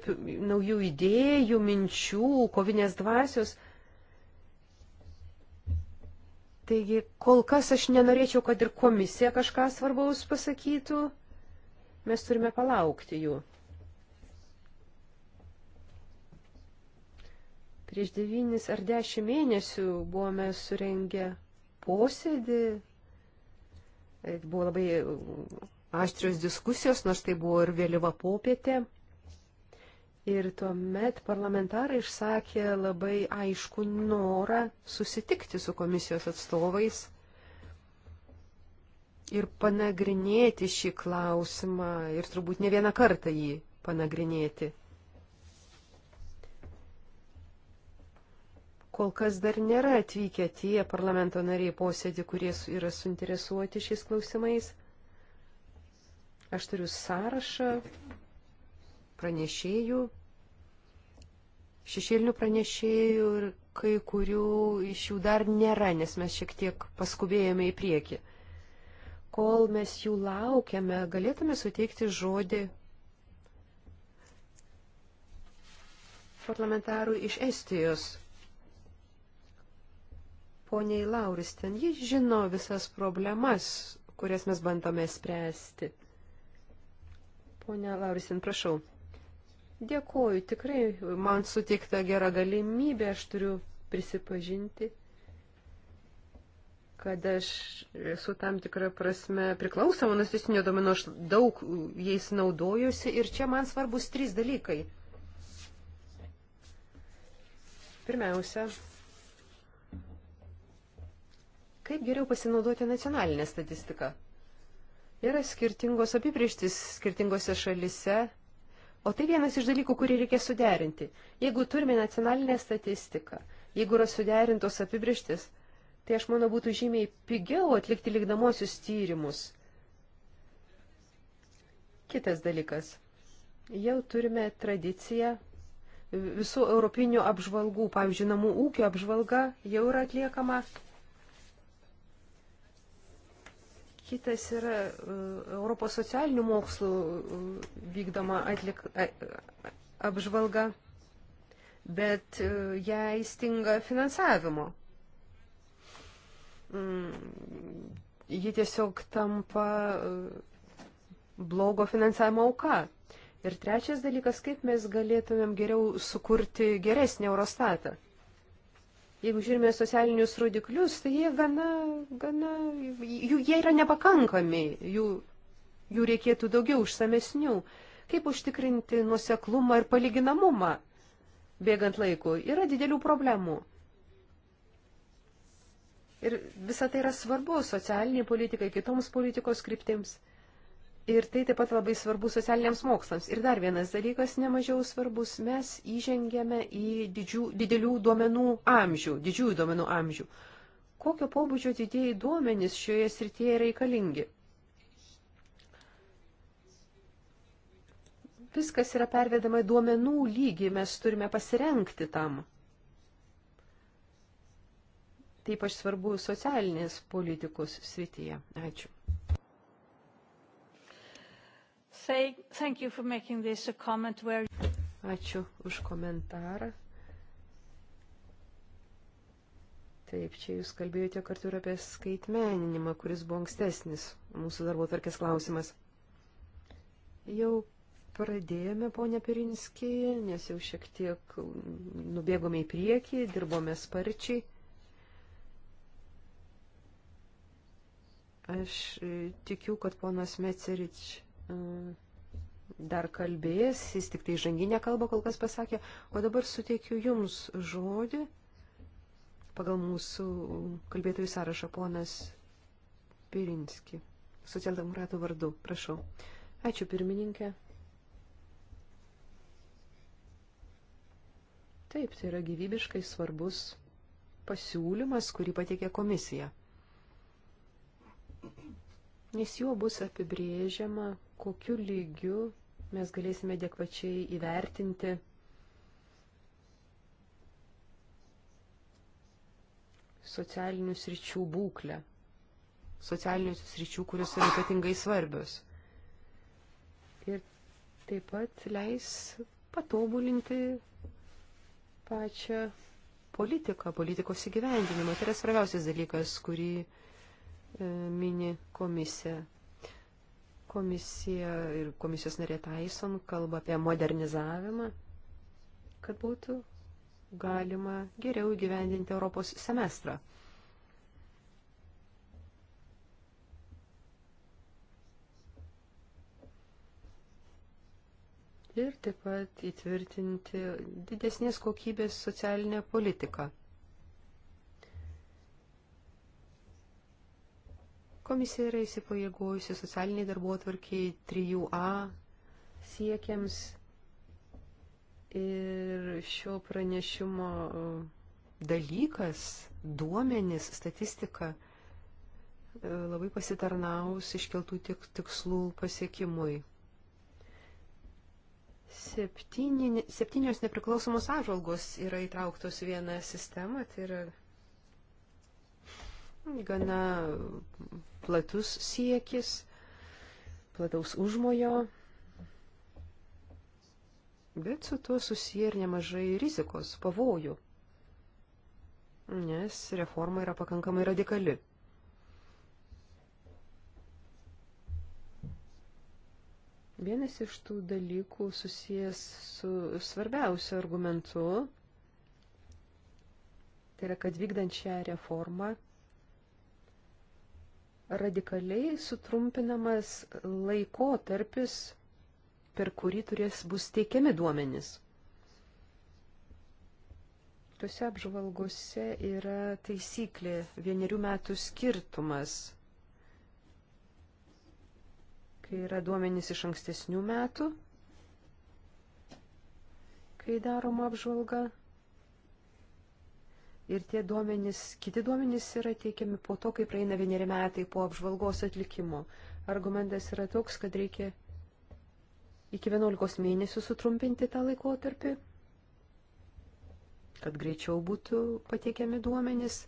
naujų idėjų, minčių, kovinės dvasios. Taigi, kol kas aš nenorėčiau, kad ir komisija kažką svarbaus pasakytų. Mes turime palaukti jų. Prieš devynis ar dešimt mėnesių buvome surengę posėdį. Buvo labai aštrios diskusijos, nors tai buvo ir vėlyva popietė. Ir tuomet parlamentarai išsakė labai aišku norą susitikti su komisijos atstovais ir panagrinėti šį klausimą ir turbūt ne vieną kartą jį panagrinėti. Kol kas dar nėra atvykę tie parlamento nariai posėdį, kurie yra suinteresuoti šiais klausimais. Aš turiu sąrašą pranešėjų šešėlinių pranešėjų ir kai kurių iš jų dar nėra, nes mes šiek tiek paskubėjome į priekį. Kol mes jų laukiame, galėtume suteikti žodį parlamentarui iš Estijos. Poniai Lauristin, jis žino visas problemas, kurias mes bandome spręsti. Pone Lauristin, prašau. Dėkuoju, tikrai man suteikta gera galimybė, aš turiu prisipažinti, kad aš esu tam tikrą prasme priklausoma nuo domino, aš daug jais naudojusi ir čia man svarbus trys dalykai. Pirmiausia, kaip geriau pasinaudoti nacionalinę statistiką? Yra skirtingos apibrieštis skirtingose šalise O tai vienas iš dalykų, kurį reikia suderinti. Jeigu turime nacionalinę statistiką, jeigu yra suderintos apibrištis, tai aš manau būtų žymiai pigiau atlikti likdamosius tyrimus. Kitas dalykas. Jau turime tradiciją visų europinių apžvalgų, pavyzdžiui, namų ūkio apžvalga jau yra atliekama Kitas yra e, Europos socialinių mokslų e, vykdoma atlik, apžvalga, bet e, jai stinga finansavimo. Mm, ji tiesiog tampa blogo finansavimo auka. Ir trečias dalykas, kaip mes galėtumėm geriau sukurti geresnį Eurostatą. Jeigu žiūrime socialinius rodiklius, tai jie gana, gana, jų, jie yra nepakankami, jų, jų reikėtų daugiau užsamesnių. Kaip užtikrinti nuseklumą ir palyginamumą bėgant laiku? Yra didelių problemų. Ir visa tai yra svarbu socialiniai politikai, kitoms politikos kryptims. Ir tai taip pat labai svarbu socialiniams mokslams. Ir dar vienas dalykas nemažiau svarbus, mes įžengėme į didžių, didelių duomenų amžių, didžiųjų duomenų amžių. Kokio pobūdžio didieji duomenys šioje srityje reikalingi? Viskas yra pervedama į duomenų lygį, mes turime pasirenkti tam. Taip aš svarbu socialinės politikos srityje. Ačiū. Thank you for making this a comment where... Ačiū už komentarą. Taip, čia jūs kalbėjote kartu ir apie skaitmeninimą, kuris buvo ankstesnis mūsų darbo tvarkės klausimas. Jau pradėjome, ponia Pirinskį, nes jau šiek tiek nubėgome į priekį, dirbome sparčiai. Aš e, tikiu, kad ponas Mecerič Mm, dar kalbės, jis tik tai žanginę kalbą kol kas pasakė, o dabar suteikiu Jums žodį pagal mūsų kalbėtojų sąrašą ponas Pirinski, socialdemokratų vardu, prašau. Ačiū pirmininkė. Taip, tai yra gyvybiškai svarbus pasiūlymas, kurį pateikė komisija. Nes juo bus apibrėžiama kokiu lygiu mes galėsime adekvačiai įvertinti socialinių sričių būklę, socialinių sričių, kurios yra ypatingai svarbios. Ir taip pat leis patobulinti pačią politiką, politikos įgyvendinimą. Tai yra svarbiausias dalykas, kurį e, mini komisija. Komisija ir komisijos narė Tyson kalba apie modernizavimą, kad būtų galima geriau gyvendinti Europos semestrą. ir taip pat įtvirtinti didesnės kokybės socialinę politiką. Komisija yra įsipajėgojusi socialiniai darbuotvarkiai 3A siekiams ir šio pranešimo e, dalykas, duomenis, statistika e, labai pasitarnaus iškeltų tik tikslų pasiekimui. Septyni, septynios nepriklausomos apžvalgos yra įtrauktos viena sistema, tai yra gana platus siekis, plataus užmojo, bet su tuo susiję ir nemažai rizikos, pavojų, nes reforma yra pakankamai radikali. Vienas iš tų dalykų susijęs su svarbiausiu argumentu, tai yra, kad vykdant šią reformą radikaliai sutrumpinamas laikotarpis, per kurį turės bus teikiami duomenys. Tuose apžvalgose yra taisyklė vienerių metų skirtumas, kai yra duomenys iš ankstesnių metų, kai daroma apžvalga Ir tie duomenys, kiti duomenys yra teikiami po to, kai praeina vieneri metai po apžvalgos atlikimo. Argumentas yra toks, kad reikia iki 11 mėnesių sutrumpinti tą laikotarpį, kad greičiau būtų pateikiami duomenys.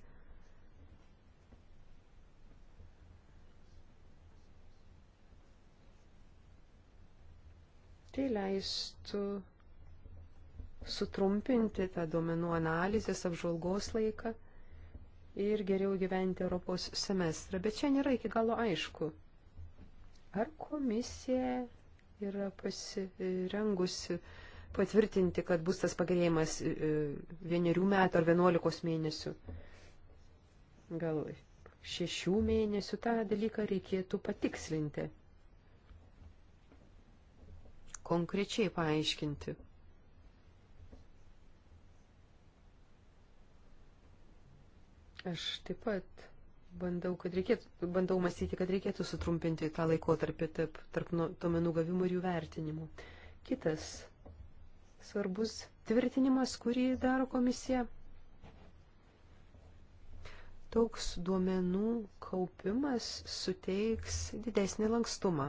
Tai leistų sutrumpinti tą duomenų analizės apžvalgos laiką ir geriau gyventi Europos semestrą. Bet čia nėra iki galo aišku, ar komisija yra pasirengusi patvirtinti, kad bus tas pagerėjimas e, e, vienerių metų ar vienuolikos mėnesių. Gal šešių mėnesių tą dalyką reikėtų patikslinti. Konkrečiai paaiškinti. Aš taip pat bandau, kad reikėtų, bandau mąstyti, kad reikėtų sutrumpinti tą laikotarpį tarp, tarp duomenų nu, gavimo ir jų vertinimų. Kitas svarbus tvirtinimas, kurį daro komisija. Toks duomenų kaupimas suteiks didesnį lankstumą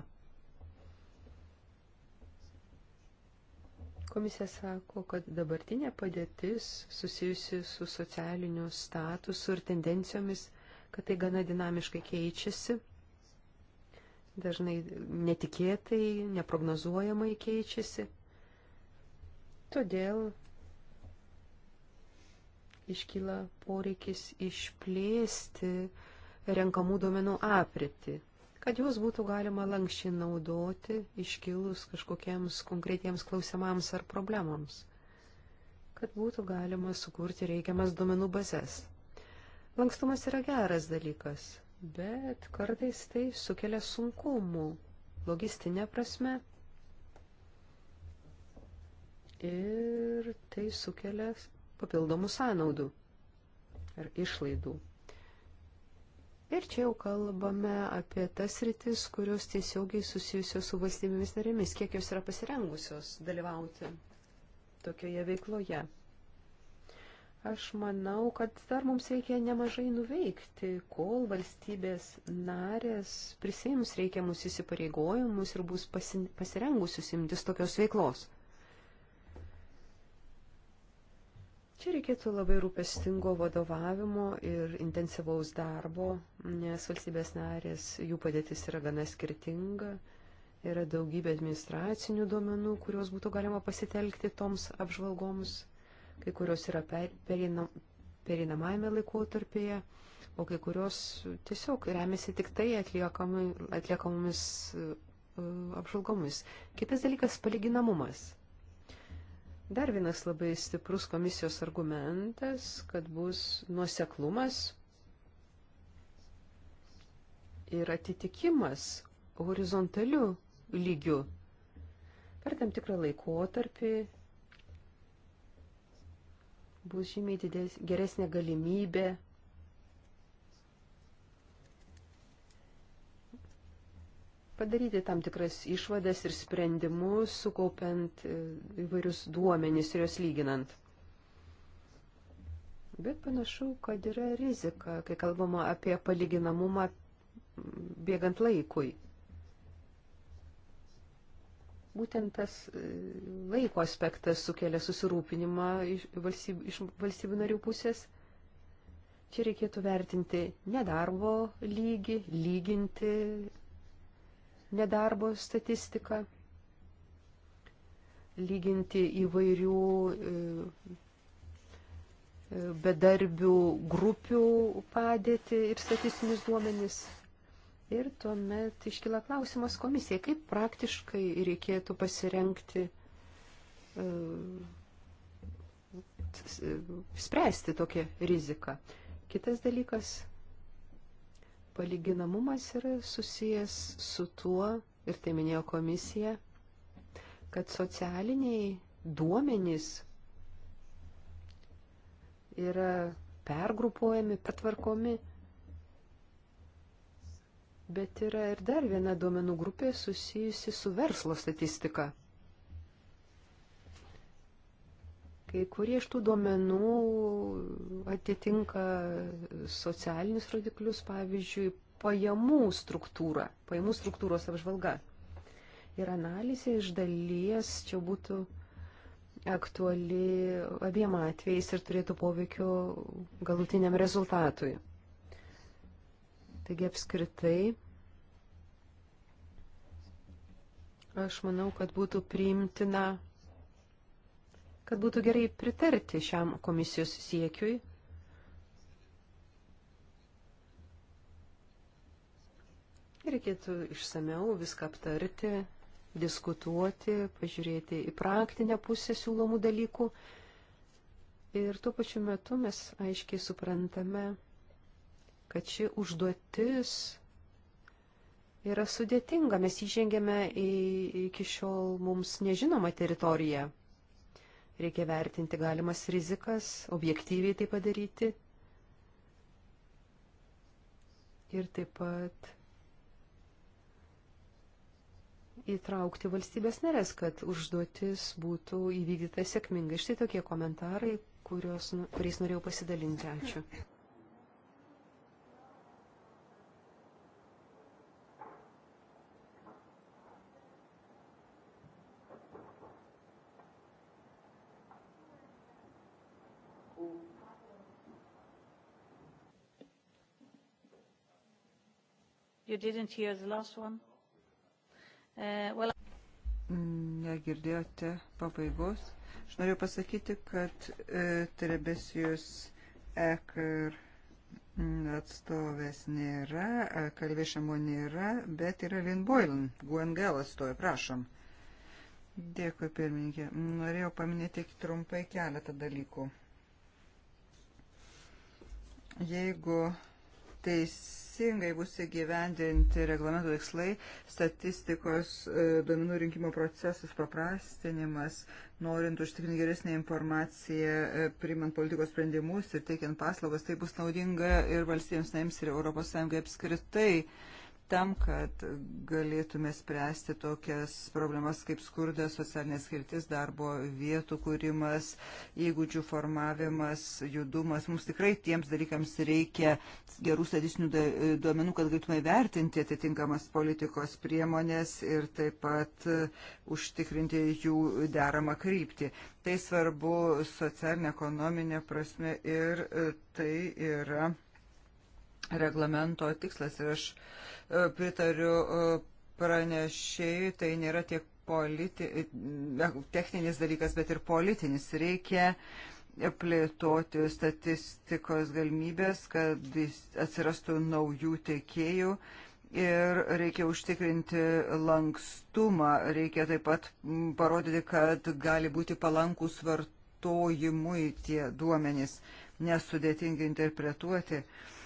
Komisija sako, kad dabartinė padėtis susijusi su socialiniu statusu ir tendencijomis, kad tai gana dinamiškai keičiasi, dažnai netikėtai, neprognozuojamai keičiasi. Todėl iškyla poreikis išplėsti renkamų duomenų apripti kad juos būtų galima lankščiai naudoti iškilus kažkokiems konkretiems klausimams ar problemams, kad būtų galima sukurti reikiamas duomenų bazės. Lankstumas yra geras dalykas, bet kartais tai sukelia sunkumų logistinė prasme ir tai sukelia papildomų sąnaudų ar išlaidų. Ir čia jau kalbame apie tas rytis, kurios tiesiogiai susijusios su valstybėmis narėmis, kiek jos yra pasirengusios dalyvauti tokioje veikloje. Aš manau, kad dar mums reikia nemažai nuveikti, kol valstybės narės prisims reikiamus įsipareigojimus ir bus pasirengusius imtis tokios veiklos. Čia reikėtų labai rūpestingo vadovavimo ir intensyvaus darbo, nes valstybės narės, jų padėtis yra gana skirtinga, yra daugybė administracinių duomenų, kuriuos būtų galima pasitelkti toms apžvalgoms, kai kurios yra pereinam, pereinamajame laikotarpėje, o kai kurios tiesiog remiasi tik tai atliekamomis uh, apžvalgomis. Kitas dalykas - palyginamumas Dar vienas labai stiprus komisijos argumentas, kad bus nuoseklumas ir atitikimas horizontaliu lygiu. Per tam tikrą laikotarpį bus žymiai didės, geresnė galimybė padaryti tam tikras išvadas ir sprendimus, sukaupiant e, įvairius duomenys ir juos lyginant. Bet panašu, kad yra rizika, kai kalbama apie palyginamumą bėgant laikui. Būtent tas e, laiko aspektas sukelia susirūpinimą iš valstybių, iš valstybių narių pusės. Čia reikėtų vertinti nedarbo lygį, lyginti nedarbo statistiką, lyginti įvairių e, e, bedarbių grupių padėtį ir statistinius duomenis. Ir tuomet iškyla klausimas komisijai, kaip praktiškai reikėtų pasirenkti, e, spręsti tokią riziką. Kitas dalykas Palyginamumas yra susijęs su tuo, ir tai minėjo komisija, kad socialiniai duomenys yra pergrupuojami, patvarkomi, bet yra ir dar viena duomenų grupė susijusi su verslo statistika – Kai kurie iš tų duomenų atitinka socialinius rodiklius, pavyzdžiui, pajamų struktūra, pajamų struktūros apžvalga. Ir analizė iš dalies čia būtų aktuali abiem atvejais ir turėtų poveikio galutiniam rezultatui. Taigi apskritai, aš manau, kad būtų priimtina kad būtų gerai pritarti šiam komisijos siekiui. Reikėtų išsameu viską aptarti, diskutuoti, pažiūrėti į praktinę pusę siūlomų dalykų. Ir tuo pačiu metu mes aiškiai suprantame, kad ši užduotis yra sudėtinga. Mes įžengėme į iki šiol mums nežinomą teritoriją. Reikia vertinti galimas rizikas, objektyviai tai padaryti. Ir taip pat įtraukti valstybės narės, kad užduotis būtų įvykdyta sėkmingai. Štai tokie komentarai, kurios, nu, kuriais norėjau pasidalinti. Ačiū. You didn't hear the last one? Uh, well... Negirdėjote pabaigos. Aš noriu pasakyti, kad e, Terebesijos Eker atstovės nėra, e, kalvėšamo nėra, bet yra Lynn Boylan, Guangel atstovė, prašom. Dėkui, pirmininkė. Norėjau paminėti tik trumpai keletą dalykų. Jeigu teisingai bus įgyvendinti reglamento tikslai, statistikos e, duomenų rinkimo procesus paprastinimas, norint užtikrinti geresnę informaciją, e, primant politikos sprendimus ir teikiant paslaugas, tai bus naudinga ir valstybėms naims ir ES apskritai tam, kad galėtume spręsti tokias problemas kaip skurdas, socialinės skirtis, darbo vietų kūrimas, įgūdžių formavimas, judumas. Mums tikrai tiems dalykams reikia gerų statistinių duomenų, kad galėtume vertinti atitinkamas politikos priemonės ir taip pat e, užtikrinti jų deramą kryptį. Tai svarbu socialinė, ekonominė prasme ir e, tai yra reglamento tikslas ir aš e, pritariu e, pranešėjui, tai nėra tiek politi, techninis dalykas, bet ir politinis. Reikia plėtoti statistikos galimybės, kad atsirastų naujų tiekėjų ir reikia užtikrinti lankstumą, reikia taip pat parodyti, kad gali būti palankus vartojimui tie duomenys, nesudėtingi interpretuoti. Uh,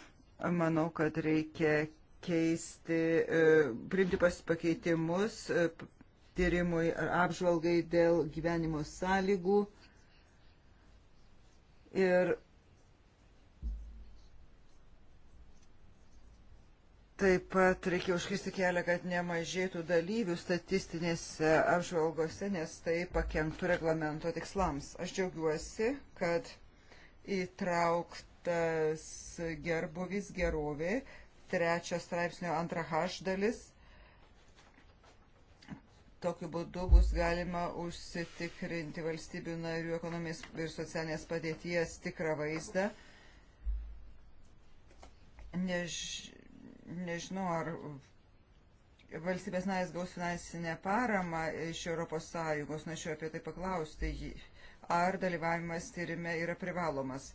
Manau, kad reikia keisti, e, priimti pasikeitimus e, tyrimui ar apžvalgai dėl gyvenimo sąlygų. Ir Taip pat reikia užkisti kelią, kad nemažėtų dalyvių statistinėse apžvalgose, nes tai pakenktų reglamento tikslams. Aš džiaugiuosi, kad įtraukt tas gerbuvis gerovė, trečios straipsnio antra H dalis. Tokiu būdu bus galima užsitikrinti valstybių narių ekonomijos ir socialinės padėties tikrą vaizdą. Než, nežinau, ar valstybės narės gaus finansinę paramą iš ES, norėčiau apie tai paklausti, ar dalyvavimas tyrime yra privalomas.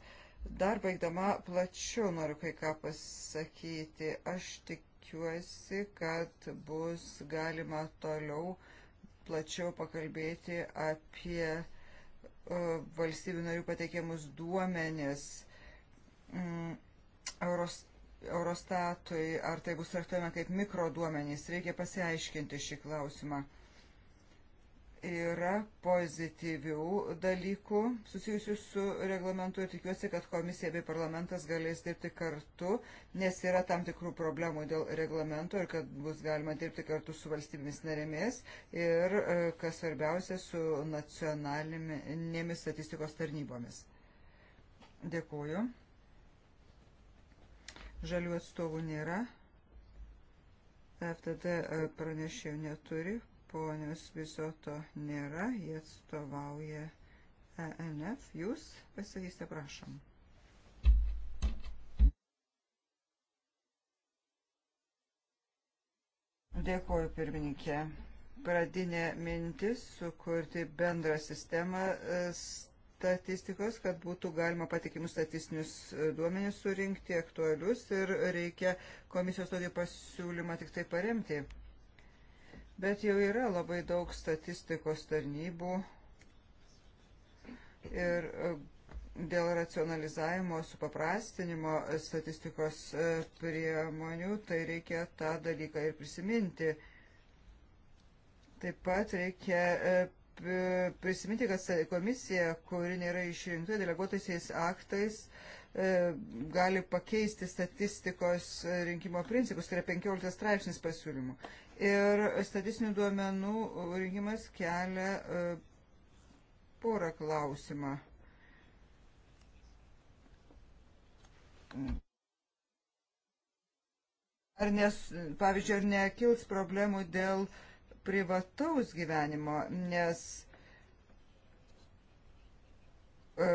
Dar baigdama plačiau noriu kai ką pasakyti. Aš tikiuosi, kad bus galima toliau plačiau pakalbėti apie e, valstybių narių pateikiamus duomenis mm, Euros, Eurostatui, ar tai bus traktuojama kaip mikroduomenys. Reikia pasiaiškinti šį klausimą yra pozityvių dalykų susijusių su reglamentu ir tikiuosi, kad komisija bei parlamentas galės dirbti kartu, nes yra tam tikrų problemų dėl reglamento ir kad bus galima dirbti kartu su valstybėmis narėmis ir, e, kas svarbiausia, su nacionalinėmis statistikos tarnybomis. Dėkuoju. Žalių atstovų nėra. FTD e, pranešėjų neturi ponios viso to nėra, jie atstovauja ENF. Jūs pasakysite, prašom. Dėkuoju, pirmininkė. Pradinė mintis sukurti bendrą sistemą e, statistikos, kad būtų galima patikimus statistinius e, duomenis surinkti, aktualius ir reikia komisijos todėl pasiūlymą tik tai paremti. Bet jau yra labai daug statistikos tarnybų ir e, dėl racionalizavimo, supaprastinimo statistikos e, priemonių, tai reikia tą dalyką ir prisiminti. Taip pat reikia e, prisiminti, kad komisija, kuri nėra išrinkta deleguotaisiais aktais, E, gali pakeisti statistikos rinkimo principus, tai yra 15 straipsnis pasiūlymų. Ir statistinių duomenų rinkimas kelia e, porą klausimą. Ar nes, pavyzdžiui, ar nekils problemų dėl privataus gyvenimo, nes e,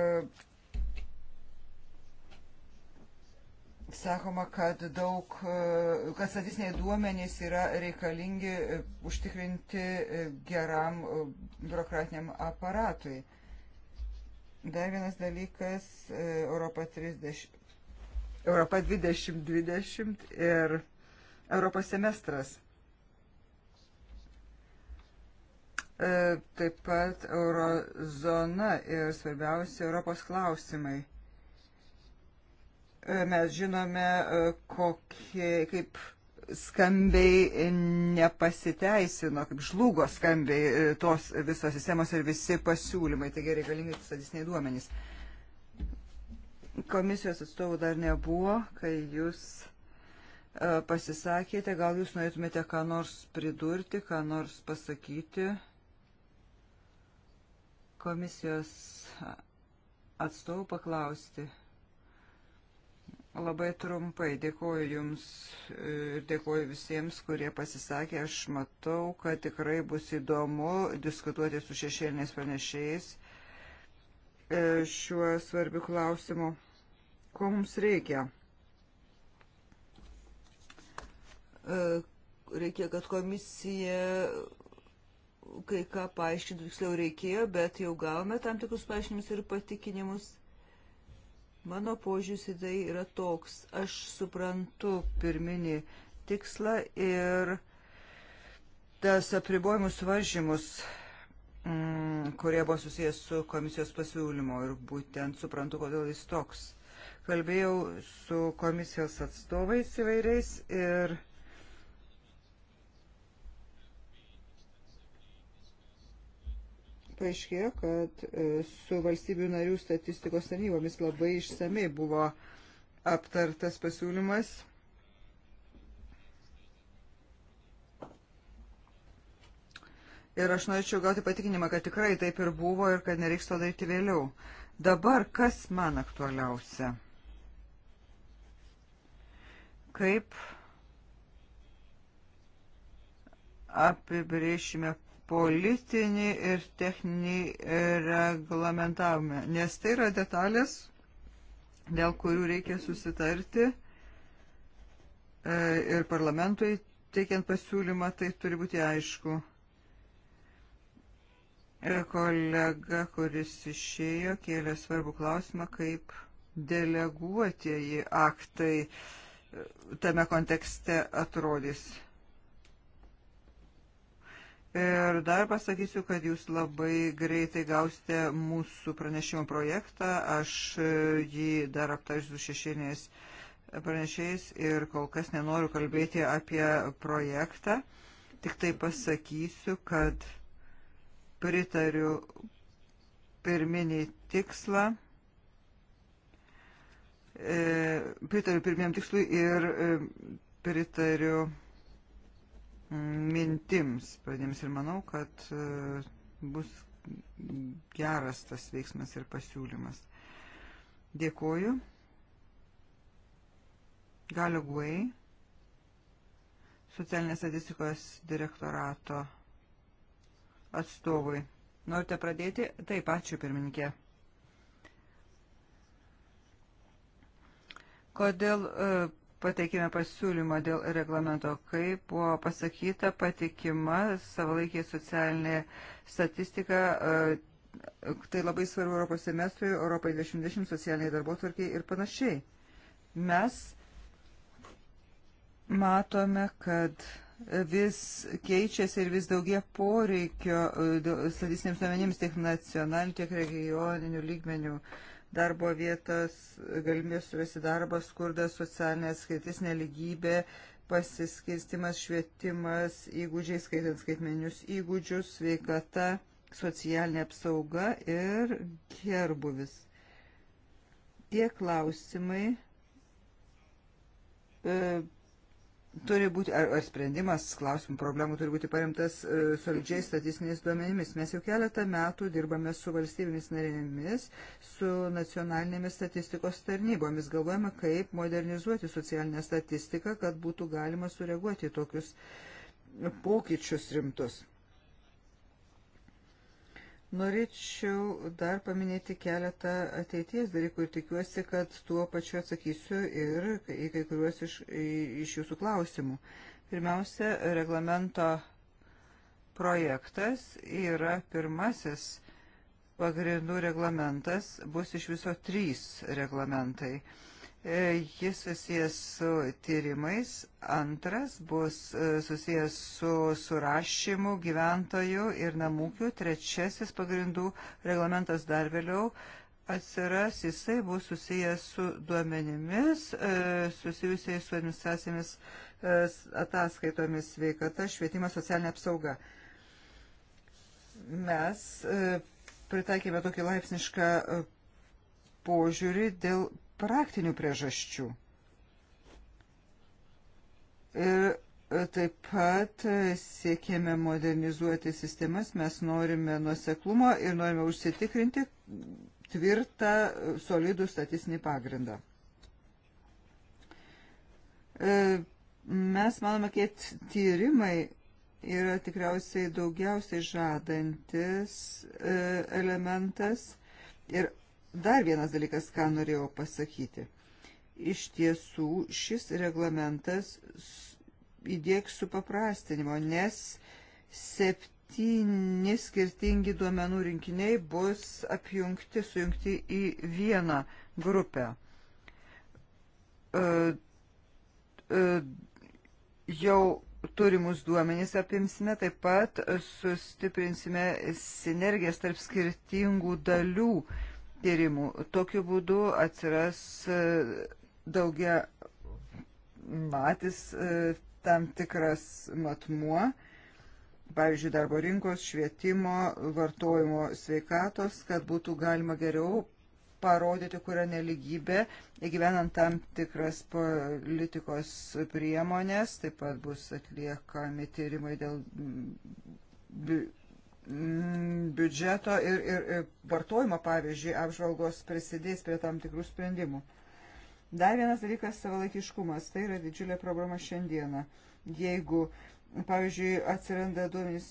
sakoma, kad daug, e, kad statistiniai duomenys yra reikalingi e, užtikrinti e, geram biurokratiniam aparatui. Dar vienas dalykas - Europa 30. Europa 2020 ir Europos semestras. Taip pat eurozona ir svarbiausia Europos klausimai. Mes žinome, e, kokie, kaip skambiai nepasiteisino, kaip žlugo skambiai e, tos visos sistemos ir visi pasiūlymai, taigi reikalingi statistiniai duomenys. Komisijos atstovų dar nebuvo, kai jūs e, pasisakėte, gal jūs norėtumėte ką nors pridurti, ką nors pasakyti. Komisijos atstovų paklausti. Labai trumpai dėkoju Jums e, ir dėkoju visiems, kurie pasisakė. Aš matau, kad tikrai bus įdomu diskutuoti su šešėliniais pranešėjais e, šiuo svarbiu klausimu. Ko mums reikia? E, reikia, kad komisija kai ką paaiškintų, tiksliau reikėjo, bet jau gavome tam tikrus paaiškinimus ir patikinimus Mano požiūris į tai yra toks. Aš suprantu pirminį tikslą ir tas apribojimus varžymus, mm, kurie buvo susijęs su komisijos pasiūlymo ir būtent suprantu, kodėl jis toks. Kalbėjau su komisijos atstovais įvairiais ir paaiškėjo, kad e, su valstybių narių statistikos tarnybomis labai išsamei buvo aptartas pasiūlymas. Ir aš norėčiau gauti patikinimą, kad tikrai taip ir buvo ir kad nereiks to daryti vėliau. Dabar kas man aktualiausia? Kaip apibrėšime politinį ir techninį e, reglamentavimą, nes tai yra detalės, dėl kurių reikia susitarti e, ir parlamentui teikiant pasiūlymą, tai turi būti aišku. E, kolega, kuris išėjo, kėlė svarbų klausimą, kaip deleguotieji aktai tame kontekste atrodys. Ir dar pasakysiu, kad jūs labai greitai gausite mūsų pranešimo projektą. Aš e, jį dar aptarsiu šešinės pranešėjais ir kol kas nenoriu kalbėti apie projektą. Tik tai pasakysiu, kad pritariu pirminį tikslą. E, pritariu pirmiem tikslui ir e, pritariu mintims pradėms ir manau, kad e, bus geras tas veiksmas ir pasiūlymas. Dėkuoju. Galio Guai, socialinės statistikos direktorato atstovui. Norite pradėti? Taip, ačiū pirmininkė. Kodėl uh, pateikėme pasiūlymą dėl reglamento, kaip buvo pasakyta patikima savalaikė socialinė statistika. E, tai labai svarbu Europos semestrui, Europai 2020 socialiniai darbotvarkiai ir panašiai. Mes matome, kad vis keičiasi ir vis daugie poreikio e, statistiniams duomenims tiek nacionalinių, tiek regioninių lygmenių. Uh, darbo vietos, galimybės surasti darbą, skurdas, socialinė skaitis, neligybė, pasiskirstimas, švietimas, įgūdžiai, skaitant skaitmenius įgūdžius, sveikata, socialinė apsauga ir gerbuvis. Tie klausimai e, turi būti, ar, ar sprendimas klausimų problemų turi būti paremtas e, solidžiai statistiniais duomenimis. Mes jau keletą metų dirbame su valstybėmis narėmis, su nacionalinėmis statistikos tarnybomis. Galvojame, kaip modernizuoti socialinę statistiką, kad būtų galima sureaguoti į tokius pokyčius rimtus. Norėčiau dar paminėti keletą ateities dalykų ir tikiuosi, kad tuo pačiu atsakysiu ir į kai kuriuos iš, iš jūsų klausimų. Pirmiausia, reglamento projektas yra pirmasis pagrindų reglamentas, bus iš viso trys reglamentai. E, jis susijęs su tyrimais, antras bus e, susijęs su surašymu gyventojų ir namūkių, trečiasis pagrindų reglamentas dar vėliau atsiras, jisai bus susijęs su duomenimis, e, susijusiais su administracijomis ataskaitomis sveikata, švietimas, socialinė apsauga. Mes pritaikėme tokį laipsnišką požiūrį dėl praktinių priežasčių. Ir e, taip pat e, siekėme modernizuoti sistemas, mes norime nuoseklumo ir norime užsitikrinti tvirtą, solidų statistinį pagrindą. E, mes manome, kad tyrimai yra tikriausiai daugiausiai žadantis elementas ir dar vienas dalykas, ką norėjau pasakyti. Iš tiesų šis reglamentas įdėks su paprastinimo, nes septyni skirtingi duomenų rinkiniai bus apjungti, sujungti į vieną grupę. Uh, uh, jau turimus duomenys apimsime, taip pat sustiprinsime sinergijas tarp skirtingų dalių uh, tyrimų. Tokiu būdu atsiras e, daugia matys e, tam tikras matmuo, pavyzdžiui, darbo rinkos, švietimo, vartojimo sveikatos, kad būtų galima geriau parodyti, kur yra neligybė, įgyvenant tam tikras politikos priemonės, taip pat bus atliekami tyrimai dėl Mm, biudžeto ir, ir, ir vartojimo, pavyzdžiui, apžvalgos prisidės prie tam tikrų sprendimų. Dar vienas dalykas - savalaikiškumas. Tai yra didžiulė problema šiandieną. Jeigu, pavyzdžiui, atsiranda duomenys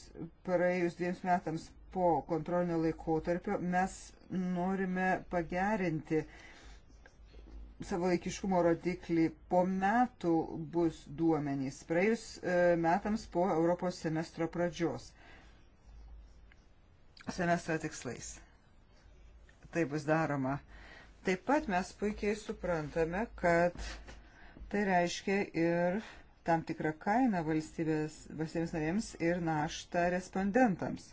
praėjus dviems metams po kontrolinio laikotarpio, mes norime pagerinti savalaikiškumo rodiklį. Po metų bus duomenys, praėjus e, metams po Europos semestro pradžios semestro tikslais. Tai bus daroma. Taip pat mes puikiai suprantame, kad tai reiškia ir tam tikrą kainą valstybės, valstybės narėms ir naštą respondentams.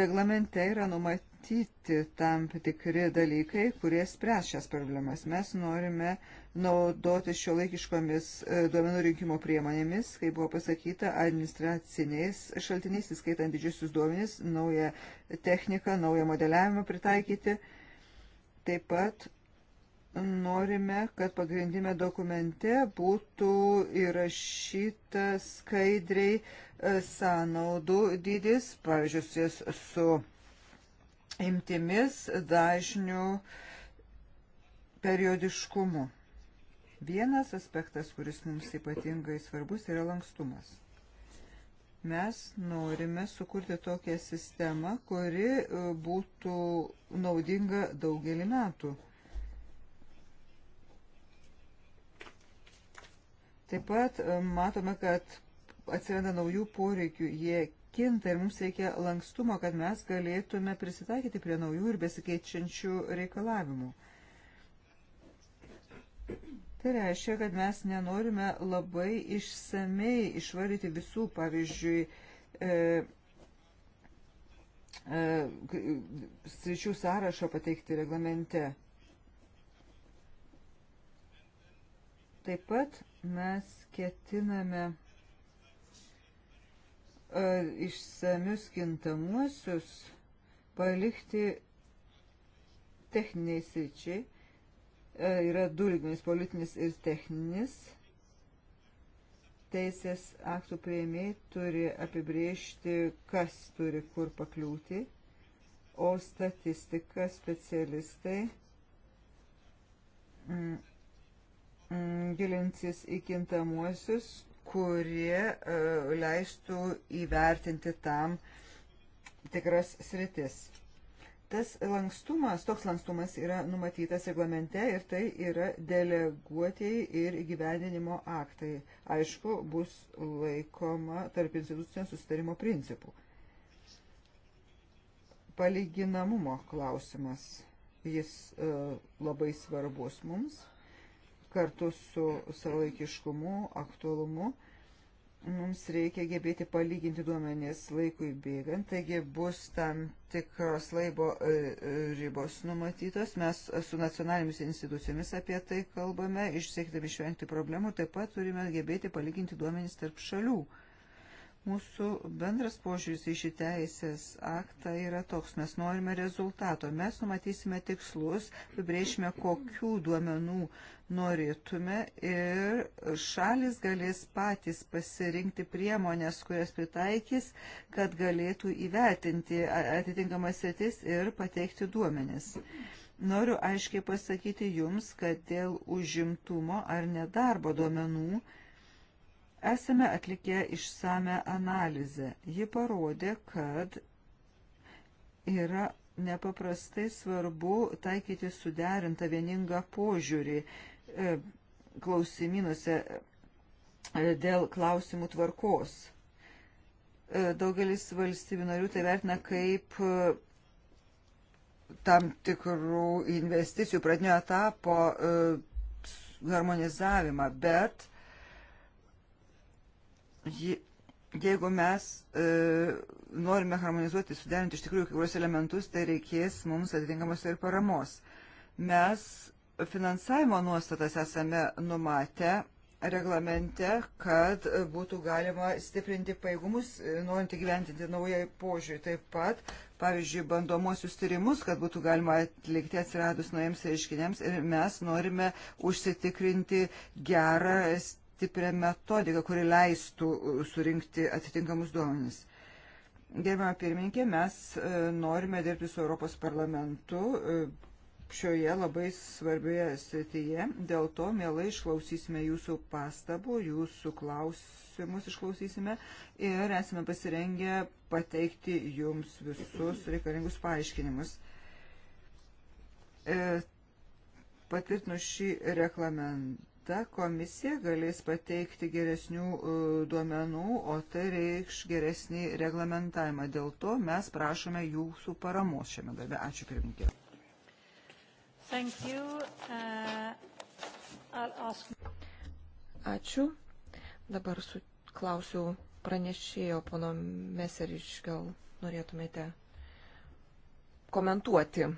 Reglamente yra numatyti tam tikri dalykai, kurie spręs šias problemas. Mes norime naudotis šio laikiškomis e, duomenų rinkimo priemonėmis, kaip buvo pasakyta, administraciniais šaltiniais, įskaitant didžiusius duomenys, naują techniką, naują modeliavimą pritaikyti. Taip pat norime, kad pagrindime dokumente būtų įrašyta skaidriai e, sąnaudų dydis, pavyzdžiui, su imtimis dažnių periodiškumu. Vienas aspektas, kuris mums ypatingai svarbus, yra lankstumas. Mes norime sukurti tokią sistemą, kuri e, būtų naudinga daugelį metų. Taip pat e, matome, kad atsiranda naujų poreikių, jie kinta ir mums reikia lankstumo, kad mes galėtume prisitaikyti prie naujų ir besikeičiančių reikalavimų. Tai reiškia, kad mes nenorime labai išsamei išvaryti visų, pavyzdžiui, e, e, sričių sąrašo pateikti reglamente. Taip pat mes ketiname e, išsamius kintamuosius palikti techniniai sričiai, E, yra du lygmenys - politinis ir techninis. Teisės aktų prieimiai turi apibriežti, kas turi kur pakliūti, o statistika specialistai mm, mm, gilinsis į kintamuosius, kurie uh, leistų įvertinti tam tikras sritis tas lankstumas, toks lankstumas yra numatytas reglamente ir tai yra deleguotieji ir gyvendinimo aktai. Aišku, bus laikoma tarp institucinio sustarimo principų. Palyginamumo klausimas. Jis e, labai svarbus mums kartu su savalaikiškumu, aktualumu mums reikia gebėti palyginti duomenis laikui bėgant, taigi bus tam tikros laibo e, e, ribos numatytos. Mes su nacionalinėmis institucijomis apie tai kalbame, išsiekdami išvengti problemų, taip pat turime gebėti palyginti duomenis tarp šalių. Mūsų bendras požiūris į šį teisės aktą yra toks, mes norime rezultato, mes numatysime tikslus, apibrėšime, kokių duomenų norėtume ir šalis galės patys pasirinkti priemonės, kurias pritaikys, kad galėtų įvertinti atitinkamas sritis ir pateikti duomenis. Noriu aiškiai pasakyti Jums, kad dėl užimtumo ar nedarbo duomenų, Esame atlikę išsame analizę. Ji parodė, kad yra nepaprastai svarbu taikyti suderintą vieningą požiūrį e, klausimynuose e, dėl klausimų tvarkos. E, daugelis valstybių narių tai vertina kaip tam tikrų investicijų pradinio etapo harmonizavimą, bet Je, jeigu mes e, norime harmonizuoti, suderinti iš tikrųjų kai kurios elementus, tai reikės mums atitinkamos ir paramos. Mes finansavimo nuostatas esame numatę reglamente, kad būtų galima stiprinti paėgumus, e, norint įgyventinti naują požiūrį. Taip pat, pavyzdžiui, bandomosius tyrimus, kad būtų galima atlikti atsiradus naujiems reiškiniams ir mes norime užsitikrinti gerą stiprią metodiką, kuri leistų e, surinkti atitinkamus duomenis. Gerbama pirmininkė, mes e, norime dirbti su Europos parlamentu e, šioje labai svarbioje srityje. Dėl to mielai išklausysime jūsų pastabų, jūsų klausimus išklausysime ir esame pasirengę pateikti jums visus reikalingus paaiškinimus. Patvirtinu šį reglamentą ta komisija galės pateikti geresnių e, duomenų, o tai reikš geresnį reglamentavimą. Dėl to mes prašome jūsų paramos šiame darbe. Ačiū pirmininkė. Uh, ask... Ačiū. Dabar su, klausiu pranešėjo, pono Meserič, gal norėtumėte komentuoti.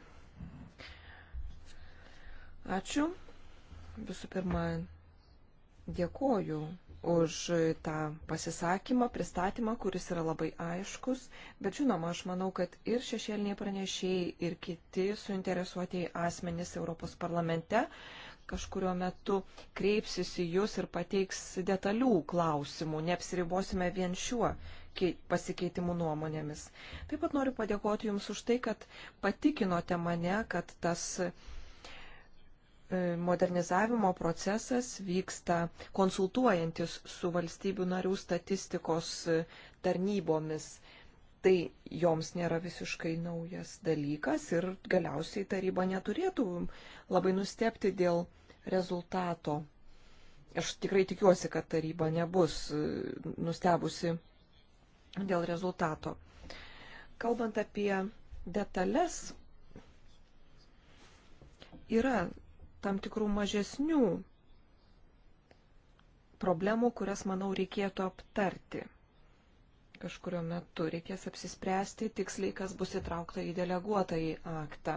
Ačiū. Visų pirma, dėkoju už tą pasisakymą, pristatymą, kuris yra labai aiškus, bet žinoma, aš manau, kad ir šešėliniai pranešėjai, ir kiti suinteresuotieji asmenys Europos parlamente kažkurio metu kreipsis į jūs ir pateiks detalių klausimų, neapsiribosime vien šiuo pasikeitimu nuomonėmis. Taip pat noriu padėkoti Jums už tai, kad patikinote mane, kad tas E, modernizavimo procesas vyksta konsultuojantis su valstybių narių statistikos e, tarnybomis. Tai joms nėra visiškai naujas dalykas ir galiausiai taryba neturėtų labai nustepti dėl rezultato. Aš tikrai tikiuosi, kad taryba nebus e, nustebusi dėl rezultato. Kalbant apie detalės, yra tam tikrų mažesnių problemų, kurias, manau, reikėtų aptarti. Kažkurio metu reikės apsispręsti tiksliai, kas bus įtraukta į deleguotą į aktą.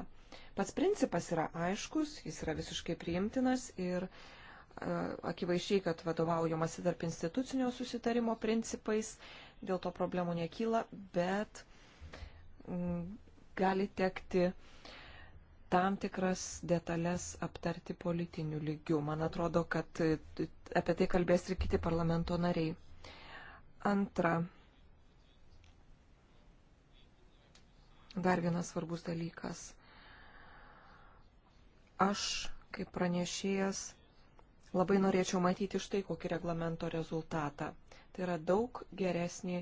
Pats principas yra aiškus, jis yra visiškai priimtinas ir e, akivaizdžiai, kad vadovaujamasi tarp institucinio susitarimo principais, dėl to problemų nekyla, bet gali tekti uh, tam tikras detalės aptarti politiniu lygiu. Man atrodo, kad e, apie tai kalbės ir kiti parlamento nariai. Antra. Dar vienas svarbus dalykas. Aš, kaip pranešėjas, labai norėčiau matyti štai kokį reglamento rezultatą. Tai yra daug geresnį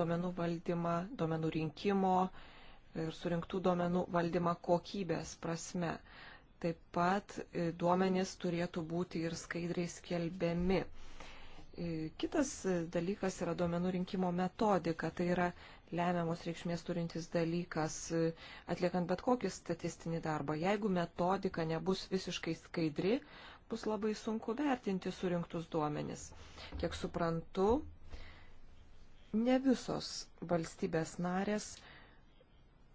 duomenų valdymą, duomenų rinkimo, uh, ir surinktų duomenų valdymą kokybės prasme. Taip pat e, duomenys turėtų būti ir skaidriai skelbiami. E, kitas e, dalykas yra duomenų rinkimo metodika. Tai yra lemiamos reikšmės turintis dalykas, atliekant bet kokį statistinį darbą. Jeigu metodika nebus visiškai skaidri, bus labai sunku vertinti surinktus duomenis. Kiek suprantu, ne visos valstybės narės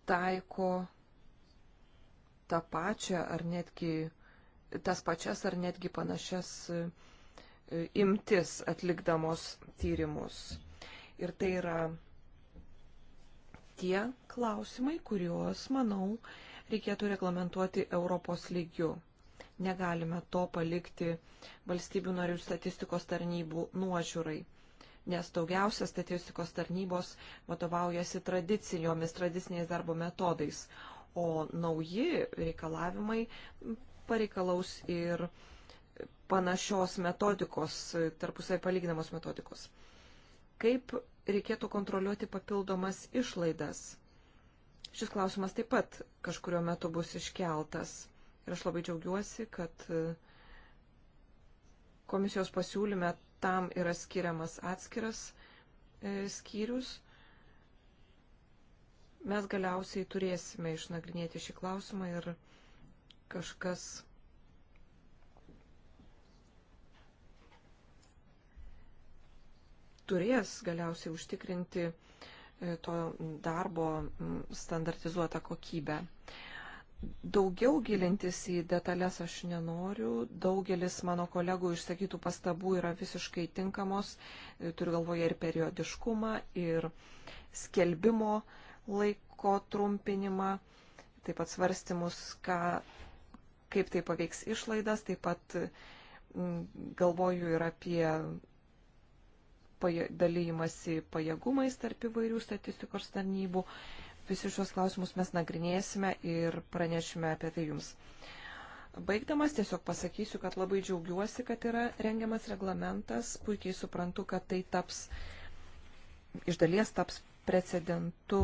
taiko tą pačią ar netgi tas pačias ar netgi panašias e, imtis atlikdamos tyrimus. Ir tai yra tie klausimai, kuriuos, manau, reikėtų reglamentuoti Europos lygiu negalime to palikti valstybių narių statistikos tarnybų nuožiūrai nes daugiausia statistikos tarnybos vadovaujasi tradicijomis, tradiciniais darbo metodais, o nauji reikalavimai pareikalaus ir panašios metodikos, tarpusai palyginamos metodikos. Kaip reikėtų kontroliuoti papildomas išlaidas? Šis klausimas taip pat kažkurio metu bus iškeltas. Ir aš labai džiaugiuosi, kad e, komisijos pasiūlyme tam yra skiriamas atskiras e, skyrius. Mes galiausiai turėsime išnagrinėti šį klausimą ir kažkas turės galiausiai užtikrinti e, to darbo standartizuotą kokybę daugiau gilintis į detalės aš nenoriu. Daugelis mano kolegų išsakytų pastabų yra visiškai tinkamos. Turiu galvoje ir periodiškumą, ir skelbimo laiko trumpinimą, taip pat svarstymus, ką, kaip tai paveiks išlaidas, taip pat mm, galvoju ir apie dalyjimasi pajėgumais tarp įvairių statistikos tarnybų. Uh, visus šios klausimus mes nagrinėsime ir pranešime apie tai jums. Baigdamas tiesiog pasakysiu, kad labai džiaugiuosi, kad yra rengiamas reglamentas. Puikiai suprantu, kad tai taps, iš dalies taps precedentu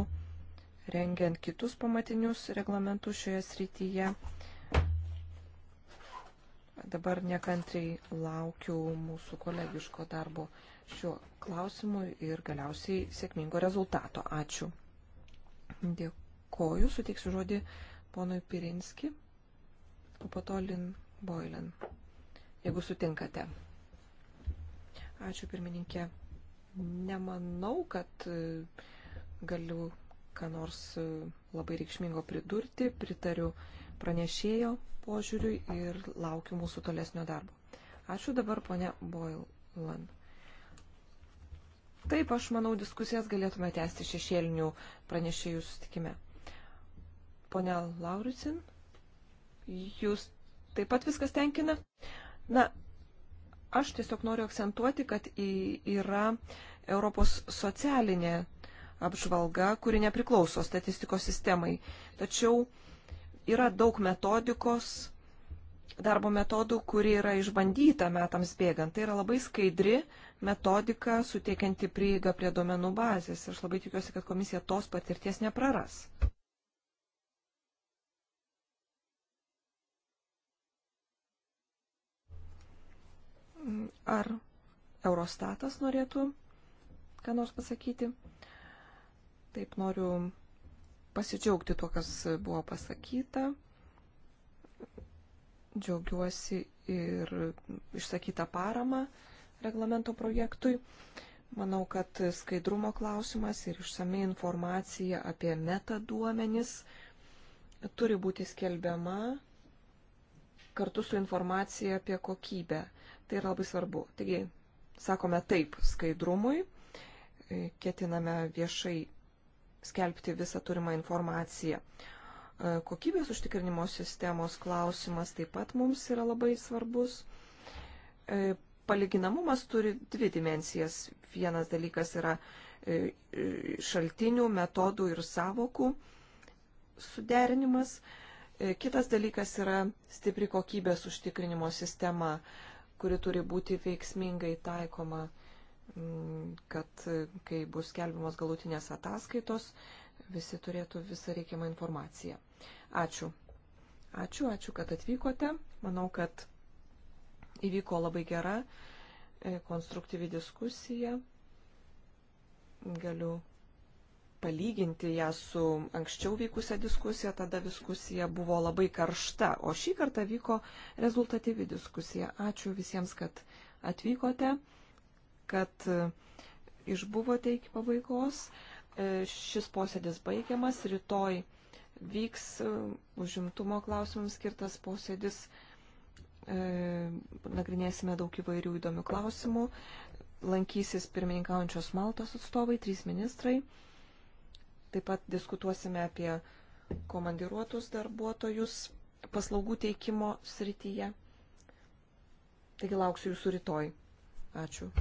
rengiant kitus pamatinius reglamentus šioje srityje. Dabar nekantriai laukiu mūsų kolegiško darbo šiuo klausimu ir galiausiai sėkmingo rezultato. Ačiū. Dėkoju, suteiksiu žodį ponui Pirinski, o po to Lin Boylan, jeigu sutinkate. Ačiū pirmininkė. Nemanau, kad e, galiu ką nors e, labai reikšmingo pridurti, pritariu pranešėjo požiūriui ir laukiu mūsų tolesnio darbo. Ačiū dabar, ponia Boylan. Taip, aš manau, diskusijas galėtume tęsti šešėlinių pranešėjų sustikime. Pone Lauricin, jūs taip pat viskas tenkina? Na, aš tiesiog noriu akcentuoti, kad yra Europos socialinė apžvalga, kuri nepriklauso statistikos sistemai. Tačiau yra daug metodikos, darbo metodų, kuri yra išbandyta metams bėgant. Tai yra labai skaidri metodika, suteikianti prieigą prie duomenų bazės. Aš labai tikiuosi, kad komisija tos patirties nepraras. Ar Eurostatas norėtų ką nors pasakyti? Taip noriu pasidžiaugti to, kas buvo pasakyta. Džiaugiuosi ir išsakytą paramą reglamento projektui. Manau, kad skaidrumo klausimas ir išsami informacija apie metaduomenis turi būti skelbiama kartu su informacija apie kokybę. Tai yra labai svarbu. Taigi, sakome taip skaidrumui, ketiname viešai skelbti visą turimą informaciją. E, kokybės užtikrinimo sistemos klausimas taip pat mums yra labai svarbus. E, palyginamumas turi dvi dimensijas. Vienas dalykas yra e, šaltinių, metodų ir savokų suderinimas. Kitas dalykas yra stipri kokybės užtikrinimo sistema, kuri turi būti veiksmingai taikoma, kad kai bus skelbimos galutinės ataskaitos, visi turėtų visą reikiamą informaciją. Ačiū. Ačiū, ačiū, kad atvykote. Manau, kad įvyko labai gera, e, konstruktyvi diskusija. Galiu palyginti ją su anksčiau vykusią diskusiją, tada diskusija buvo labai karšta, o šį kartą vyko rezultatyvi diskusija. Ačiū visiems, kad atvykote, kad e, išbuvote iki pabaigos. E, šis posėdis baigiamas. Rytoj vyks e, užimtumo klausimams skirtas posėdis. E, nagrinėsime daug įvairių įdomių klausimų. Lankysis pirmininkaujančios Maltos atstovai, trys ministrai. Taip pat diskutuosime apie komandiruotus darbuotojus paslaugų teikimo srityje. Taigi lauksiu jūsų rytoj. Ačiū.